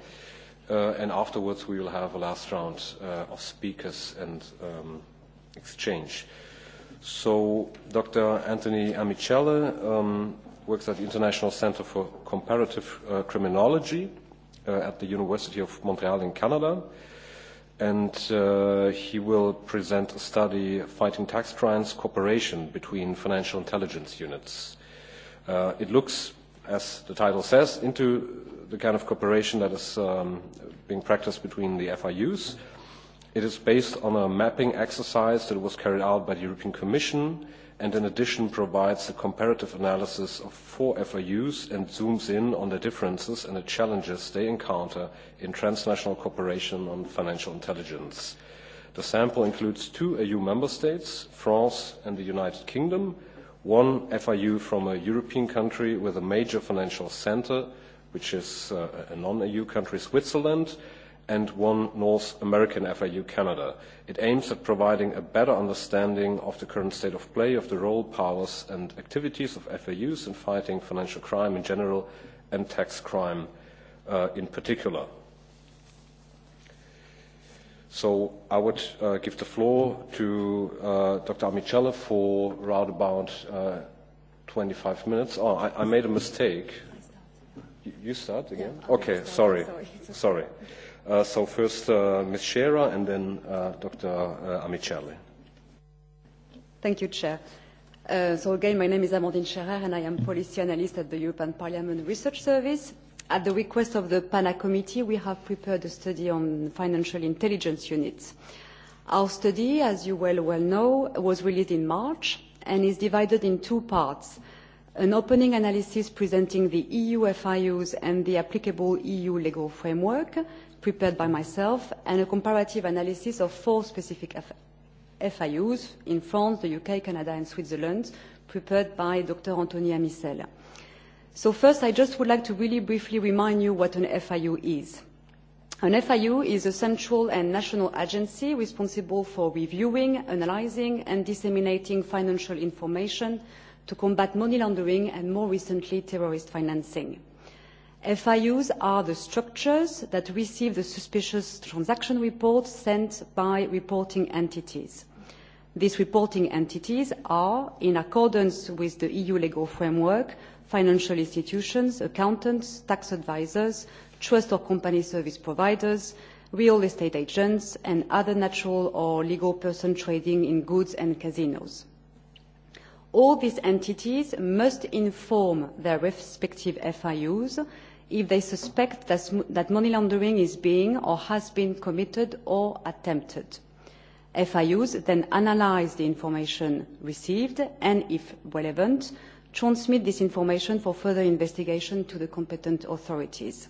Speaker 1: uh, and afterwards we will have a last round uh, of speakers and um, exchange. So Dr. Anthony Amicele um, works at the International Center for Comparative uh, Criminology uh, at the University of Montreal in Canada. Uh, and uh, he will present a study fighting tax crimes cooperation between financial intelligence units. Uh, it looks, as the title says, into the kind of cooperation that is um, being practiced between the FIUs. It is based on a mapping exercise that was carried out by the European Commission uh, and in addition provides a comparative analysis of four FIUs and zooms in on the differences and the challenges they encounter in transnational cooperation on financial intelligence. The sample includes two EU member states, France and the United Kingdom, one FIU from a European country with a major financial center, which is uh, a non-EU country, Switzerland, and one North American FAU Canada. It aims at providing a better understanding of the current state of play of the role, powers and activities of FAUs in fighting financial crime in general and tax crime uh, in particular. So I would uh, give the floor to uh, Dr. Amicella for around about uh, 25 minutes. Oh, I, I made a mistake. You, you start again? Yeah, okay, start. sorry. Sorry. sorry. Uh, so first uh, Ms. Scherer and then uh, Dr. Uh, Amicelli.
Speaker 16: Thank you, Chair. Uh, so again, my name is Amandine Scherer and I am policy analyst at the European Parliament Research Service. At the request of the PANA Committee, we have prepared a study on financial intelligence units. Our study, as you well, well know, was released in March and is divided in two parts. An opening analysis presenting the EU FIUs and the applicable EU legal framework prepared by myself and a comparative analysis of four specific FIUs in France, the UK, Canada and Switzerland, prepared by Dr. Anthony Amisel. So first, I just would like to really briefly remind you what an FIU is. An FIU is a central and national agency responsible for reviewing, analyzing, and disseminating financial information to combat money laundering and, more recently, terrorist financing. FIUs are the structures that receive the suspicious transaction reports sent by reporting entities. These reporting entities are, in accordance with the EU legal framework, financial institutions, accountants, tax advisors, trust or company service providers, real estate agents, and other natural or legal person trading in goods and casinos all these entities must inform their respective FIUs if they suspect that money laundering is being or has been committed or attempted. FIUs then analyze the information received and, if relevant, transmit this information for further investigation to the competent authorities.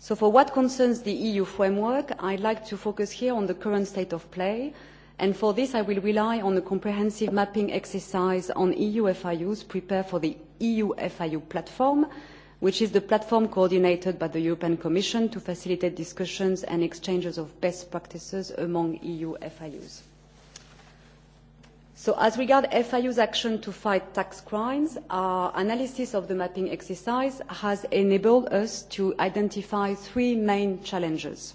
Speaker 16: So for what concerns the EU framework, I'd like to focus here on the current state of play, and for this I will rely on a comprehensive mapping exercise on EU FIUs prepared for the EU FIU platform, which is the platform coordinated by the European Commission to facilitate discussions and exchanges of best practices among EU FIUs. So as regards FIU's action to fight tax crimes, our analysis of the mapping exercise has enabled us to identify three main challenges.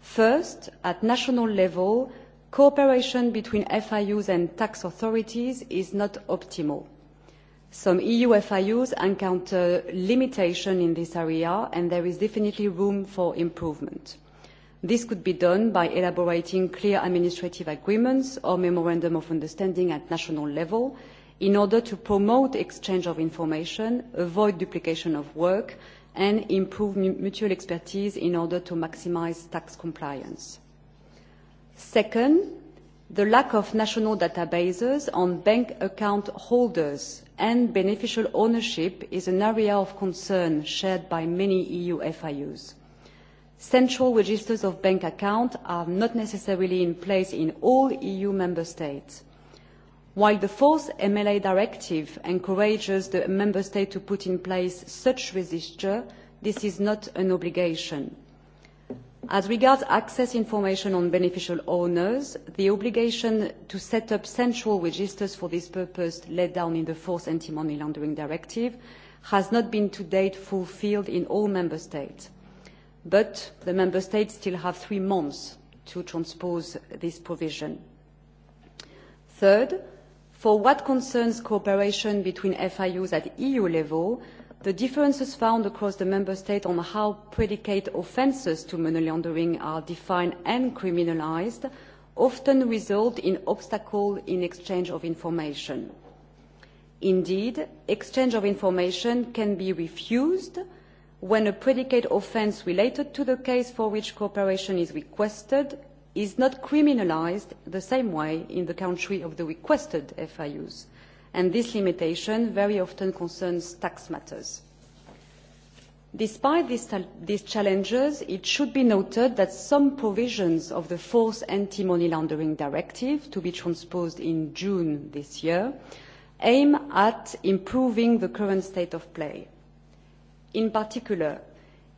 Speaker 16: First, at national level, cooperation between FIUs and tax authorities is not optimal. Some EU FIUs encounter limitation in this area, and there is definitely room for improvement. This could be done by elaborating clear administrative agreements or memorandum of understanding at national level in order to promote exchange of information, avoid duplication of work, and improve mutual expertise in order to maximize tax compliance. Second, the lack of national databases on bank account holders and beneficial ownership is an area of concern shared by many EU FIUs. Central registers of bank accounts are not necessarily in place in all EU member states. While the fourth MLA directive encourages the member state to put in place such register, this is not an obligation. As regards access information on beneficial owners, the obligation to set up central registers for this purpose laid down in the fourth anti-money laundering directive has not been to date fulfilled in all member states. But the member states still have three months to transpose this provision. Third, for what concerns cooperation between FIUs at EU level, The differences found across the member state on how predicate offences to money laundering are defined and criminalised often result in obstacles in exchange of information. Indeed, exchange of information can be refused when a predicate offence related to the case for which cooperation is requested is not criminalised the same way in the country of the requested FIUs and this limitation very often concerns tax matters. Despite these, these challenges, it should be noted that some provisions of the fourth anti-money laundering directive, to be transposed in June this year, aim at improving the current state of play. In particular,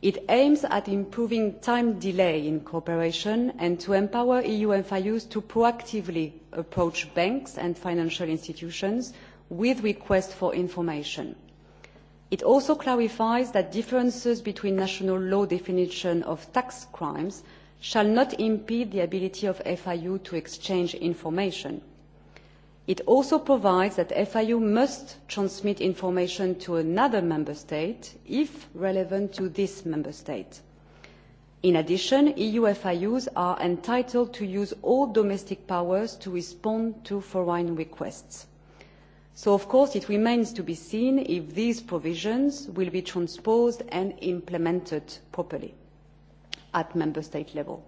Speaker 16: it aims at improving time delay in cooperation and to empower EU FIUs to proactively approach banks and financial institutions with requests for information. It also clarifies that differences between national law definition of tax crimes shall not impede the ability of FIU to exchange information. It also provides that FIU must transmit information to another member state if relevant to this member state. In addition, EU FIUs are entitled to use all domestic powers to respond to foreign requests. So, of course, it remains to be seen if these provisions will be transposed and implemented properly at member state level.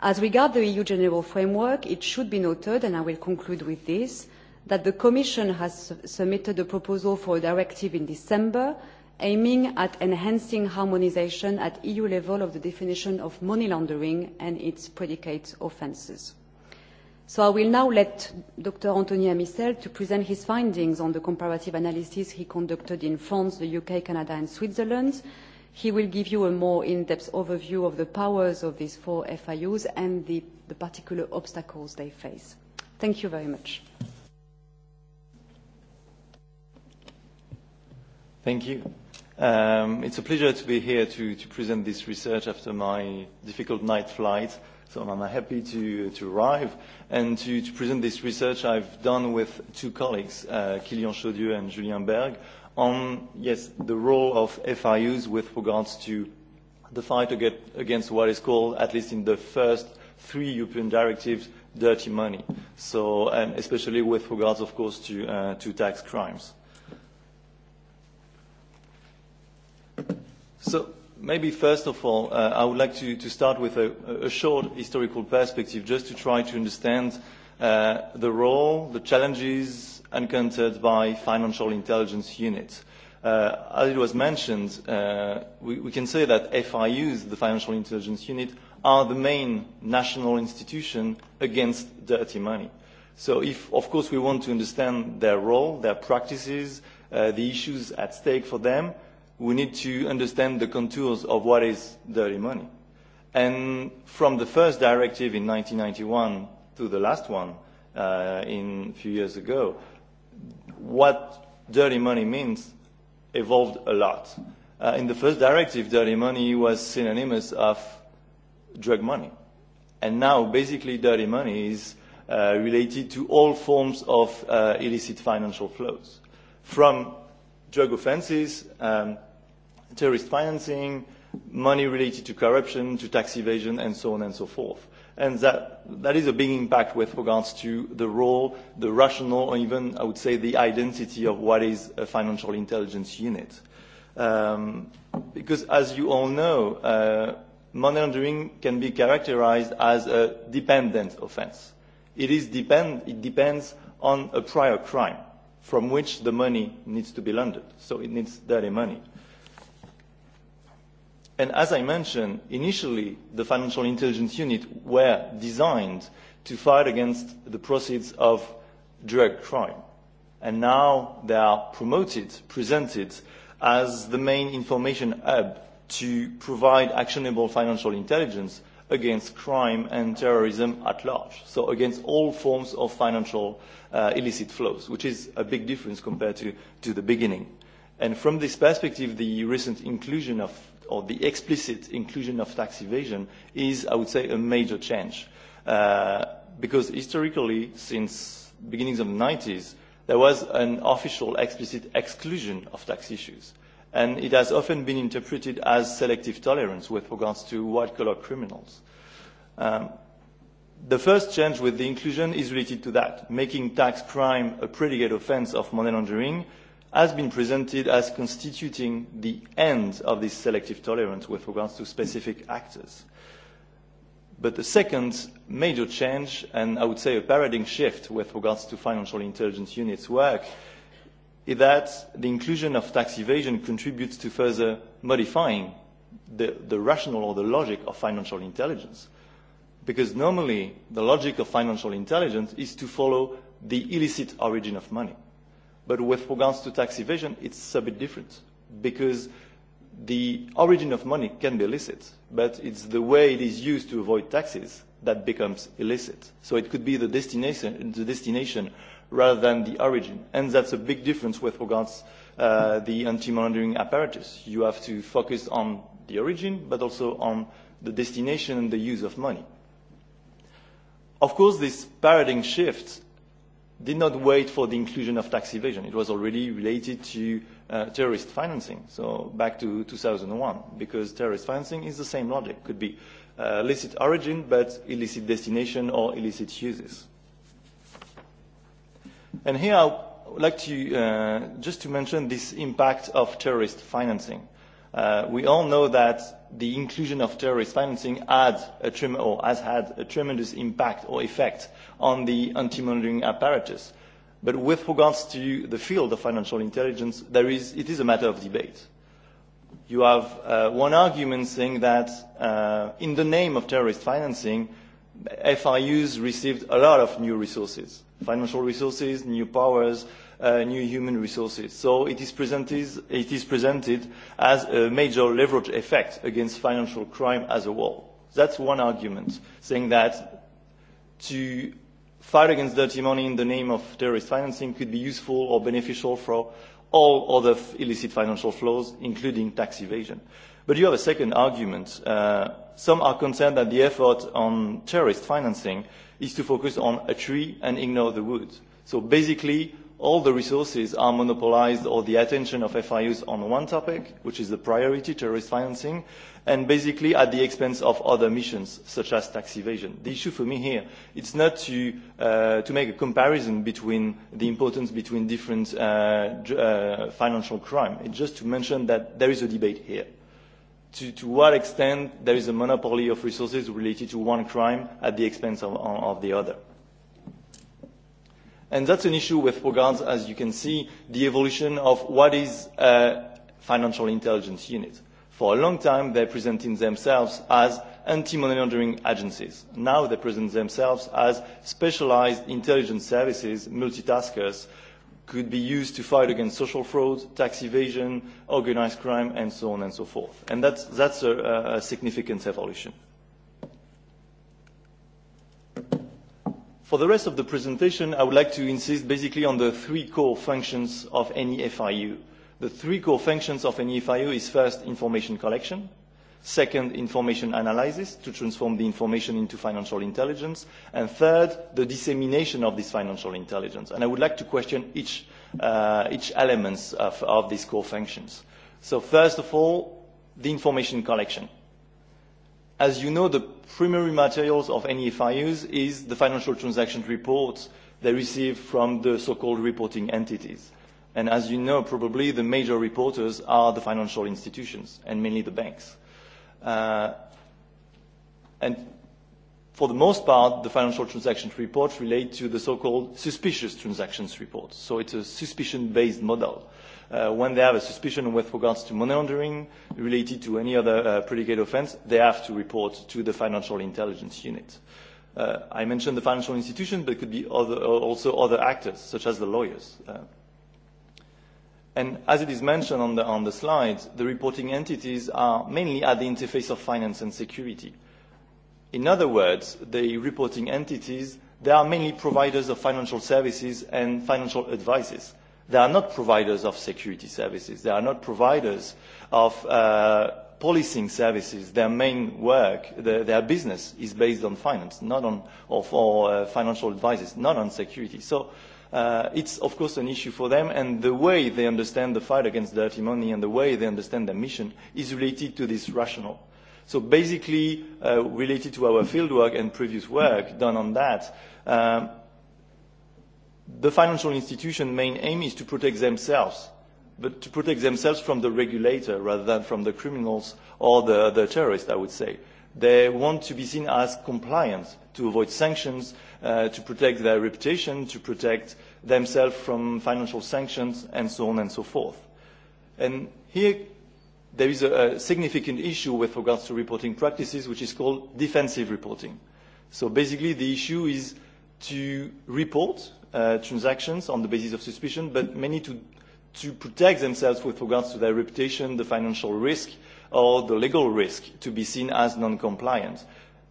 Speaker 16: As regards the EU General Framework, it should be noted, and I will conclude with this, that the Commission has su submitted a proposal for a directive in December aiming at enhancing harmonization at EU level of the definition of money laundering and its predicate offences. So I will now let Dr. Anthony Amistel to present his findings on the comparative analysis he conducted in France, the UK, Canada and Switzerland. He will give you a more in-depth overview of the powers of these four FIUs and the, the particular obstacles they face. Thank you very much.
Speaker 17: Thank you. Um, it's a pleasure to be here to, to present this research after my difficult night flight. Uh, So I'm happy to, to arrive and to, to present this research I've done with two colleagues, uh, Kilian Chaudieu and Julien Berg, on, yes, the role of FIUs with regards to the fight against what is called, at least in the first three European directives, dirty money. So, and um, especially with regards, of course, to, uh, to tax crimes. So Maybe first of all, uh, I would like to, to start with a, a short historical perspective just to try to understand uh, the role, the challenges encountered by financial intelligence units. Uh, as it was mentioned, uh, we, we can say that FIUs, the Financial Intelligence Unit, are the main national institution against dirty money. So if, of course, we want to understand their role, their practices, uh, the issues at stake for them, we need to understand the contours of what is dirty money. And from the first directive in 1991 to the last one uh, in a few years ago, what dirty money means evolved a lot. Uh, in the first directive, dirty money was synonymous of drug money. And now, basically, dirty money is uh, related to all forms of uh, illicit financial flows, from drug offences, um, terrorist financing, money related to corruption, to tax evasion, and so on and so forth. And that, that is a big impact with regards to the role, the rationale, or even, I would say, the identity of what is a financial intelligence unit. Um, because as you all know, uh, money laundering can be characterized as a dependent offense. It, is depend, it depends on a prior crime from which the money needs to be laundered. So it needs dirty money. And as I mentioned, initially the financial intelligence unit were designed to fight against the proceeds of drug crime. And now they are promoted, presented as the main information hub to provide actionable financial intelligence against crime and terrorism at large, so against all forms of financial uh, illicit flows, which is a big difference compared to, to the beginning. And from this perspective, the recent inclusion of, or the explicit inclusion of tax evasion is, I would say, a major change. Uh, because historically, since beginnings of the 90s, there was an official explicit exclusion of tax issues. Uh, and it has often been interpreted as selective tolerance with regards to white-collar criminals. Um, the first change with the inclusion is related to that. Making tax crime a predicate offence of money laundering has been presented as constituting the end of this selective tolerance with regards to specific actors. But the second major change, and I would say a paradigm shift with regards to financial intelligence units' work, is that the inclusion of tax evasion contributes to further modifying the, the rational or the logic of financial intelligence. Because normally the logic of financial intelligence is to follow the illicit origin of money. But with regards to tax evasion, it's a bit different because the origin of money can be illicit, but it's the way it is used to avoid taxes that becomes illicit. So it could be the destination, the destination rather than the origin. And that's a big difference with regards uh, the anti-monitoring apparatus. You have to focus on the origin, but also on the destination and the use of money. Of course, this paradigm shift did not wait for the inclusion of tax evasion. It was already related to uh, terrorist financing, so back to 2001, because terrorist financing is the same logic. Could be uh, illicit origin, but illicit destination or illicit uses. And here I would like to uh, just to mention this impact of terrorist financing. Uh, we all know that the inclusion of terrorist financing had a trem- or has had a tremendous impact or effect on the anti-monitoring apparatus. But with regards to the field of financial intelligence, there is, it is a matter of debate. You have uh, one argument saying that uh, in the name of terrorist financing, FIUs received a lot of new resources, financial resources, new powers, uh, new human resources. So it is, presented, it is presented as a major leverage effect against financial crime as a whole. That's one argument, saying that to fight against dirty money in the name of terrorist financing could be useful or beneficial for all other illicit financial flows, including tax evasion. Uh, But you have a second argument. Uh, some are concerned that the effort on terrorist financing is to focus on a tree and ignore the wood. So basically, all the resources are monopolized or the attention of FIUs on one topic, which is the priority, terrorist financing, and basically at the expense of other missions, such as tax evasion. The issue for me here, it's not to, uh, to make a comparison between the importance between different uh, uh, financial crime. It's just to mention that there is a debate here. Uh, to, to what extent there is a monopoly of resources related to one crime at the expense of, of the other. And that's an issue with regards, as you can see, the evolution of what is a financial intelligence unit. For a long time, they presented themselves as anti-money laundering agencies. Now they present themselves as specialized intelligence services, multitaskers, uh, could be used to fight against social fraud, tax evasion, organized crime, and so on and so forth. And that's, that's a, a significant evolution. For the rest of the presentation, I would like to insist basically on the three core functions of any FIU. The three core functions of any FIU is first, information collection – Second, information analysis to transform the information into financial intelligence. And third, the dissemination of this financial intelligence. And I would like to question each, uh, each elements of, of these core functions. So first of all, the information collection. As you know, the primary materials of any FIUs is the financial transaction reports they receive from the so-called reporting entities. And as you know, probably the major reporters are the financial institutions and mainly the banks. Uh, and for the most part, the financial transactions reports relate to the so-called suspicious transactions reports. So it's a suspicion-based model. Uh, when they have a suspicion with regards to money laundering related to any other uh, predicate offense, they have to report to the financial intelligence unit. Uh, I mentioned the financial institution, but it could be other, also other actors, such as the lawyers. Uh, And as it is mentioned on the, on the slides, the reporting entities are mainly at the interface of finance and security. In other words, the reporting entities, they are mainly providers of financial services and financial advices. They are not providers of security services. They are not providers of uh, policing services. Their main work, the, their business is based on finance, not on, or for uh, financial advices, not on security. So uh, it's of course an issue for them, and the way they understand the fight against dirty money and the way they understand their mission is related to this rationale. So basically, uh, related to our fieldwork and previous work done on that, um, the financial institution main aim is to protect themselves, but to protect themselves from the regulator rather than from the criminals or the, the terrorists, I would say. They want to be seen as compliant to avoid sanctions, uh, uh, to protect their reputation, to protect themselves from financial sanctions, and so on and so forth. And here, there is a, a significant issue with regards to reporting practices, which is called defensive reporting. So basically, the issue is to report uh, transactions on the basis of suspicion, but many to, to protect themselves with regards to their reputation, the financial risk, or the legal risk to be seen as non-compliant. Uh,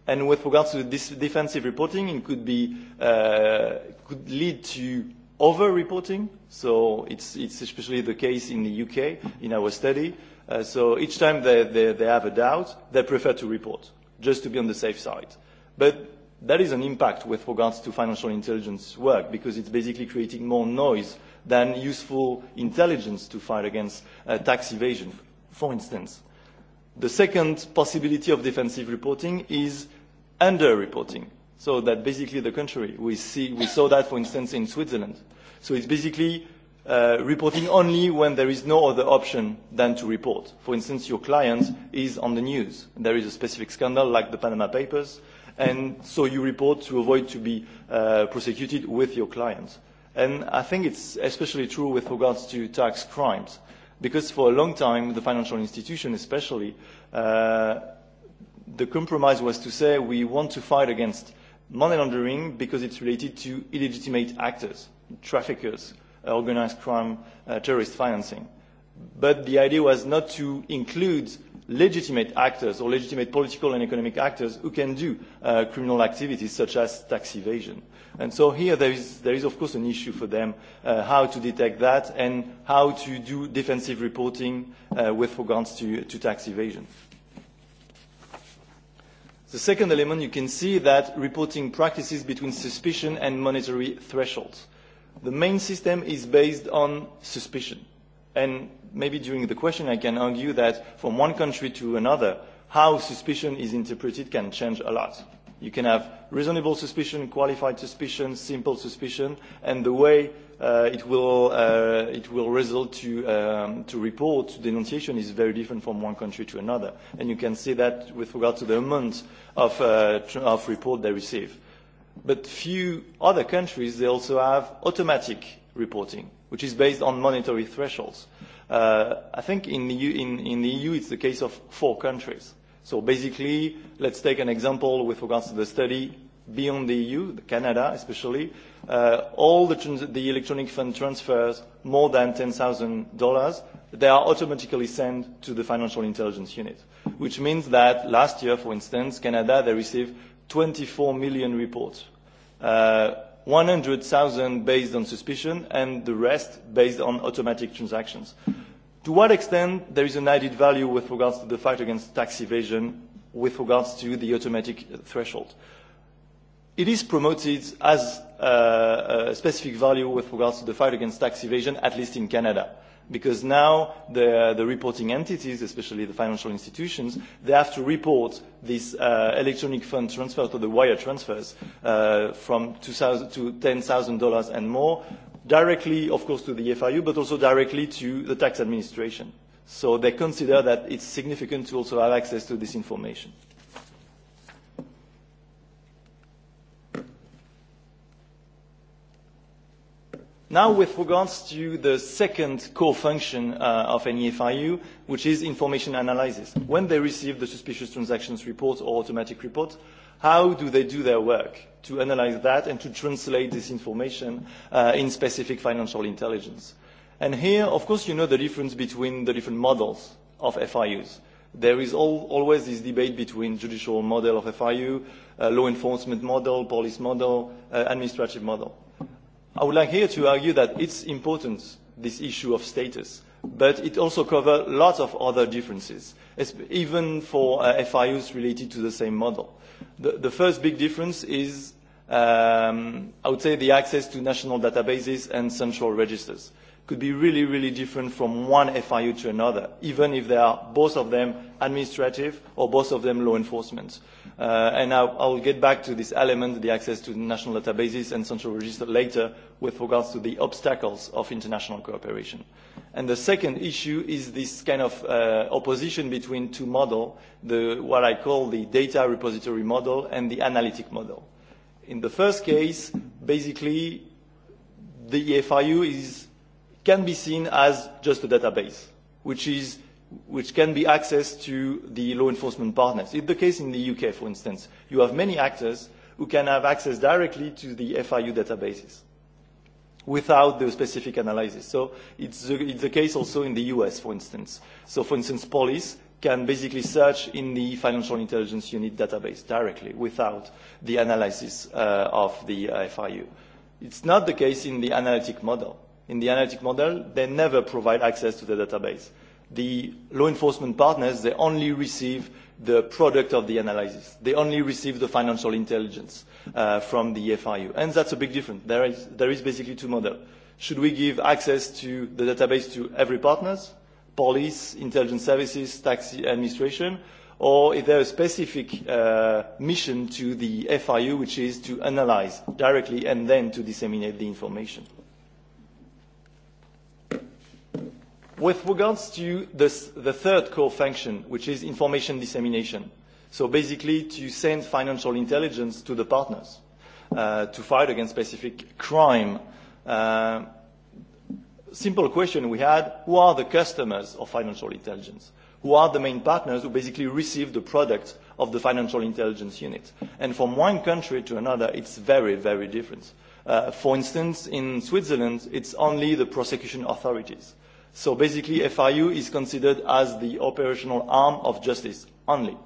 Speaker 17: And with regards to this defensive reporting, it could be uh, could lead to over-reporting. So it's it's especially the case in the UK in our study. Uh, so each time they, they they have a doubt, they prefer to report just to be on the safe side. But that is an impact with regards to financial intelligence work because it's basically creating more noise than useful intelligence to fight against uh, tax evasion, for instance. Uh, The second possibility of defensive reporting is under-reporting. So that basically the contrary. We, see, we saw that, for instance, in Switzerland. So it's basically uh, reporting only when there is no other option than to report. For instance, your client is on the news. There is a specific scandal like the Panama Papers, and so you report to avoid to be uh, prosecuted with your client. And I think it's especially true with regards to tax crimes Because for a long time, the financial institution especially, uh, the compromise was to say we want to fight against money laundering because it's related to illegitimate actors, traffickers, organized crime, uh, terrorist financing. But the idea was not to include legitimate actors or legitimate political and economic actors who can do uh, criminal activities such as tax evasion. And so here there is, there is of course an issue for them uh, how to detect that and how to do defensive reporting uh, with regards to, to tax evasion. The second element you can see that reporting practices between suspicion and monetary thresholds. The main system is based on suspicion And maybe during the question I can argue that from one country to another, how suspicion is interpreted can change a lot. You can have reasonable suspicion, qualified suspicion, simple suspicion, and the way uh, it, will, uh, it will result to, um, to report, to denunciation is very different from one country to another. And you can see that with regard to the amount of, uh, of report they receive. But few other countries, they also have automatic reporting which is based on monetary thresholds. Uh, I think in the, EU, in, in the EU it's the case of four countries. So basically, let's take an example with regards to the study beyond the EU, Canada especially. Uh, all the, trans- the electronic fund transfers more than $10,000, they are automatically sent to the financial intelligence unit, which means that last year, for instance, Canada, they received 24 million reports. Uh, 100,000 based on suspicion and the rest based on automatic transactions. To what extent there is an added value with regards to the fight against tax evasion with regards to the automatic threshold? It is promoted as uh, a specific value with regards to the fight against tax evasion, at least in Canada because now the, the reporting entities, especially the financial institutions, they have to report this uh, electronic fund transfer to the wire transfers uh, from 2000 to $10,000 and more, directly, of course, to the FIU, but also directly to the tax administration. So they consider that it's significant to also have access to this information. Uh, Now, with regards to the second core function uh, of any e FIU, which is information analysis, when they receive the suspicious transactions report or automatic report, how do they do their work to analyze that and to translate this information uh, in specific financial intelligence? And here, of course, you know the difference between the different models of FIUs there is all, always this debate between judicial model of FIU, uh, law enforcement model, police model, uh, administrative model. I would like here to argue that it's important, this issue of status, but it also covers lots of other differences, even for uh, FIUs related to the same model. The, the first big difference is, um, I would say, the access to national databases and central registers could be really, really different from one FIU to another, even if they are both of them administrative or both of them law enforcement. Uh, Uh, and I'll, I'll get back to this element, the access to national databases and central register later with regards to the obstacles of international cooperation. And the second issue is this kind of uh, opposition between two models, the, what I call the data repository model and the analytic model. In the first case, basically, the e FIU is, can be seen as just a database, which is which can be accessed to the law enforcement partners. It's the case in the UK, for instance. You have many actors who can have access directly to the FIU databases without the specific analysis. So it's the, it's the case also in the US, for instance. So, for instance, police can basically search in the Financial Intelligence Unit database directly without the analysis uh, of the uh, FIU. It's not the case in the analytic model. In the analytic model, they never provide access to the database the law enforcement partners, they only receive the product of the analysis. They only receive the financial intelligence uh, from the FIU. And that's a big difference. There is, there is basically two models. Should we give access to the database to every partners, police, intelligence services, tax administration, or is there a specific uh, mission to the FIU, which is to analyze directly and then to disseminate the information? Uh, With regards to this, the third core function, which is information dissemination, so basically to send financial intelligence to the partners uh, to fight against specific crime. Uh, simple question we had, who are the customers of financial intelligence? Who are the main partners who basically receive the product of the financial intelligence unit? And from one country to another, it's very, very different. Uh, for instance, in Switzerland, it's only the prosecution authorities. Uh, So basically, FIU is considered as the operational arm of justice only.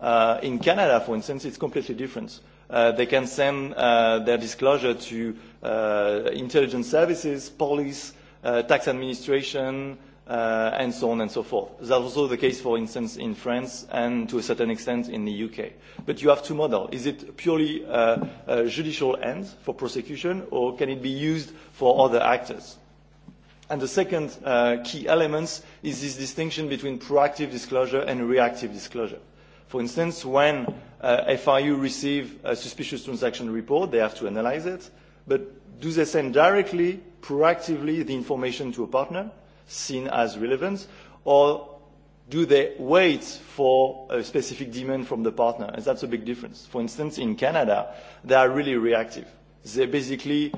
Speaker 17: Uh, in Canada, for instance, it's completely different. Uh, they can send uh, their disclosure to uh, intelligence services, police, uh, tax administration, uh, and so on and so forth. That's also the case, for instance, in France and to a certain extent in the UK. But you have two models. Is it purely uh, a judicial end for prosecution, or can it be used for other actors? And the second uh, key element is this distinction between proactive disclosure and reactive disclosure. For instance, when uh, FIU receive a suspicious transaction report, they have to analyze it. But do they send directly, proactively, the information to a partner, seen as relevant, or do they wait for a specific demand from the partner? And that's a big difference. For instance, in Canada, they are really reactive. They basically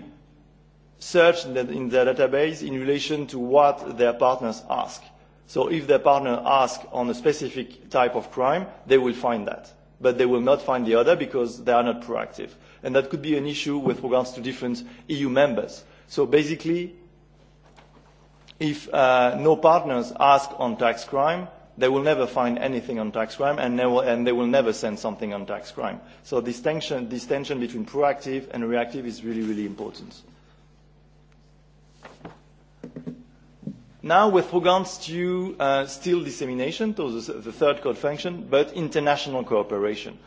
Speaker 17: search in the, in the database in relation to what their partners ask. So if their partner asks on a specific type of crime, they will find that. But they will not find the other because they are not proactive. And that could be an issue with regards to different EU members. So basically, if uh, no partners ask on tax crime, they will never find anything on tax crime and they will, and they will never send something on tax crime. So this tension, this tension between proactive and reactive is really, really important. Now, with regards to uh, still dissemination, so the, the third code function, but international cooperation.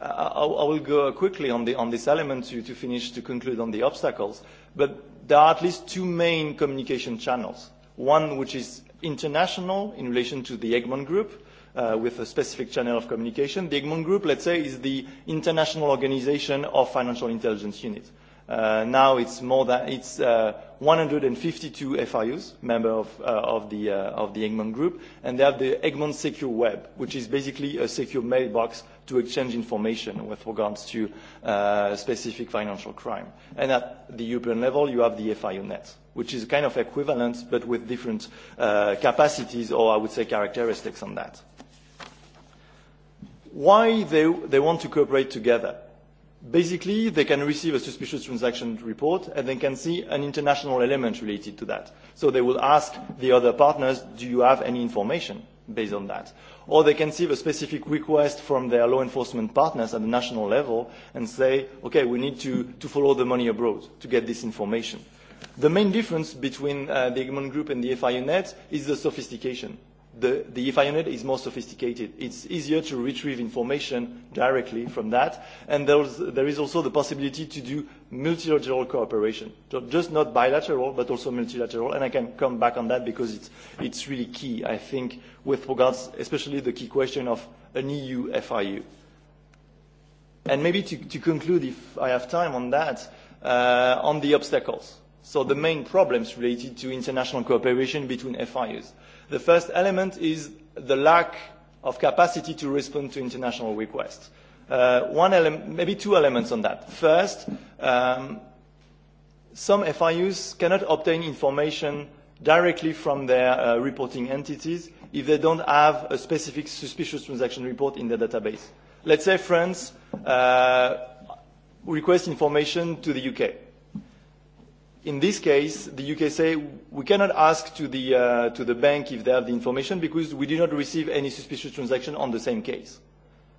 Speaker 17: Uh, I, I will go quickly on, the, on this element to, to finish, to conclude on the obstacles, but there are at least two main communication channels. One which is international in relation to the Egmont Group, uh, with a specific channel of communication. The Egmont Group, let's say, is the international organization of financial intelligence units. Uh, now it's more than it's uh, 152 FIUs, member of, uh, of the uh, of the Egmont Group, and they have the Egmont Secure Web, which is basically a secure mailbox to exchange information with regards to uh, specific financial crime. And at the European level, you have the FIU Net, which is kind of equivalent but with different uh, capacities or I would say characteristics on that. Why they, they want to cooperate together? basically they can receive a suspicious transaction report and they can see an international element related to that. So they will ask the other partners, do you have any information based on that? Or they can see a specific request from their law enforcement partners at the national level and say, okay, we need to, to follow the money abroad to get this information. The main difference between uh, the Egmont Group and the FIU net is the sophistication the, the EFIONET is more sophisticated. It's easier to retrieve information directly from that. And there's, there is also the possibility to do multilateral cooperation, so just not bilateral, but also multilateral. And I can come back on that because it's, it's really key, I think, with regards especially the key question of an EU FIU. And maybe to, to conclude, if I have time on that, uh, on the obstacles. So the main problems related to international cooperation between FIUs. Uh, The first element is the lack of capacity to respond to international requests. Uh, one ele- maybe two elements on that. First, um, some FIUs cannot obtain information directly from their uh, reporting entities if they don't have a specific suspicious transaction report in their database. Let's say France uh, requests information to the UK in this case, the UK say we cannot ask to the, uh, to the bank if they have the information because we did not receive any suspicious transaction on the same case.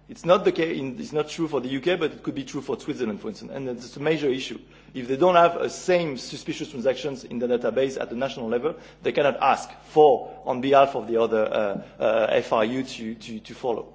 Speaker 17: It's not, the case, it's not true for the UK, but it could be true for Switzerland, for instance, and it's a major issue. If they don't have the same suspicious transactions in the database at the national level, they cannot ask for, on behalf of the other uh, uh, FRU to, to, to follow.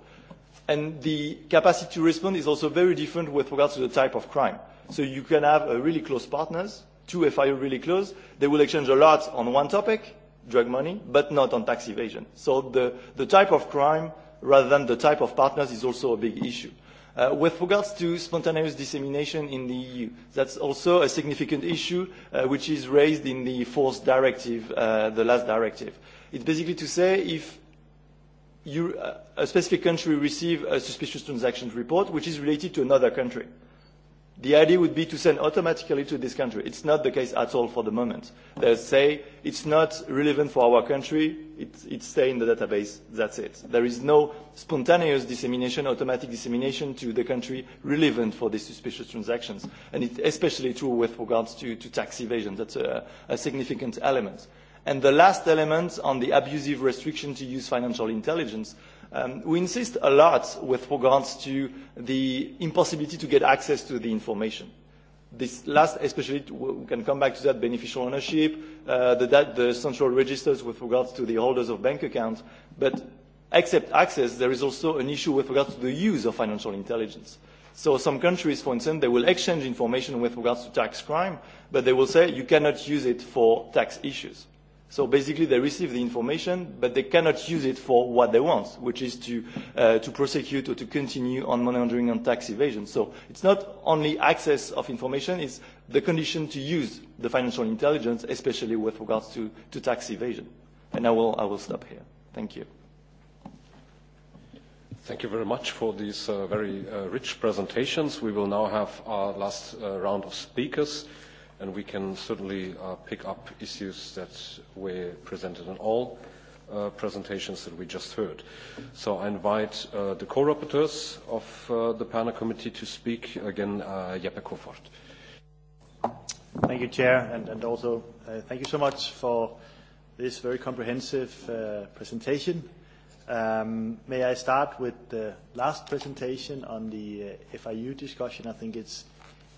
Speaker 17: And the capacity to respond is also very different with regards to the type of crime. So you can have uh, really close partners, uh, two FIU really close, they will exchange a lot on one topic, drug money, but not on tax evasion. So the, the type of crime rather than the type of partners is also a big issue. Uh, with regards to spontaneous dissemination in the EU, that's also a significant issue uh, which is raised in the fourth directive, uh, the last directive. It's basically to say if you, uh, a specific country receive a suspicious transactions report which is related to another country. Uh, The idea would be to send automatically to this country. It's not the case at all for the moment. They say it's not relevant for our country, it, it stays in the database, that's it. There is no spontaneous dissemination, automatic dissemination to the country relevant for these suspicious transactions. And it's especially true with regards to, to tax evasion. That's a, a significant element. And the last element on the abusive restriction to use financial intelligence, Um, we insist a lot with regards to the impossibility to get access to the information. This last, especially, to, we can come back to that beneficial ownership, uh, the, that, the central registers with regards to the holders of bank accounts. But except access, there is also an issue with regards to the use of financial intelligence. So some countries, for instance, they will exchange information with regards to tax crime, but they will say you cannot use it for tax issues. So basically, they receive the information, but they cannot use it for what they want, which is to, uh, to prosecute or to continue on money laundering and tax evasion. So it's not only access of information, it's the condition to use the financial intelligence, especially with regards to, to tax evasion. And I will, I will stop here. Thank you. Thank you very much for these uh, very uh, rich
Speaker 1: presentations. We will now have our last uh, round of speakers. Uh, and we can certainly uh, pick up issues that were presented in all uh, presentations that we just heard. So I invite uh, the co-rapporteurs of uh, the panel committee to speak again, uh, Jeppe Kofort.
Speaker 6: Thank you, Chair, and, and also uh, thank you so much for this very comprehensive uh, presentation. Um, may I start with the last presentation on the uh, FIU discussion? I think it's,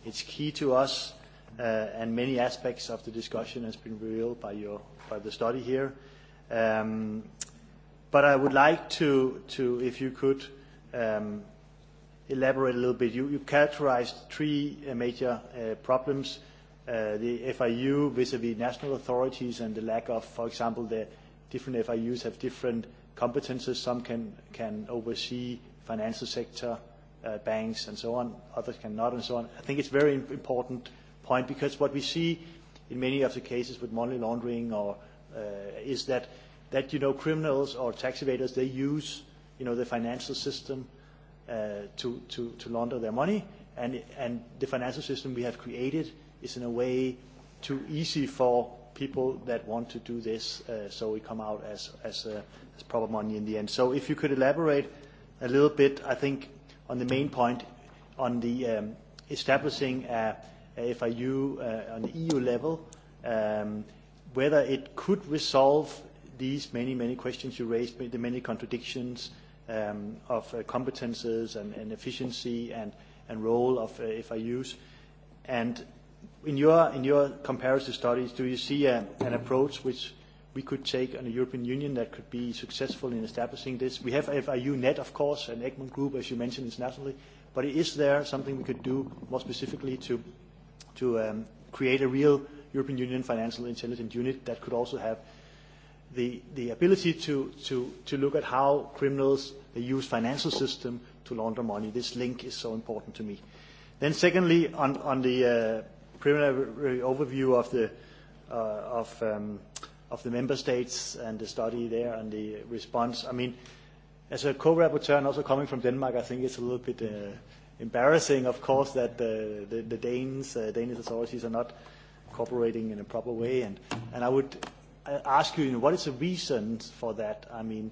Speaker 6: it's key to us uh, and many aspects of the discussion has been revealed by your by the study here. Um, but I would like to, to if you could, um, elaborate a little bit. You, you characterized three uh, major uh, problems, uh, the FIU vis-à-vis -vis national authorities and the lack of, for example, the different FIUs have different competences. Some can, can oversee financial sector, uh, banks, and so on. Others cannot, and so on. I think it's very important point because what we see in many of the cases with money laundering or uh, is that that you know criminals or tax evaders they use you know the financial system uh, to, to, to launder their money and and the financial system we have created is in a way too easy for people that want to do this uh, so we come out as as, uh, as proper money in the end so if you could elaborate a little bit I think on the main point on the um, establishing a uh, Uh, FIU uh, on EU e level, um, whether it could resolve these many, many questions you raised, the many contradictions um, of uh, competences and, and efficiency and, and role of uh, FIUs. And in your, in your comparative studies, do you see a, an approach which we could take on the European Union that could be successful in establishing this? We have FIU Net, of course, and Egmont Group, as you mentioned, internationally, but is there something we could do more specifically to to um, create a real European Union financial intelligence unit that could also have the, the ability to, to, to look at how criminals they use financial system to launder money. This link is so important to me. Then secondly, on, on the uh, preliminary overview of the, uh, of, um, of the member states and the study there and the response, I mean, as a co-rapporteur and also coming from Denmark, I think it's a little bit uh, embarrassing, of course, that the, the, the Danes, uh, Danish authorities are not cooperating in a proper way. And, and I would uh, ask you, you know, what is the reason for that? I mean,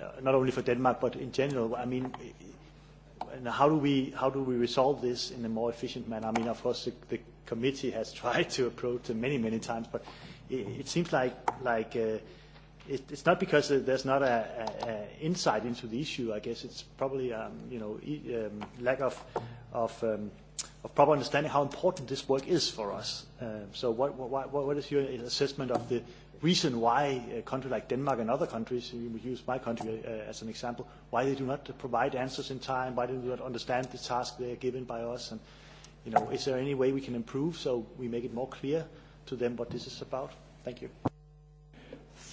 Speaker 6: uh, not only for Denmark, but in general. I mean, and how do we how do we resolve this in a more efficient manner? I mean, of course, the, the committee has *laughs* tried to approach it many many times, but it, it seems like like. Uh, it, it's not because there's not a, a, a insight into the issue. I guess it's probably um, you know e- um, lack of of, um, of proper understanding how important this work is for us. Um, so what, what what what is your assessment of the reason why a country like Denmark and other countries, you use my country uh, as an example, why they do not provide answers in time, why they do not understand the task they are given by us, and you know, is there any way we can improve so we make it more clear to them what this is about? Thank you.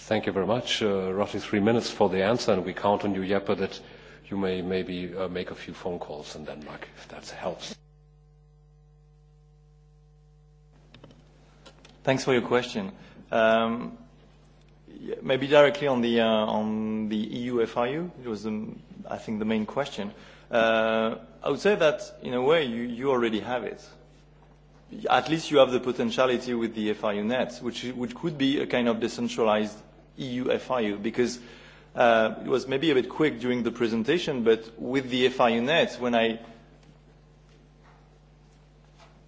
Speaker 1: Thank you very much. Uh, roughly three minutes for the answer, and we count on you, Jeppe, that you may maybe uh, make a few phone calls in Denmark,
Speaker 17: if that helps. Thanks for your question. Um, maybe directly on the, uh, on the EU FIU, it was, um, I think, the main question. Uh, I would say that in a way, you, you already have it. At least you have the potentiality with the FIU net, which, which could be a kind of decentralized EU FIU? Because uh, it was maybe a bit quick during the presentation, but with the FIU net, when I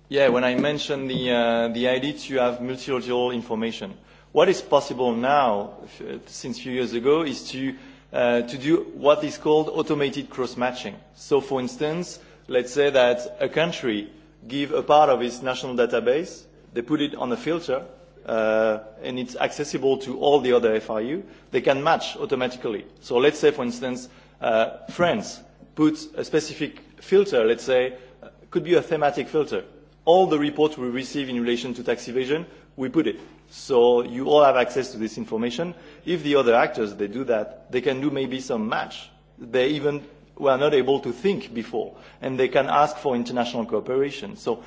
Speaker 17: yeah, when I mentioned the, uh, the idea to have multilateral information, what is possible now, uh, since a few years ago, is to, uh, to do what is called automated cross-matching. So, for instance, let's say that a country give a part of its national database, they put it on a filter, uh, and it's accessible to all the other FIU, they can match automatically. So let's say, for instance, uh, France puts a specific filter, let's say, uh, could be a thematic filter. All the reports we receive in relation to tax evasion, we put it. So you all have access to this information. If the other actors, they do that, they can do maybe some match. They even were not able to think before, and they can ask for international cooperation. So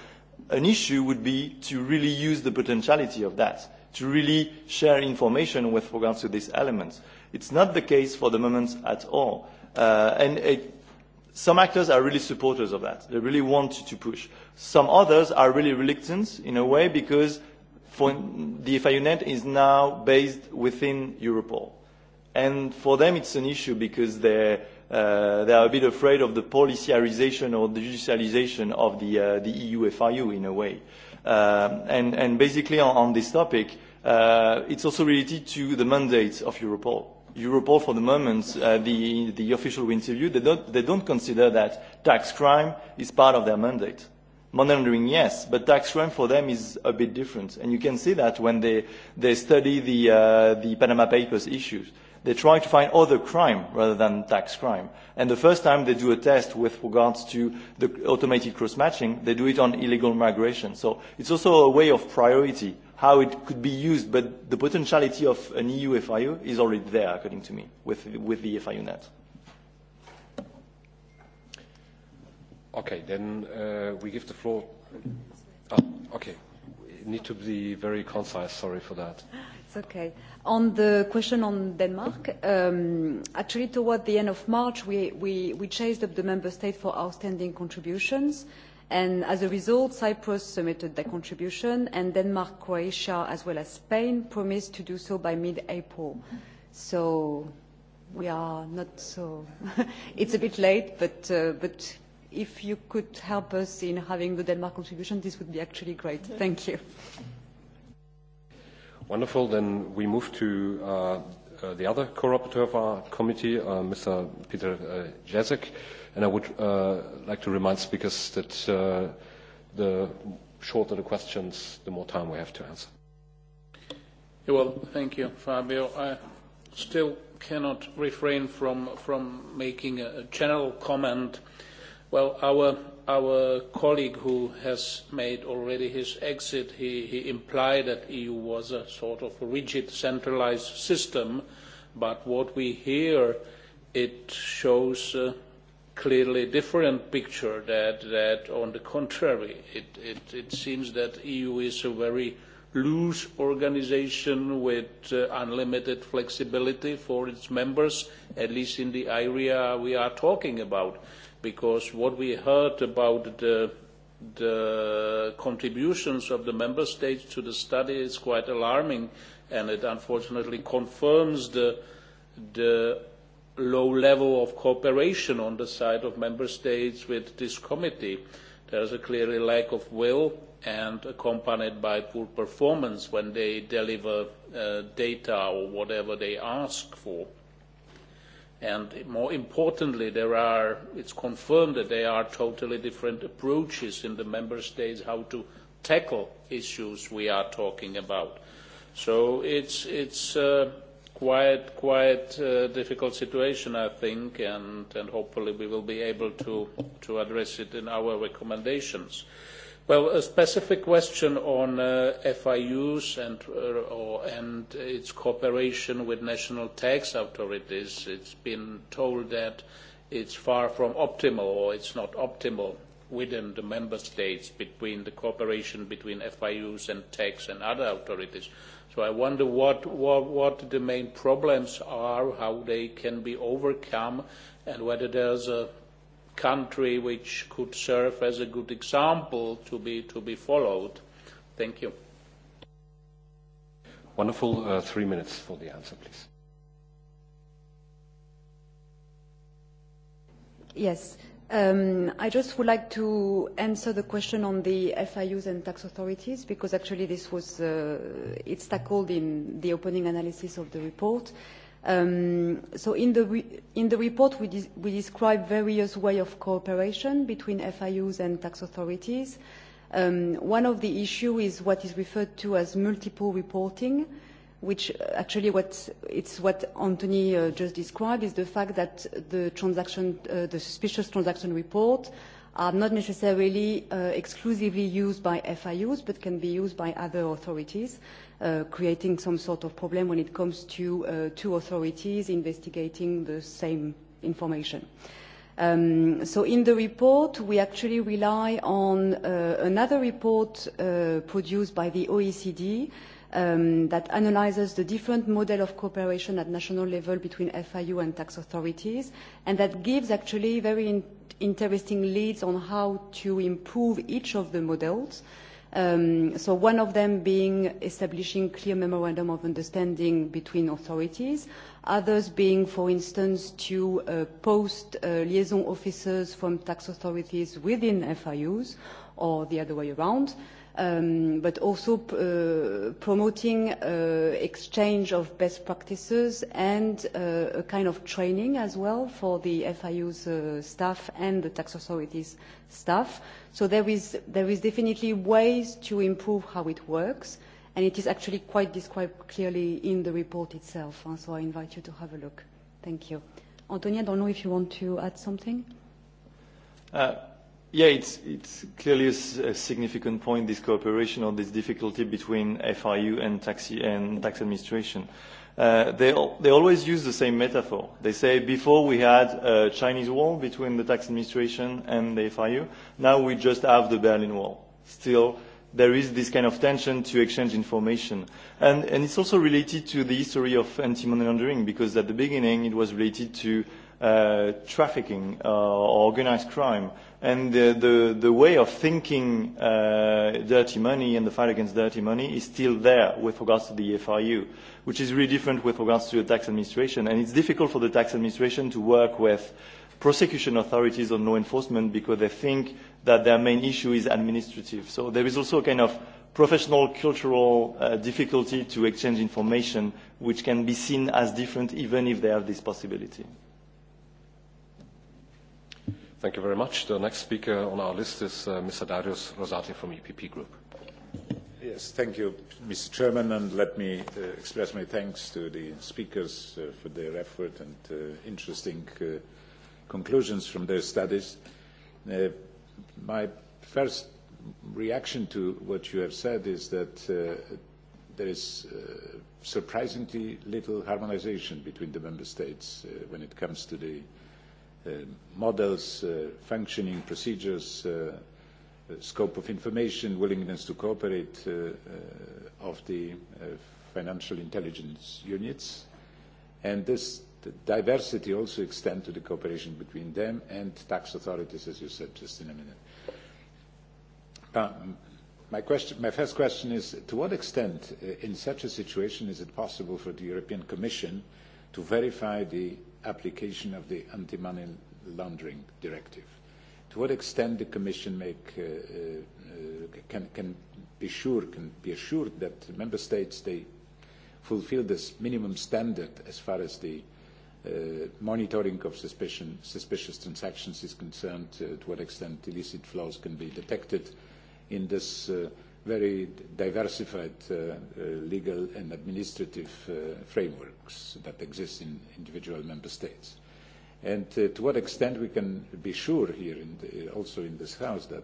Speaker 17: an issue would be to really use the potentiality of that, to really share information with regards to these elements. It's not the case for the moment at all. Uh, and it, some actors are really supporters of that. They really want to push. Some others are really reluctant in a way because for the FIUNet is now based within Europol. And for them it's an issue because they're uh, they are a bit afraid of the policiarization or the judicialization of the, uh, the EU FIU in a way. Um, and, and basically on, on this topic, uh, it's also related to the mandate of Europol. Europol, for the moment, uh, the, the official interview, they don't, they don't consider that tax crime is part of their mandate. Money laundering, yes, but tax crime for them is a bit different. And you can see that when they, they study the, uh, the Panama Papers issues they try to find other crime rather than tax crime. And the first time they do a test with regards to the automated cross-matching, they do it on illegal migration. So it's also a way of priority, how it could be used, but the potentiality of an EU FIU is already there, according to me, with, with the FIU net. Okay,
Speaker 1: then uh, we give the floor. Oh, okay, need to be very concise. Sorry for that.
Speaker 16: It's okay. On the question on Denmark, um, actually toward the end of March, we, we, we chased up the member state for outstanding contributions. And as a result, Cyprus submitted their contribution, and Denmark, Croatia, as well as Spain, promised to do so by mid-April. So we are not so... *laughs* it's a bit late, but, uh, but if you could help us in having the Denmark contribution, this would be actually great. Thank you.
Speaker 1: Wonderful. Then we move to uh, uh, the other co-rapporteur of our committee, uh, Mr. Peter uh, Jezek. And I would uh, like to remind speakers that uh, the shorter the questions, the more time we have to answer.
Speaker 18: Well, thank you, Fabio. I still cannot refrain from, from making a general comment. Well, our our colleague who has made already his exit, he, he implied that EU was a sort of rigid centralized system, but what we hear, it shows uh, clearly different picture that, that on the contrary, it, it, it seems that EU is a very loose organization with uh, unlimited flexibility for its members, at least in the area we are talking about. Uh, because what we heard about the, the contributions of the member states to the study is quite alarming, and it unfortunately confirms the, the low level of cooperation on the side of member states with this committee. There is a clear lack of will and accompanied by poor performance when they deliver uh, data or whatever they ask for. Uh, And more importantly, there are, it's confirmed that there are totally different approaches in the member states how to tackle issues we are talking about. So it's, it's uh, quite, quite a uh, difficult situation, I think, and, and hopefully we will be able to, to address it in our recommendations. Uh, Well, a specific question on uh, FIUs and, uh, or, and its cooperation with national tax authorities. It's been told that it's far from optimal or it's not optimal within the member states between the cooperation between FIUs and tax and other authorities. So I wonder what, what, what the main problems are, how they can be overcome, and whether there's a country which could serve as a good example to be, to be followed? Thank you.
Speaker 1: Wonderful. Uh, three minutes for the answer, please.
Speaker 16: Yes. Um, I just would like to answer the question on the FIUs and tax authorities, because actually this was, uh, it's tackled in the opening analysis of the report. Uh, Um, so in the, re in the report, we, de we describe various ways of cooperation between FIUs and tax authorities. Um, one of the issues is what is referred to as multiple reporting, which uh, actually what, it's what Anthony uh, just described, is the fact that the, transaction, uh, the suspicious transaction report are not necessarily uh, exclusively used by FIUs, but can be used by other authorities uh, creating some sort of problem when it comes to uh, two authorities investigating the same information. Um, so in the report, we actually rely on uh, another report uh, produced by the OECD um, that analyzes the different model of cooperation at national level between FIU and tax authorities, and that gives actually very in interesting leads on how to improve each of the models uh, Um, so one of them being establishing clear memorandum of understanding between authorities, others being, for instance, to uh, post uh, liaison officers from tax authorities within FIUs, or the other way around. Uh, um, but also uh, promoting uh, exchange of best practices and uh, a kind of training as well for the FIU's uh, staff and the tax authorities staff. So there is, there is definitely ways to improve how it works, and it is actually quite described clearly in the report itself, huh? so I invite you to have a look. Thank you. Antonia, I don't know if you want to add something.
Speaker 17: Uh, Yeah, it's, it's clearly a, a significant point, this cooperation or this difficulty between FIU and, taxi, and tax administration. Uh, they, they always use the same metaphor. They say before we had a Chinese wall between the tax administration and the FIU, now we just have the Berlin Wall. Still, there is this kind of tension to exchange information. And, and it's also related to the history of anti-money laundering because at the beginning it was related to uh, trafficking uh, or organized crime and the, the, the way of thinking uh, dirty money and the fight against dirty money is still there with regards to the FRU, which is really different with regards to the tax administration. And it's difficult for the tax administration to work with prosecution authorities or law enforcement because they think that their main issue is administrative. So there is also a kind of professional cultural uh, difficulty to exchange information which can be seen as different even if they have this possibility.
Speaker 1: Thank you very much. The next speaker on our
Speaker 19: list is uh, Mr. Darius Rosati from EPP Group. Yes, thank you, Mr. Chairman, and let me uh, express my thanks to the speakers uh, for their effort and uh, interesting uh, conclusions from their studies. Uh, my first reaction to what you have said is that uh, there is uh, surprisingly little harmonization between the member states uh, when it comes to the uh, Uh, models, uh, functioning procedures, uh, scope of information, willingness to cooperate of the financial intelligence units. And this diversity also extend to the cooperation between them and tax authorities, as you said just in a minute. Now, my, question, my first question is, to what extent in such a situation is it possible for the European Commission to verify the application of the anti-money laundering directive. To what extent the Commission make, uh, uh, can, can be sure, can be assured that Member States, they fulfill this minimum standard as far as the uh, monitoring of suspicion, suspicious transactions is concerned, uh, to what extent illicit flows can be detected in this uh, very diversified uh, uh, legal and administrative uh, frameworks that exist in individual member states. And uh, to what extent we can be sure here, in the, also in this House, that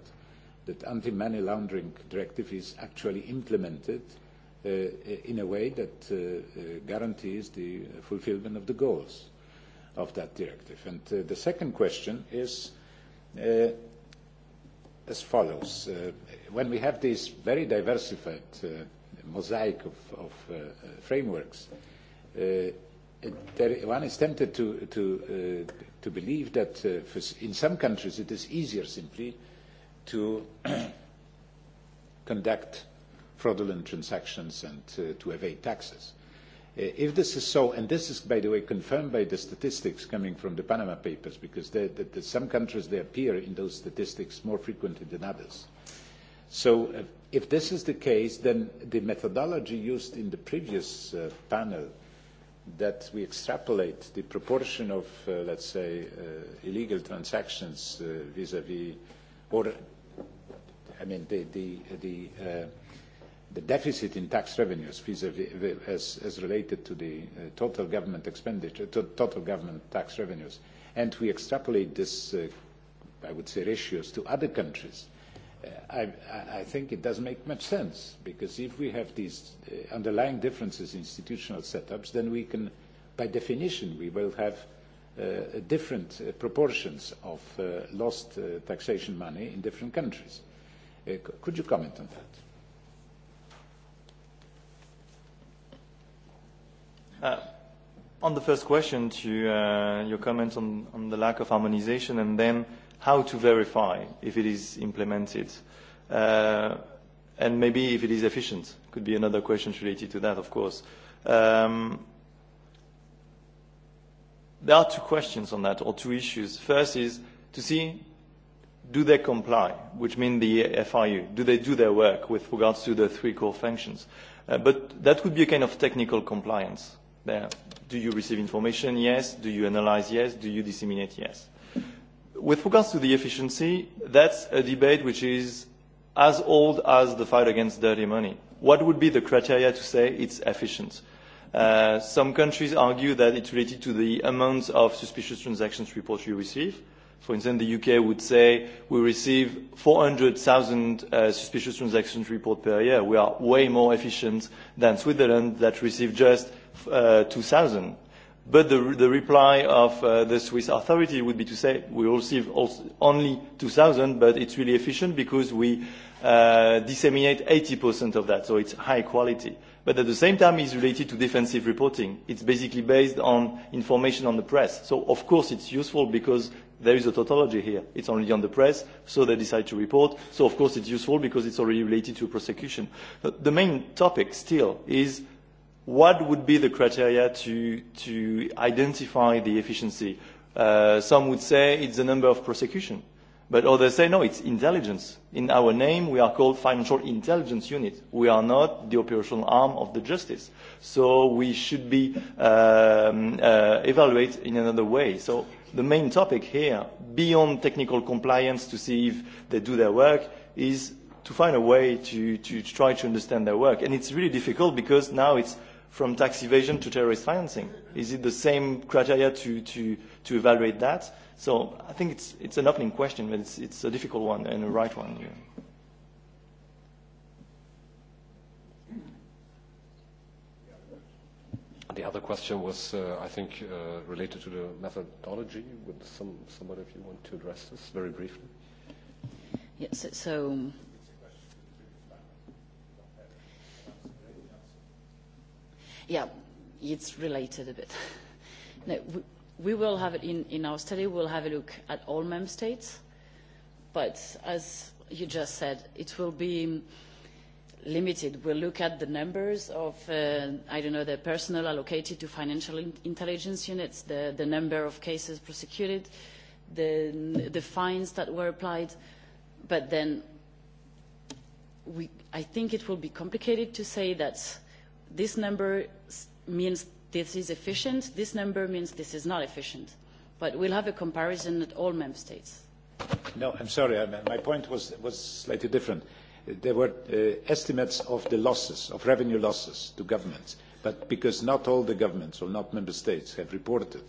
Speaker 19: that anti-money laundering directive is actually implemented uh, in a way that uh, uh, guarantees the fulfillment of the goals of that directive. And uh, the second question is, uh, as follows. Uh, when we have this very diversified uh, mosaic of, of uh, frameworks, uh, there, one is tempted to, to, uh, to believe that uh, for, in some countries it is easier simply to *coughs* conduct fraudulent transactions and uh, to evade taxes. Uh, if this is so, and this is, by the way, confirmed by the statistics coming from the Panama Papers, because they, they, they, some countries, they appear in those statistics more frequently than others. So uh, if this is the case, then the methodology used in the previous uh, panel that we extrapolate the proportion of, uh, let's say, uh, illegal transactions uh, vis-à-vis, uh, -vis, or, I mean, the, the, the uh, the deficit in tax revenues as, as related to the uh, total government expenditure, to, total government tax revenues, and we extrapolate this, uh, I would say, ratios to other countries, uh, I, I think it doesn't make much sense because if we have these uh, underlying differences in institutional setups, then we can, by definition, we will have uh, different uh, proportions of uh, lost uh, taxation money in different countries. Uh, could you comment on that?
Speaker 17: Uh, on the first question, to uh, your comments on, on the lack of harmonization and then how to verify if it is implemented. Uh, and maybe if it is efficient, could be another question related to that, of course. Um, there are two questions on that, or two issues. First is to see do they comply, which means the FIU, do they do their work with regards to the three core functions? Uh, but that would be a kind of technical compliance. There. Do you receive information? Yes. Do you analyze? Yes. Do you disseminate? Yes. With regards to the efficiency, that's a debate which is as old as the fight against dirty money. What would be the criteria to say it's efficient? Uh, some countries argue that it's related to the amount of suspicious transactions reports you receive. For instance, the UK would say we receive 400,000 uh, suspicious transactions report per year. We are way more efficient than Switzerland that receive just uh, 2000. But the, the reply of uh, the Swiss authority would be to say, we receive also only 2,000, but it's really efficient because we uh, disseminate 80% of that, so it's high quality. But at the same time, it's related to defensive reporting. It's basically based on information on the press. So of course it's useful because there is a tautology here. It's only on the press, so they decide to report. So of course it's useful because it's already related to prosecution. The main topic still is what would be the criteria to, to identify the efficiency? Uh, some would say it's the number of prosecution, but others say no, it's intelligence. In our name, we are called Financial Intelligence Unit. We are not the operational arm of the justice, so we should be um, uh, evaluate in another way. So the main topic here, beyond technical compliance to see if they do their work, is to find a way to, to, to try to understand their work. And it's really difficult because now it's from tax evasion to terrorist financing? Is it the same criteria to, to, to evaluate that? So I think it's, it's an opening question, but it's, it's a difficult one and a right one. Yeah.
Speaker 1: The other question was, uh, I think, uh, related to the methodology. Would some, somebody of you want to address this very briefly?
Speaker 15: Yes, so Yeah, it's related a bit. *laughs* no, we, we will have it in, in our study, we'll have a look at all member states, but as you just said, it will be limited. We'll look at the numbers of, uh, I don't know, the personnel allocated to financial in intelligence units, the, the number of cases prosecuted, the, the fines that were applied, but then we, I think it will be complicated to say that this number means this is efficient, this number means this is not efficient. But we'll have a comparison at all member states.
Speaker 19: No, I'm sorry. I mean, my point was, was slightly different. There were uh, estimates of the losses, of revenue losses to governments. But because not all the governments or not member states have reported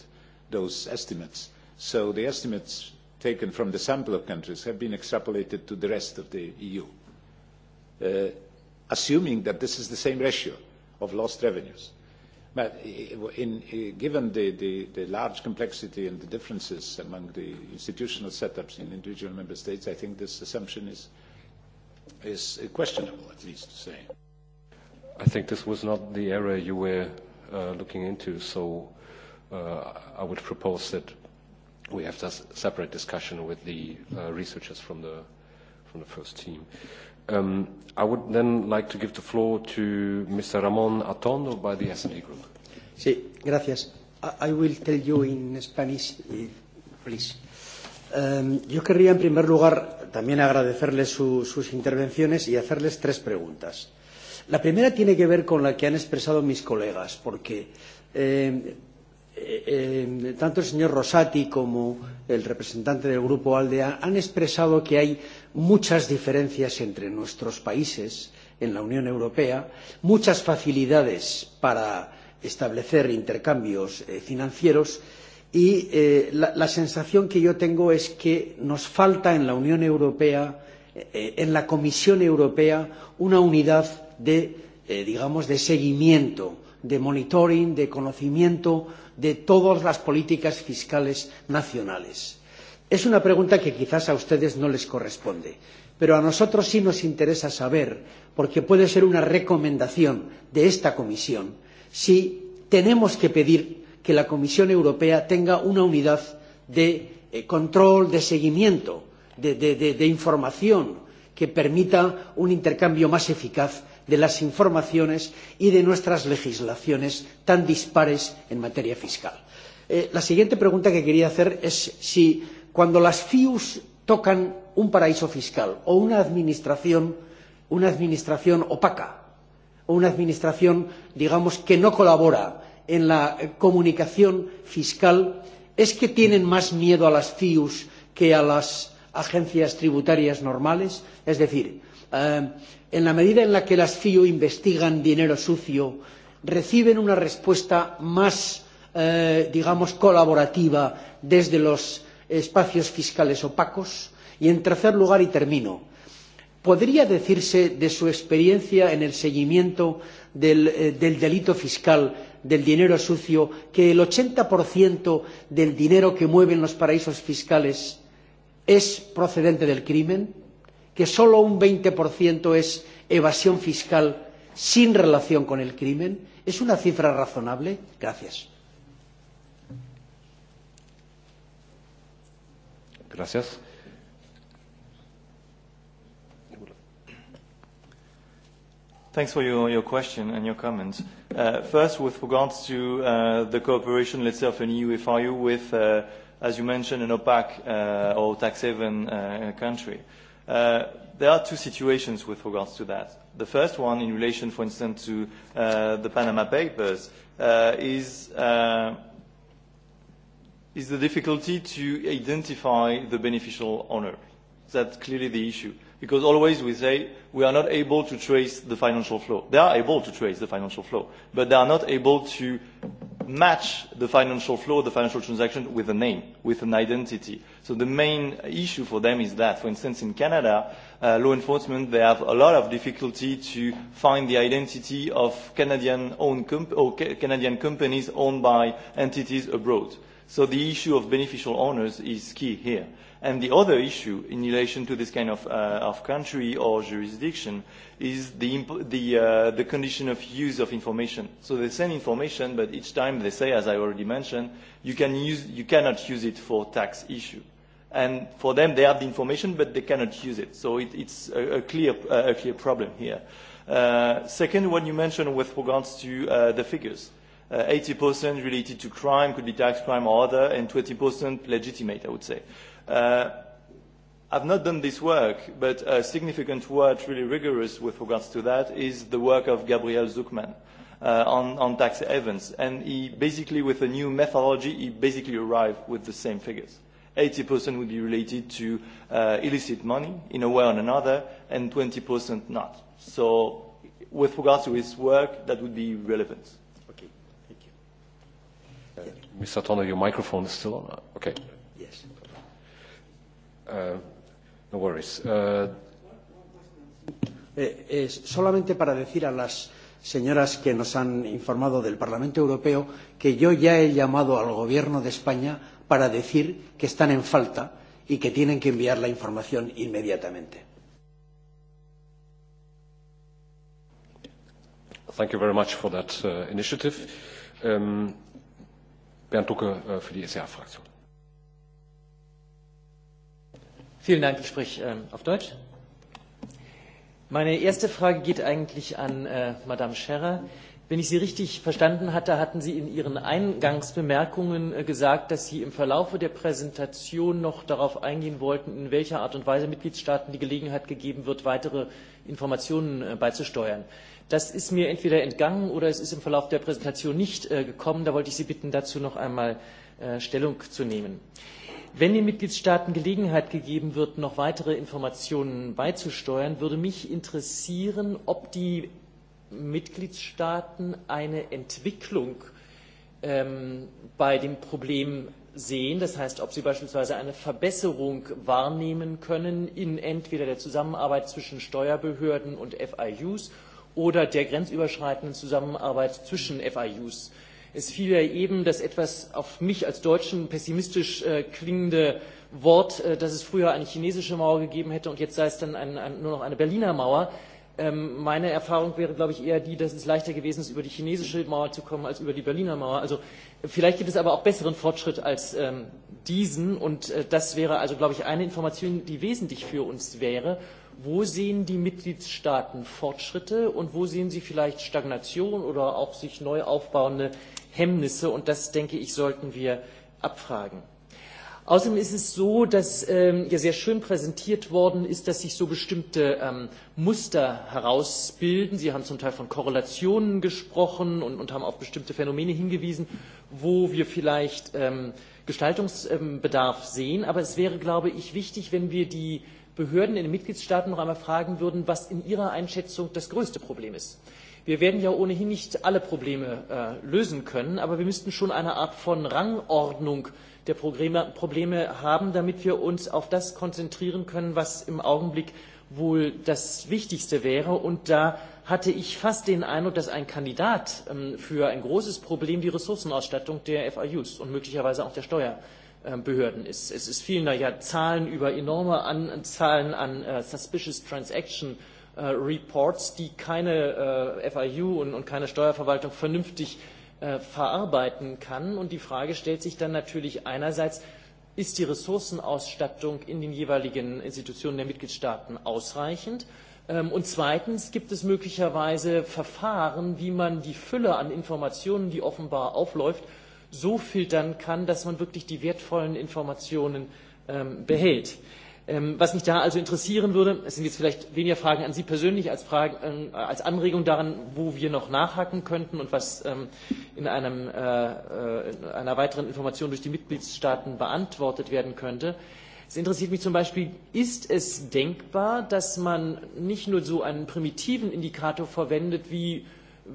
Speaker 19: those estimates, so the estimates taken from the sample of countries have been extrapolated to the rest of the EU, uh, assuming that this is the same ratio. Uh, of lost revenues. But in, in, given the, the, the large complexity and the differences among the institutional setups in individual member states, I think this assumption is, is questionable, at least to say.
Speaker 1: I think this was not the area you were uh, looking into, so uh, I would propose that we have a separate discussion with the uh, researchers from the, from the first team. Uh, Um, I would then like to give the floor to Mr. Ramón Atondo by the S&D Group. Sí,
Speaker 20: gracias. I, I will tell you in Spanish, please. Um, yo querría, en primer lugar, también agradecerles su, sus intervenciones y hacerles tres preguntas. La primera tiene que ver con la que han expresado mis colegas, porque eh, eh, eh tanto el señor Rosati como el representante del Grupo ALDE han expresado que hay muchas diferencias entre nuestros países en la Unión Europea, muchas facilidades para establecer intercambios eh, financieros y eh, la, la sensación que yo tengo es que nos falta en la Unión Europea, eh, eh en la Comisión Europea, una unidad de, eh, digamos, de seguimiento, de monitoring, de conocimiento de todas las políticas fiscales nacionales Es una pregunta que quizás a ustedes no les corresponde, pero a nosotros sí nos interesa saber, porque puede ser una recomendación de esta Comisión, si tenemos que pedir que la Comisión Europea tenga una unidad de eh, control, de seguimiento, de, de, de, de información que permita un intercambio más eficaz de las informaciones y de nuestras legislaciones tan dispares en materia fiscal. Eh, la siguiente pregunta que quería hacer es si cuando las FIUs tocan un paraíso fiscal o una administración, una administración opaca o una administración, digamos, que no colabora en la eh, comunicación fiscal, es que tienen más miedo a las FIUs que a las agencias tributarias normales. Es decir, eh, en la medida en la que las FIU investigan dinero sucio, reciben una respuesta más, eh, digamos, colaborativa desde los espacios fiscales opacos. Y, en tercer lugar, y termino, ¿podría decirse de su experiencia en el seguimiento del, eh, del delito fiscal, del dinero sucio, que el 80% del dinero que mueven los paraísos fiscales es procedente del crimen? ¿Que solo un 20% es evasión fiscal sin relación con el crimen? ¿Es una cifra razonable? Gracias.
Speaker 17: Gracias. Thanks for your, your question and your comments. Uh, first, with regards to uh, the cooperation, let's say, of an EU-FIU with, uh, as you mentioned, an opaque uh, or tax haven uh, country. Uh, there are two situations with regards to that. The first one, in relation, for instance, to the Panama Papers, is is the difficulty to identify the beneficial owner. That's clearly the issue. Because always we say we are not able to trace the financial flow. They are able to trace the financial flow, but they are not able to match the financial flow, the financial transaction with a name, with an identity. So the main issue for them is that, for instance, in Canada, uh, law enforcement, they have a lot of difficulty to find the identity of Canadian, owned comp- or ca- Canadian companies owned by entities abroad. Uh, So the issue of beneficial owners is key here. And the other issue in relation to this kind of, uh, of country or jurisdiction is the, imp- the, uh, the condition of use of information. So they send information, but each time they say, as I already mentioned, you, can use, you cannot use it for tax issue. And for them, they have the information, but they cannot use it. So it, it's a, a, clear, uh, a clear problem here. Uh, second, what you mentioned with regards to uh, the figures. Uh, uh, 80% related to crime, could be tax crime or other, and 20% legitimate, I would say. Uh, I've not done this work, but a significant work, really rigorous with regards to that, is the work of Gabriel Zuckman uh, on, on tax havens. And he basically, with a new methodology, he basically arrived with the same figures. 80% would be related to uh, illicit money in a way or another, and 20% not. So with regards to his work, that would be relevant.
Speaker 1: Uh, Ms. Satono, your microphone is still
Speaker 20: on? Okay. Yes. Uh, no worries. Uh, eh, eh, solamente para decir a las señoras que nos han informado del Parlamento Europeo que yo ya he llamado al Gobierno de España para decir que están en falta y que tienen que enviar la información inmediatamente.
Speaker 1: Thank you very much for that uh, initiative. Um, Bernd Ducke äh, für die ECA-Fraktion.
Speaker 10: Vielen Dank. Ich spreche ähm, auf Deutsch. Meine erste Frage geht eigentlich an äh, Madame Scherer. Wenn ich Sie richtig verstanden hatte, hatten Sie in Ihren Eingangsbemerkungen äh, gesagt, dass Sie im Verlauf der Präsentation noch darauf eingehen wollten, in welcher Art und Weise Mitgliedstaaten die Gelegenheit gegeben wird, weitere Informationen äh, beizusteuern. Das ist mir entweder entgangen oder es ist im Verlauf der Präsentation nicht äh, gekommen. Da wollte ich Sie bitten, dazu noch einmal Stellung zu nehmen. Wenn den Mitgliedstaaten Gelegenheit gegeben wird, noch weitere Informationen beizusteuern, würde mich interessieren, ob die Mitgliedstaaten eine Entwicklung ähm, bei dem Problem sehen. Das heißt, ob sie beispielsweise eine Verbesserung wahrnehmen können in entweder der Zusammenarbeit zwischen Steuerbehörden und FIUs oder der grenzüberschreitenden Zusammenarbeit zwischen FIUs. Es fiel ja eben das etwas auf mich als Deutschen pessimistisch äh, klingende Wort, äh, dass es früher eine chinesische Mauer gegeben hätte und jetzt sei es dann ein, ein, nur noch eine Berliner Mauer. Ähm, meine Erfahrung wäre, glaube ich, eher die, dass es leichter gewesen ist, über die chinesische Mauer zu kommen, als über die Berliner Mauer. Also vielleicht gibt es aber auch besseren Fortschritt als ähm, diesen. Und äh, das wäre also, glaube ich, eine Information, die wesentlich für uns wäre. Wo sehen die Mitgliedstaaten Fortschritte und wo sehen sie vielleicht Stagnation oder auch sich neu aufbauende Hemmnisse? Und das, denke ich, sollten wir abfragen. Außerdem ist es so, dass ähm, ja sehr schön präsentiert worden ist, dass sich so bestimmte ähm, Muster herausbilden. Sie haben zum Teil von Korrelationen gesprochen und, und haben auf bestimmte Phänomene hingewiesen, wo wir vielleicht ähm, Gestaltungsbedarf ähm, sehen. Aber es wäre, glaube ich, wichtig, wenn wir die Behörden in den Mitgliedstaaten noch einmal fragen würden, was in ihrer Einschätzung das größte Problem ist. Wir werden ja ohnehin nicht alle Probleme äh, lösen können, aber wir müssten schon eine Art von Rangordnung äh, der Probleme, Probleme haben, damit wir uns auf das konzentrieren können, was im Augenblick wohl das Wichtigste wäre. Und da hatte ich fast den Eindruck, dass ein Kandidat ähm, für ein großes Problem die Ressourcenausstattung der FIUs und möglicherweise auch der Steuerbehörden ähm, ist. Es ist vielen da ja Zahlen über enorme an, Zahlen an äh, Suspicious Transaction äh, Reports, die keine äh, FIU und, und keine Steuerverwaltung vernünftig äh, äh, verarbeiten kann. Und die Frage stellt sich dann natürlich einerseits, ist die Ressourcenausstattung in den jeweiligen Institutionen der Mitgliedstaaten ausreichend? Ähm, und zweitens gibt es möglicherweise Verfahren, wie man die Fülle an Informationen, die offenbar aufläuft, so filtern kann, dass man wirklich die wertvollen Informationen ähm, behält. Ähm, was mich da also interessieren würde, es sind jetzt vielleicht weniger Fragen an Sie persönlich als, Fragen, äh, als Anregung daran, wo wir noch nachhaken könnten und was ähm, in, einem, äh, äh, in einer weiteren Information durch die Mitgliedstaaten beantwortet werden könnte. Es interessiert mich zum Beispiel, ist es denkbar, dass man nicht nur so einen primitiven Indikator verwendet wie äh,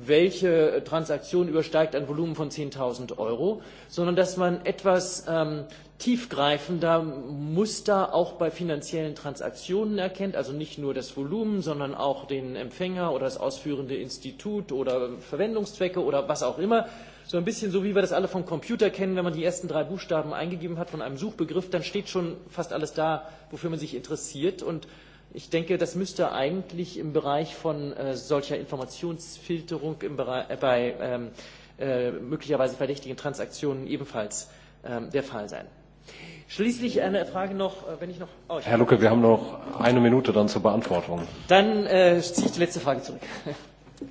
Speaker 10: welche Transaktion übersteigt ein Volumen von 10.000 Euro, sondern dass man etwas ähm, tiefgreifender Muster auch bei finanziellen Transaktionen erkennt, also nicht nur das Volumen, sondern auch den Empfänger oder das ausführende Institut oder Verwendungszwecke oder was auch immer. So ein bisschen so, wie wir das alle vom Computer kennen, wenn man die ersten drei Buchstaben eingegeben hat von einem Suchbegriff, dann steht schon fast alles da, wofür man sich interessiert. Und Ich denke, das müsste eigentlich im Bereich von äh, solcher Informationsfilterung im Bereich, äh, bei ähm, äh, möglicherweise verdächtigen Transaktionen ebenfalls ähm, der Fall sein. Schließlich eine Frage noch, äh, wenn ich noch. Oh, ich Herr Lucke,
Speaker 1: wir haben noch eine Minute dann zur Beantwortung.
Speaker 10: Dann äh, ziehe ich die letzte Frage zurück. *laughs*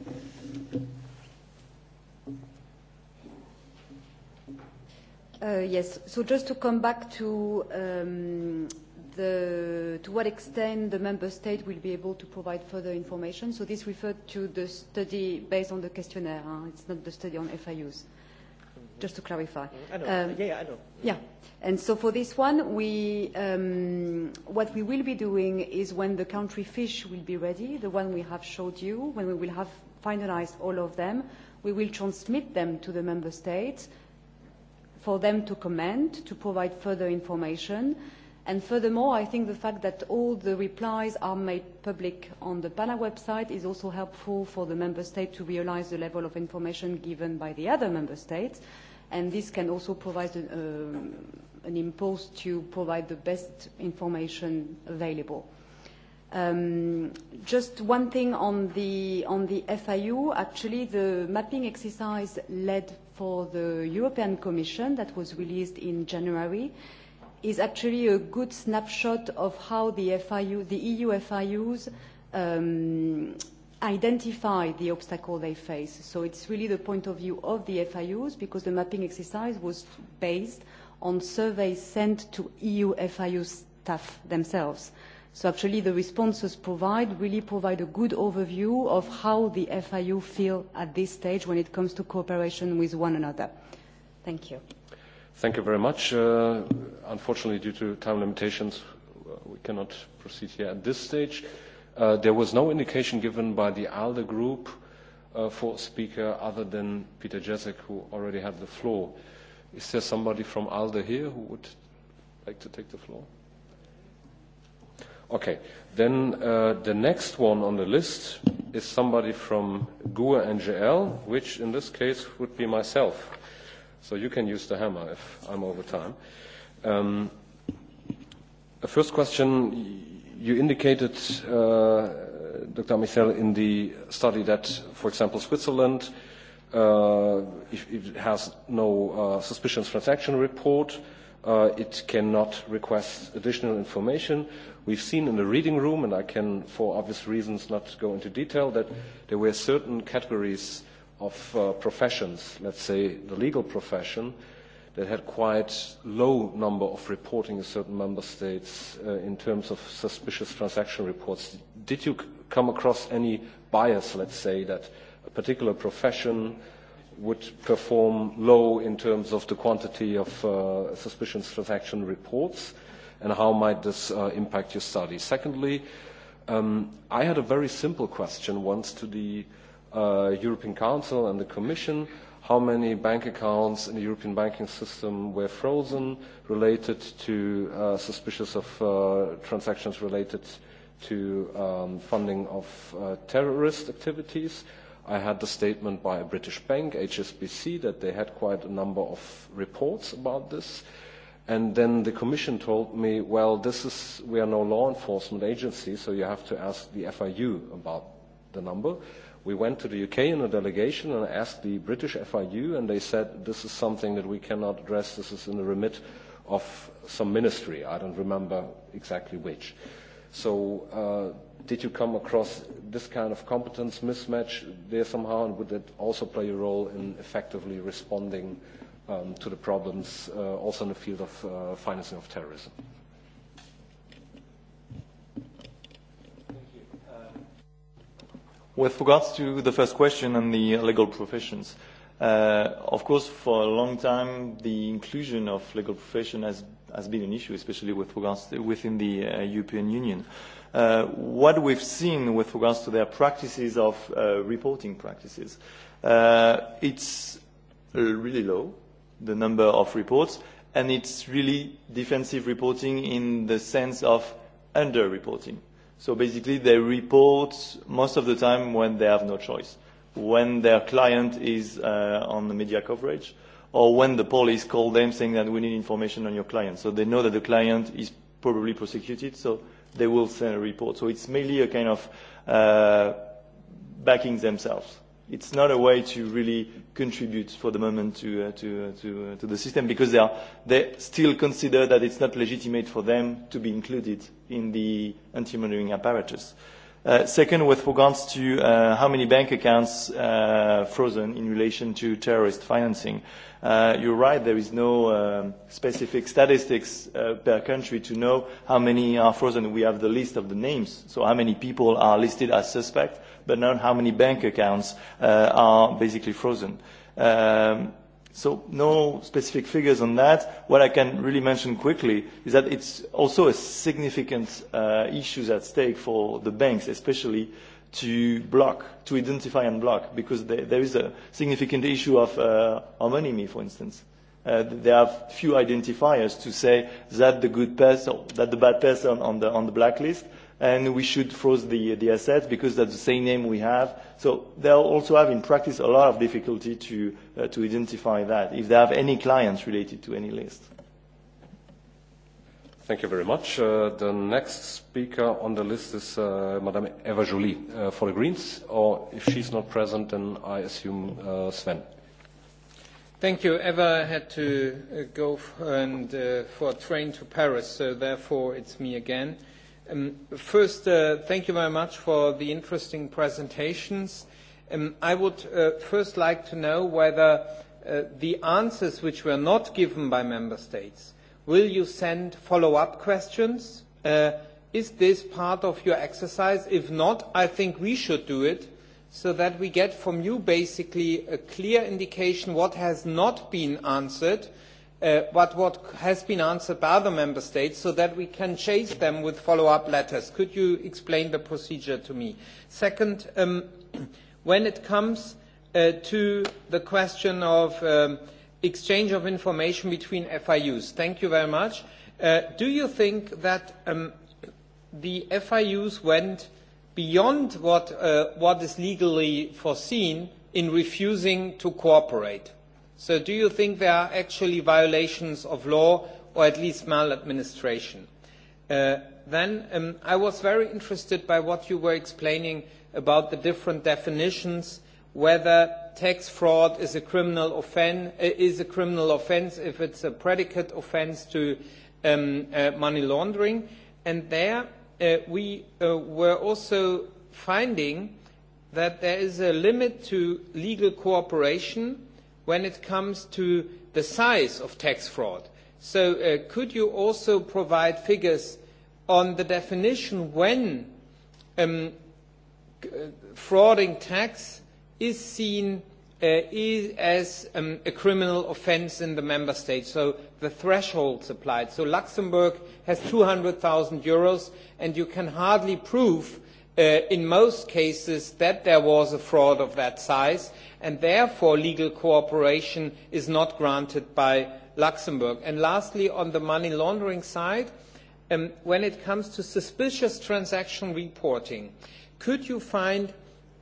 Speaker 16: Uh, yes, so just to come back to um, the, to what extent the member state will be able to provide further information. So this referred to the study based on the questionnaire. Huh? It's not the study on FIUs. Mm-hmm. Just to clarify. Mm-hmm. I know. Um, yeah, yeah, I know. Yeah. And so for this one, we, um, what we will be doing is when the country fish will be ready, the one we have showed you, when we will have finalized all of them, we will transmit them to the member states for them to comment, to provide further information. Uh, And furthermore, I think the fact that all the replies are made public on the PANA website is also helpful for the member state to realize the level of information given by the other member states. And this can also provide an, um, uh, an impulse to provide the best information available. Um, just one thing on the, on the FIU. Actually, the mapping exercise led for the European Commission that was released in January. Uh, is actually a good snapshot of how the, FIU, the EU FIUs um, identify the obstacle they face. So it's really the point of view of the FIUs because the mapping exercise was based on surveys sent to EU FIU staff themselves. So actually the responses provide really provide a good overview of how the FIU feel at this stage when it comes to cooperation with one another. Thank you.
Speaker 1: Thank you very much. Uh, unfortunately, due to time limitations, uh, we cannot proceed here at this stage. Uh, there was no indication given by the ALDE group uh, for a speaker other than Peter Jezek, who already had the floor. Is there somebody from ALDE here who would like to take the floor? Okay. Then uh, the next one on the list is somebody from GUE NGL, which in this case would be myself. So you can use the hammer if I'm over time. Um, first question, you indicated, uh, Dr. Michel, in the study that, for example, Switzerland uh, if it has no uh, suspicious transaction report, uh, it cannot request additional information. We've seen in the reading room, and I can, for obvious reasons, not go into detail, that there were certain categories uh, of uh, professions, let's say the legal profession, that had quite low number of reporting in certain member states uh, in terms of suspicious transaction reports. Did you come across any bias, let's say, that a particular profession would perform low in terms of the quantity of uh, suspicious transaction reports, and how might this uh, impact your study? Secondly, um, I had a very simple question once to the uh, uh, European Council and the Commission, how many bank accounts in the European banking system were frozen related to uh, suspicious of uh, transactions related to um, funding of uh, terrorist activities. I had the statement by a British bank, HSBC, that they had quite a number of reports about this. And then the commission told me, well, this is, we are no law enforcement agency, so you have to ask the FIU about the number we went to the UK in a delegation and asked the British FIU, and they said, this is something that we cannot address, this is in the remit of some ministry, I don't remember exactly which. So uh, did you come across this kind of competence mismatch there somehow, and would that also play a role in effectively responding um, to the problems uh, also in the field of
Speaker 17: uh, financing of terrorism? With regards to the first question and the legal professions, uh, of course, for a long time, the inclusion of legal profession has, has been an issue, especially with regards to, within the uh, European Union. Uh, what we've seen with regards to their practices of uh, reporting practices, uh, it's really low, the number of reports, and it's really defensive reporting in the sense of under-reporting. Uh, So basically, they report most of the time when they have no choice, when their client is uh, on the media coverage, or when the police call them saying that we need information on your client. So they know that the client is probably prosecuted, so they will send a report. So it's mainly a kind of uh, backing themselves. It's not a way to really contribute for the moment to, uh, to, uh, to, uh, to the system because they, are, they still consider that it's not legitimate for them to be included in the anti-monitoring apparatus. Uh, second, with regards to uh, how many bank accounts uh, frozen in relation to terrorist financing. Uh, you're right, there is no um, specific statistics uh, per country to know how many are frozen. We have the list of the names, so how many people are listed as suspect, but not how many bank accounts uh, are basically frozen. Um, So no specific figures on that. What I can really mention quickly is that it's also a significant uh, issue at stake for the banks, especially to block, to identify and block, because there, there is a significant issue of uh, homonymity, for instance. Uh, they have few identifiers to say that the good person, that the bad person on the, on the blacklist, and we should freeze the, the assets because that's the same name we have. So they'll also have in practice a lot of difficulty to, uh, to identify that if they have any clients related to any list.
Speaker 1: Thank you very much. Uh, the next speaker on the list is uh, Madame Eva Jolie uh, for the Greens, or if she's not present, then I assume uh, Sven.
Speaker 12: Thank you. Eva had to uh, go f- and, uh, for a train to Paris, so therefore it's me again. Uh, Um, first, uh, thank you very much for the interesting presentations. Um, I would uh, first like to know whether uh, the answers which were not given by member states, will you send follow-up questions? Uh, is this part of your exercise? If not, I think we should do it so that we get from you basically a clear indication what has not been answered – uh, but what has been answered by other member states so that we can chase them with follow-up letters. Could you explain the procedure to me? Second, um, *clears throat* when it comes uh, to the question of um, exchange of information between FIUs, thank you very much. Uh, do you think that um, the FIUs went beyond what, uh, what is legally foreseen in refusing to cooperate? So do you think there are actually violations of law or at least maladministration? Uh, then um, I was very interested by what you were explaining about the different definitions, whether tax fraud is a criminal offense, uh, is a criminal offense if it's a predicate offense to um, uh, money laundering. And there uh, we uh, were also finding that there is a limit to legal cooperation when it comes to the size of tax fraud. So uh, could you also provide figures on the definition when um, uh, frauding tax is seen uh, is as um, a criminal offence in the member state, so the thresholds applied. So Luxembourg has 200,000 euros, and you can hardly prove uh, uh, in most cases that there was a fraud of that size, and therefore legal cooperation is not granted by Luxembourg. And lastly, on the money laundering side, um, when it comes to suspicious transaction reporting, could you find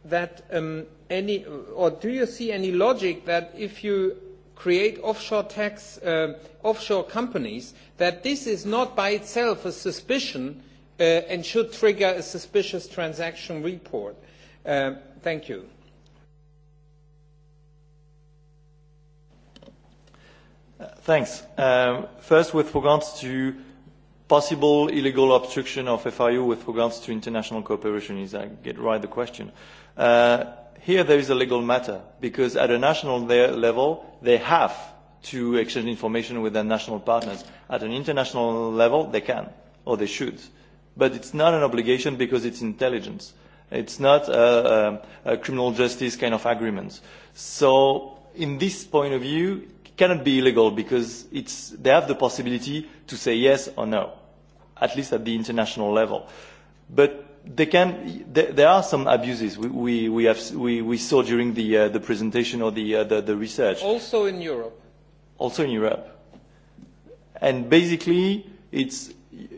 Speaker 12: that um, any, or do you see any logic that if you create offshore tax, uh, offshore companies, that this is not by itself a suspicion uh, and should trigger a suspicious transaction report. Uh, thank you.
Speaker 17: Uh, thanks. Um, first, with regards to possible illegal obstruction of FIU with regards to international cooperation, is I get right the question. Uh, here there is a legal matter because at a national level they have to exchange information with their national partners. At an international level they can or they should. Uh, but it's not an obligation because it's intelligence. It's not a, a, a criminal justice kind of agreement. So in this point of view, it cannot be illegal because it's, they have the possibility to say yes or no, at least at the international level. But they can, th there are some abuses we, we, we, have, we, we saw during the, uh, the presentation or the, uh, the, the research.
Speaker 12: Also in Europe.
Speaker 17: Also in Europe. And basically, it's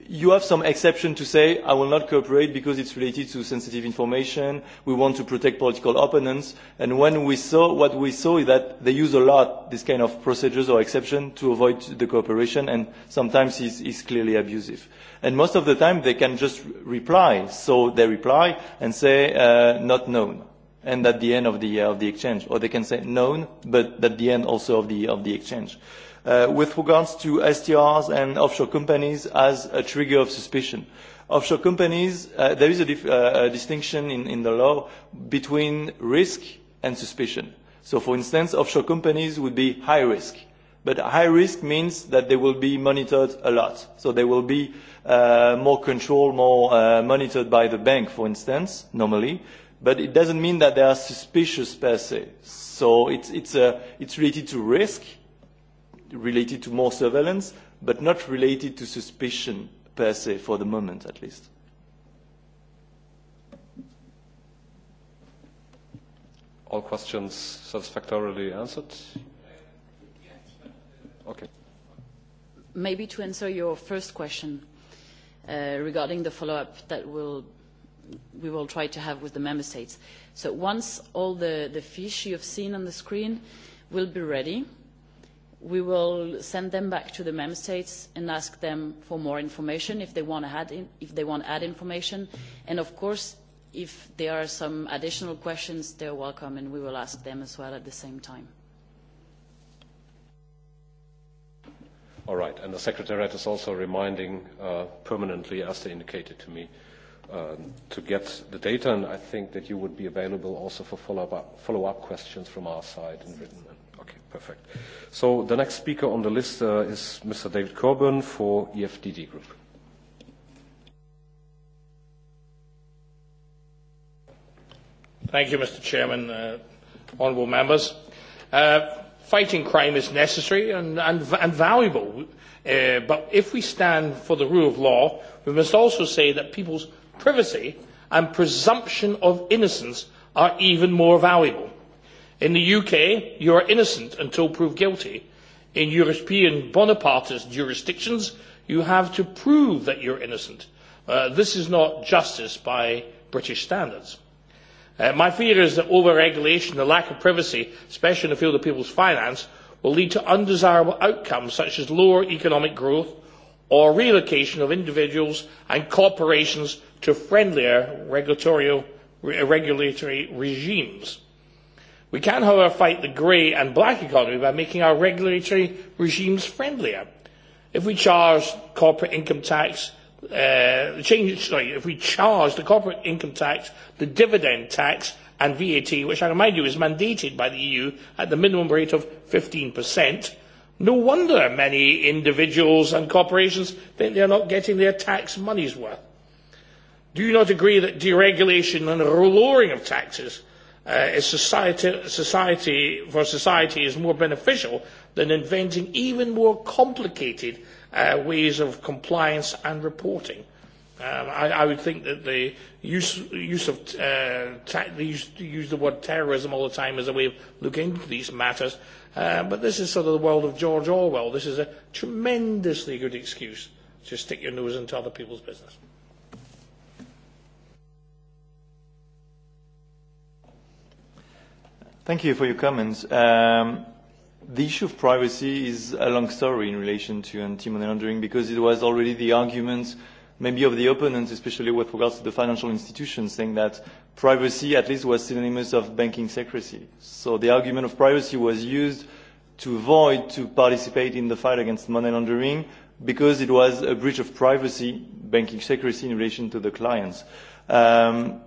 Speaker 17: you have some exception to say, I will not cooperate because it's related to sensitive information, we want to protect political opponents, and when we saw, what we saw is that they use a lot this kind of procedures or exception to avoid the cooperation, and sometimes it's, it's clearly abusive. And most of the time they can just reply, so they reply and say, uh, not known, and at the end of the, uh, of the exchange, or they can say known, but at the end also of the, of the exchange. Uh, uh, with regards to STRs and offshore companies as a trigger of suspicion. Offshore companies, uh, there is a, dif- uh, a distinction in, in the law between risk and suspicion. So, for instance, offshore companies would be high risk. But high risk means that they will be monitored a lot. So they will be uh, more controlled, more uh, monitored by the bank, for instance, normally. But it doesn't mean that they are suspicious per se. So it's, it's, uh, it's related to risk related to more surveillance, but not related to suspicion per se, for the moment at least. All questions satisfactorily
Speaker 1: answered? Okay.
Speaker 15: Maybe to answer your first question uh, regarding the follow-up that will we will try to have with the member states. So once all the, the fish you have seen on the screen will be ready, uh, we will send them back to the member states and ask them for more information if they want to add, in, if they want to add information. And of course, if there are some additional questions, they're welcome, and we will ask them as well at the same time.
Speaker 1: All right, and the Secretariat is also reminding uh, permanently, as they indicated to me, um, to get the data, and I think that you would be available also for follow-up follow up questions from our side in written. Perfect. So the next speaker on the list uh, is Mr. David Coburn for EFDD Group.
Speaker 13: Thank you, Mr. Chairman, uh, honourable members. Uh, fighting crime is necessary and, and, and valuable, uh, but if we stand for the rule of law, we must also say that people's privacy and presumption of innocence are even more valuable in the uk you are innocent until proved guilty. in european bonapartist jurisdictions you have to prove that you are innocent. Uh, this is not justice by british standards. Uh, my fear is that over regulation the lack of privacy especially in the field of people's finance will lead to undesirable outcomes such as lower economic growth or relocation of individuals and corporations to friendlier regulatory regimes. We can, however, fight the grey and black economy by making our regulatory regimes friendlier. If we charge corporate income tax, uh, change, sorry, if we charge the corporate income tax, the dividend tax, and VAT, which I remind you is mandated by the EU at the minimum rate of 15%, no wonder many individuals and corporations think they are not getting their tax money's worth. Do you not agree that deregulation and lowering of taxes uh, is society, society for society is more beneficial than inventing even more complicated uh, ways of compliance and reporting. Um, I, I would think that the use, use of uh, ta- they use, use the word terrorism all the time as a way of looking into these matters, uh, but this is sort of the world of George Orwell. This is a tremendously good excuse to stick your nose into other people's business.
Speaker 17: Thank you for your comments. Um, the issue of privacy is a long story in relation to anti-money laundering because it was already the argument maybe of the opponents, especially with regards to the financial institutions, saying that privacy at least was synonymous of banking secrecy. So the argument of privacy was used to avoid to participate in the fight against money laundering because it was a breach of privacy, banking secrecy in relation to the clients. Um,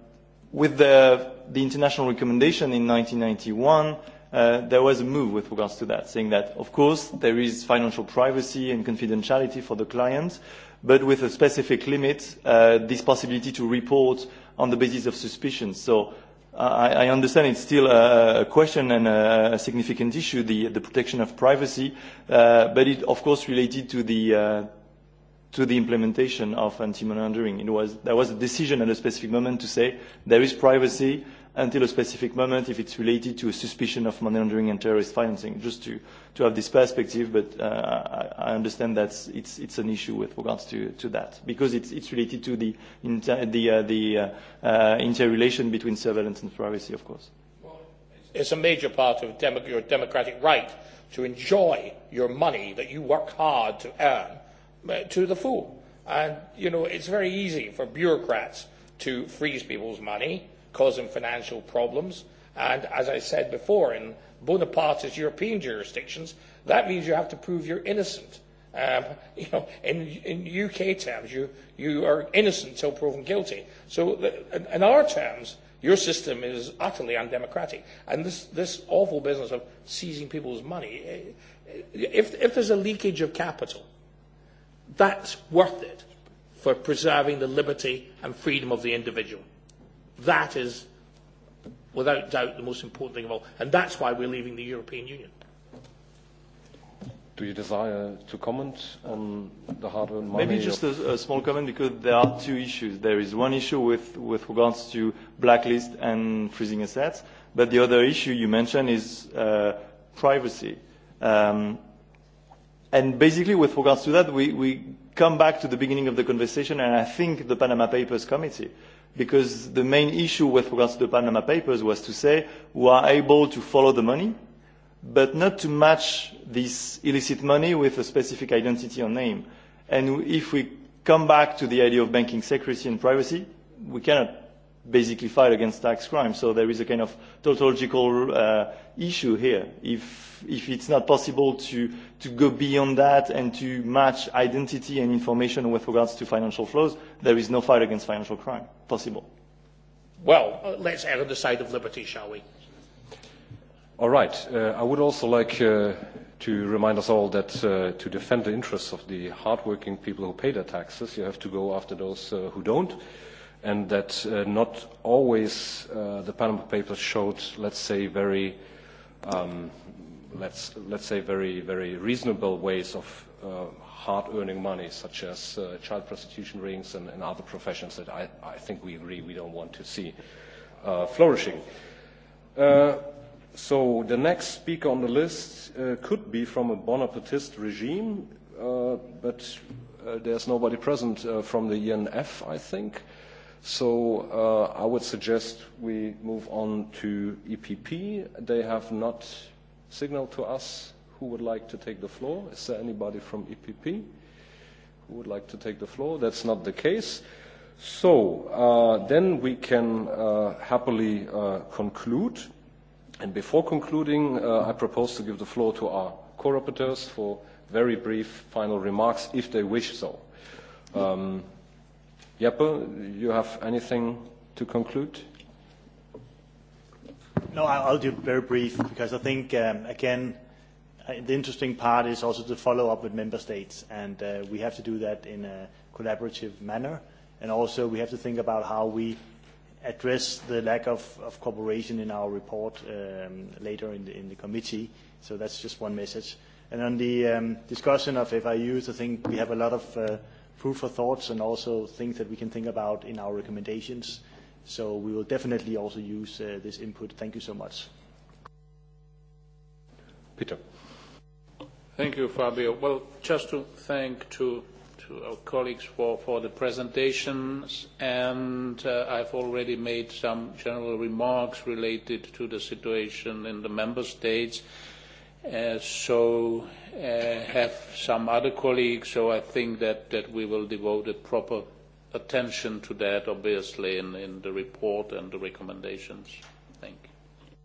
Speaker 17: with the the international recommendation in 1991, uh, there was a move with regards to that, saying that, of course, there is financial privacy and confidentiality for the client, but with a specific limit, uh, this possibility to report on the basis of suspicion. So I, I understand it's still a, a question and a, a significant issue, the, the protection of privacy, uh, but it, of course, related to the uh, to the implementation of anti-money laundering. It was, there was a decision at a specific moment to say there is privacy until a specific moment if it's related to a suspicion of money laundering and terrorist financing, just to, to have this perspective, but uh, I, I understand that it's, it's an issue with regards to, to that, because it's, it's related to the, inter, the, uh, the uh, uh, interrelation between surveillance and privacy, of course. Well,
Speaker 13: it's a major part of demo- your democratic right to enjoy your money that you work hard to earn Uh, to the full. And, you know, it's very easy for bureaucrats to freeze people's money, cause them financial problems. And as I said before, in Bonapartist European jurisdictions, that means you have to prove you're innocent. Um, *laughs* you know, in, in UK terms, you, you are innocent until proven guilty. So the, in, in our terms, your system is utterly undemocratic. And this, this awful business of seizing people's money, eh, eh, if, if there's a leakage of capital, That's worth it for preserving the liberty and freedom of the individual. That is, without doubt, the most important thing of all. And that's why we're leaving the
Speaker 1: European Union. Do you desire to comment on the hardware and money? Maybe just a,
Speaker 17: a small comment because there are two issues. There is one issue with, with regards to blacklist and freezing assets, but the other issue you mentioned is uh, privacy. Um, and basically, with regards to that, we, we come back to the beginning of the conversation, and I think the Panama Papers Committee, because the main issue with regards to the Panama Papers was to say we are able to follow the money, but not to match this illicit money with a specific identity or name. And if we come back to the idea of banking secrecy and privacy, we cannot basically fight against tax crime. So there is a kind of tautological uh, issue here. If, if it's not possible to, to go beyond that and to match identity and information with regards to financial flows, there is no fight against financial crime possible.
Speaker 13: Well, uh, let's err on the side of liberty, shall we?
Speaker 17: All right. Uh,
Speaker 1: I would also like uh, to remind us all that uh, to defend the interests of the hardworking people who pay their taxes, you have to go after those uh, who don't. Uh, and that uh, not always uh, the Panama Papers showed, let's say, very, um, let's, let's say, very, very reasonable ways of uh, hard-earning money, such as uh, child prostitution rings and, and other professions that I, I think we agree we don't want to see uh, flourishing. Uh, so the next speaker on the list uh, could be from a Bonapartist regime, uh, but uh, there's nobody present uh, from the ENF, I think. Uh, So uh, I would suggest we move on to EPP. They have not signaled to us who would like to take the floor. Is there anybody from EPP who would like to take the floor? That's not the case. So uh, then we can uh, happily conclude. And before concluding, I propose to give the floor to our co-rapporteurs for very brief final remarks, if they wish so. Um, Jeppe, you have anything to
Speaker 12: conclude?
Speaker 6: No, I'll do very brief because I think, um, again, uh, the interesting part is also to follow up with member states, and uh, we have to do that in a collaborative manner. And also, we have to think about how we address the lack of, of cooperation in our report um, later in the, in the committee. So that's just one message. And on the um, discussion of FIUs, I think we have a lot of uh, food for thoughts and also things that we can think about in our recommendations. So we will definitely also use uh, this input. Thank you so much. Peter.
Speaker 18: Thank you, Fabio. Well, just to thank to, to our colleagues for, for the presentations, and uh, I've already made some general remarks related to the situation in the member states. Uh, so uh, have some other colleagues, so I think that, that we will devote a proper attention to that, obviously, in, in the report and the recommendations.
Speaker 1: Thank you.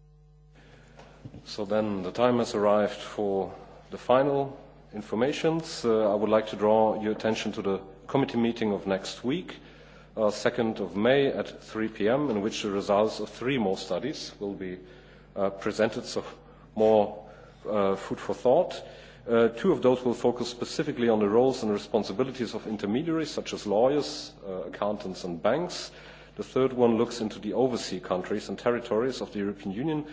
Speaker 1: So then the time has arrived for the final informations. Uh, I would like to draw your attention to the committee meeting of next week, uh, 2nd of May at 3 p.m., in which the results of three more studies will be uh, presented, so more uh, food for thought. Uh, two of those will focus specifically on the roles and responsibilities of intermediaries such as lawyers, uh, accountants and banks. The third one looks into the overseas countries and territories of the European Union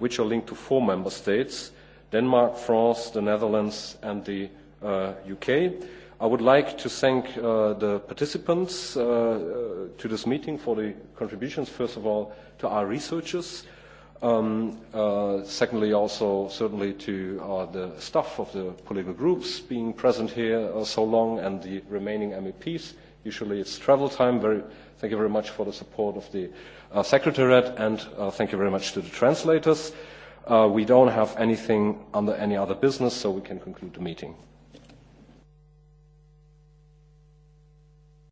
Speaker 1: which are linked to four member states, Denmark, France, the Netherlands and the uh, UK. I would like to thank uh, the participants uh, uh, to this meeting for the contributions, first of all, to our researchers, uh, Um, uh, secondly, also certainly to uh, the staff of the political groups being present here uh, so long and the remaining MEPs. Usually it's travel time. Very, thank you very much for the support of the uh, Secretariat and uh, thank you very much to the translators. Uh, we don't have
Speaker 14: anything under any other business, so we can conclude the meeting.